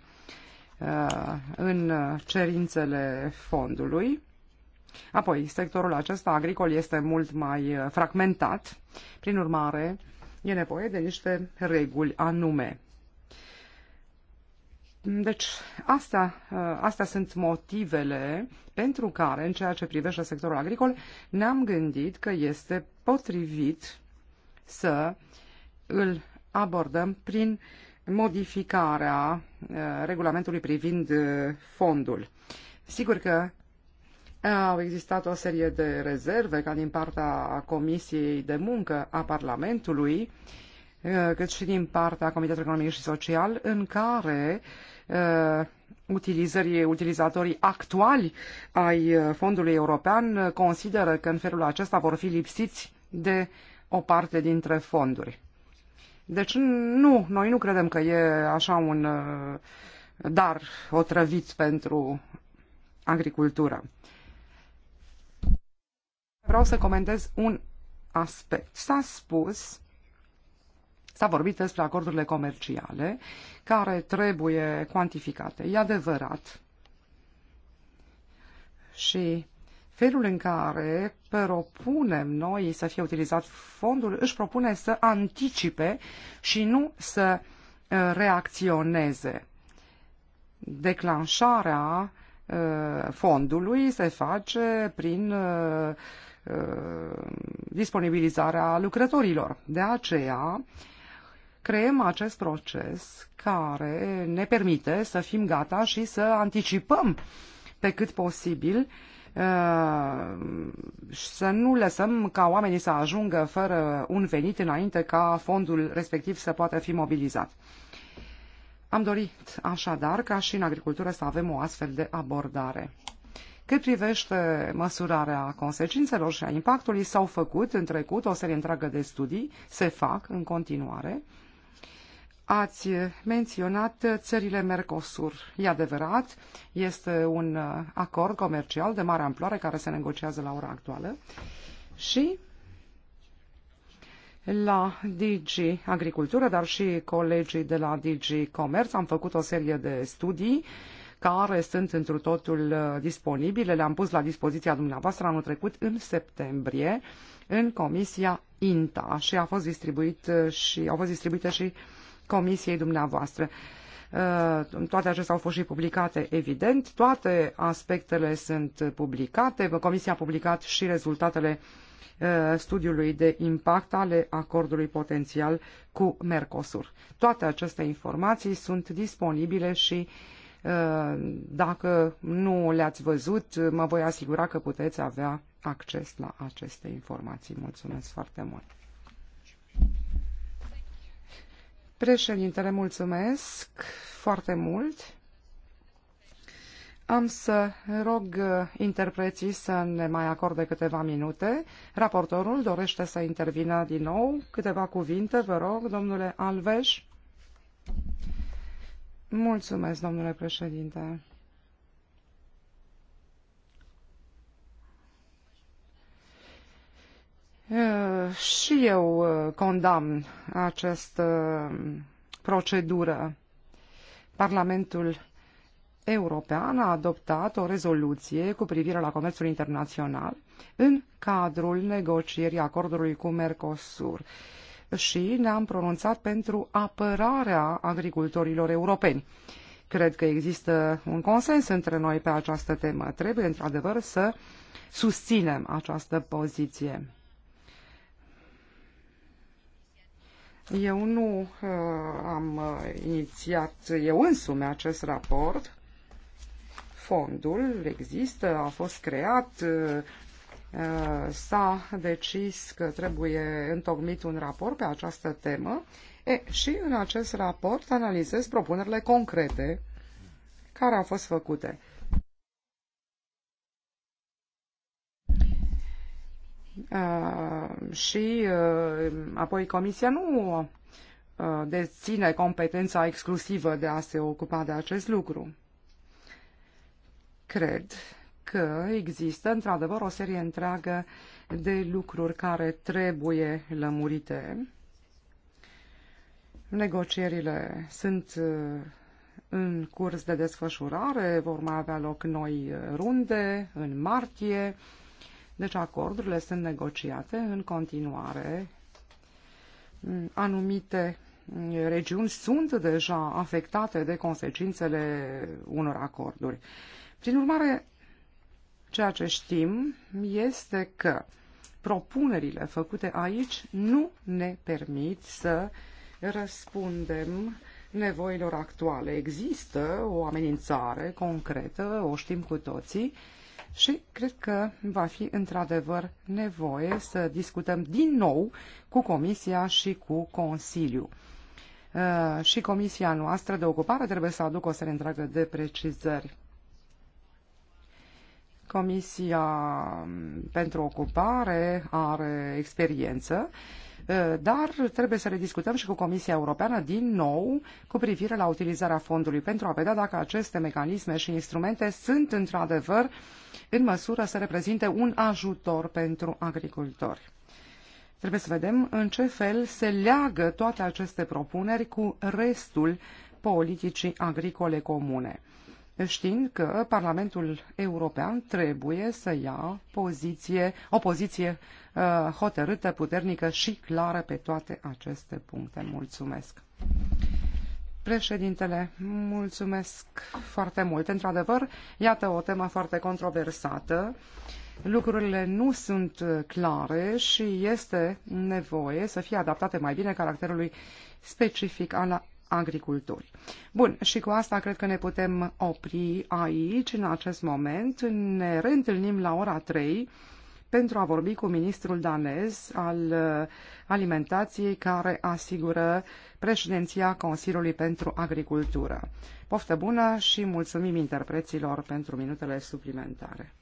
Uh, în cerințele fondului. Apoi, sectorul acesta agricol este mult mai uh, fragmentat, prin urmare, e nevoie de niște reguli anume. Deci, astea, uh, astea sunt motivele pentru care, în ceea ce privește sectorul agricol, ne-am gândit că este potrivit să îl abordăm prin uh, modificarea uh, regulamentului privind uh, fondul. Sigur că uh, au existat o serie de rezerve ca din partea Comisiei de Muncă a Parlamentului, cât și din partea Comitetului Economic și Social, în care utilizării, utilizatorii actuali ai fondului european consideră că în felul acesta vor fi lipsiți de o parte dintre fonduri. Deci nu, noi nu credem că e așa un uh, dar otrăvit pentru agricultură. Vreau să comentez un aspect. S-a spus, s-a vorbit despre acordurile comerciale care trebuie cuantificate. E adevărat. Și felul în care propunem noi să fie utilizat fondul își propune să anticipe și nu să uh, reacționeze. Declanșarea uh, fondului se face prin uh, disponibilizarea lucrătorilor. De aceea creăm acest proces care ne permite să fim gata și să anticipăm pe cât posibil uh, Uh, să nu lăsăm ca oamenii să ajungă fără un venit înainte ca fondul respectiv să poată fi mobilizat. Am dorit așadar ca și în agricultură să avem o astfel de abordare. Cât privește măsurarea consecințelor și a impactului, s-au făcut în trecut o serie întreagă de studii, se fac în continuare, Ați menționat țările Mercosur. E adevărat, este un acord comercial de mare amploare care se negociază la ora actuală și la DG Agricultură, dar și colegii de la DG Comerț am făcut o serie de studii care sunt întru totul uh, disponibile. Le-am pus la dispoziția dumneavoastră anul trecut în septembrie în Comisia INTA și a fost distribuit uh, și, au fost distribuite și uh, comisiei dumneavoastră. Uh, toate acestea au fost și publicate, evident. Toate aspectele sunt publicate. Comisia a publicat și rezultatele uh, studiului de impact ale acordului potențial cu Mercosur. Toate aceste informații sunt disponibile și uh, dacă nu le-ați văzut, mă voi asigura că puteți avea acces la aceste informații. Mulțumesc foarte mult! Președintele, mulțumesc foarte mult. Am să rog uh, interpreții să ne mai acorde câteva minute. Raportorul dorește să intervină din nou. Câteva cuvinte, vă rog, domnule Alveș. Mulțumesc, domnule președinte. Și eu condamn această procedură. Parlamentul European a adoptat o rezoluție cu privire la comerțul internațional în cadrul negocierii acordului cu Mercosur și ne-am pronunțat pentru apărarea agricultorilor europeni. Cred că există un consens între noi pe această temă. Trebuie, într-adevăr, să susținem această poziție. Eu nu uh, am uh, inițiat eu însumi acest raport. Fondul există, a fost creat, uh, uh, s-a decis că trebuie întocmit un raport pe această temă e, și în acest raport analizez propunerile concrete care au fost făcute. Uh, Uh, și uh, apoi Comisia nu uh, deține competența exclusivă de a se ocupa de acest lucru. Cred că există într-adevăr o serie întreagă de lucruri care trebuie lămurite. Negocierile sunt în curs de desfășurare, vor mai avea loc noi runde în martie, deci acordurile sunt negociate în continuare. Mm, anumite mm, regiuni sunt deja afectate de consecințele unor acorduri. Prin urmare, ceea ce știm este că propunerile făcute aici nu ne permit să răspundem nevoilor actuale. Există o amenințare concretă, o știm cu toții, și cred că va fi într-adevăr nevoie să discutăm din nou cu Comisia și cu Consiliu. Uh, și Comisia noastră de ocupare trebuie să aducă o serie întreagă de precizări. Comisia um, pentru ocupare are experiență, uh, dar trebuie să rediscutăm și cu Comisia Europeană din nou cu privire la utilizarea fondului pentru a vedea dacă aceste mecanisme și instrumente sunt într-adevăr uh, în măsură să reprezinte un ajutor pentru agricultori. Trebuie să vedem în ce fel se leagă toate aceste propuneri cu restul politicii agricole comune, știind că Parlamentul European trebuie să ia poziție, o poziție uh, hotărâtă, puternică și clară pe toate aceste puncte. Mulțumesc! Președintele, mulțumesc foarte mult. Într-adevăr, iată o temă foarte controversată. Lucrurile nu sunt clare și este nevoie să fie adaptate mai bine caracterului specific al agricultori. Bun, și cu asta cred că ne putem opri aici, în acest moment. Ne reîntâlnim la ora 3 pentru a vorbi cu ministrul danez al uh, alimentației care asigură uh, președinția Consiliului pentru Agricultură. Poftă bună și mulțumim interpreților pentru minutele suplimentare.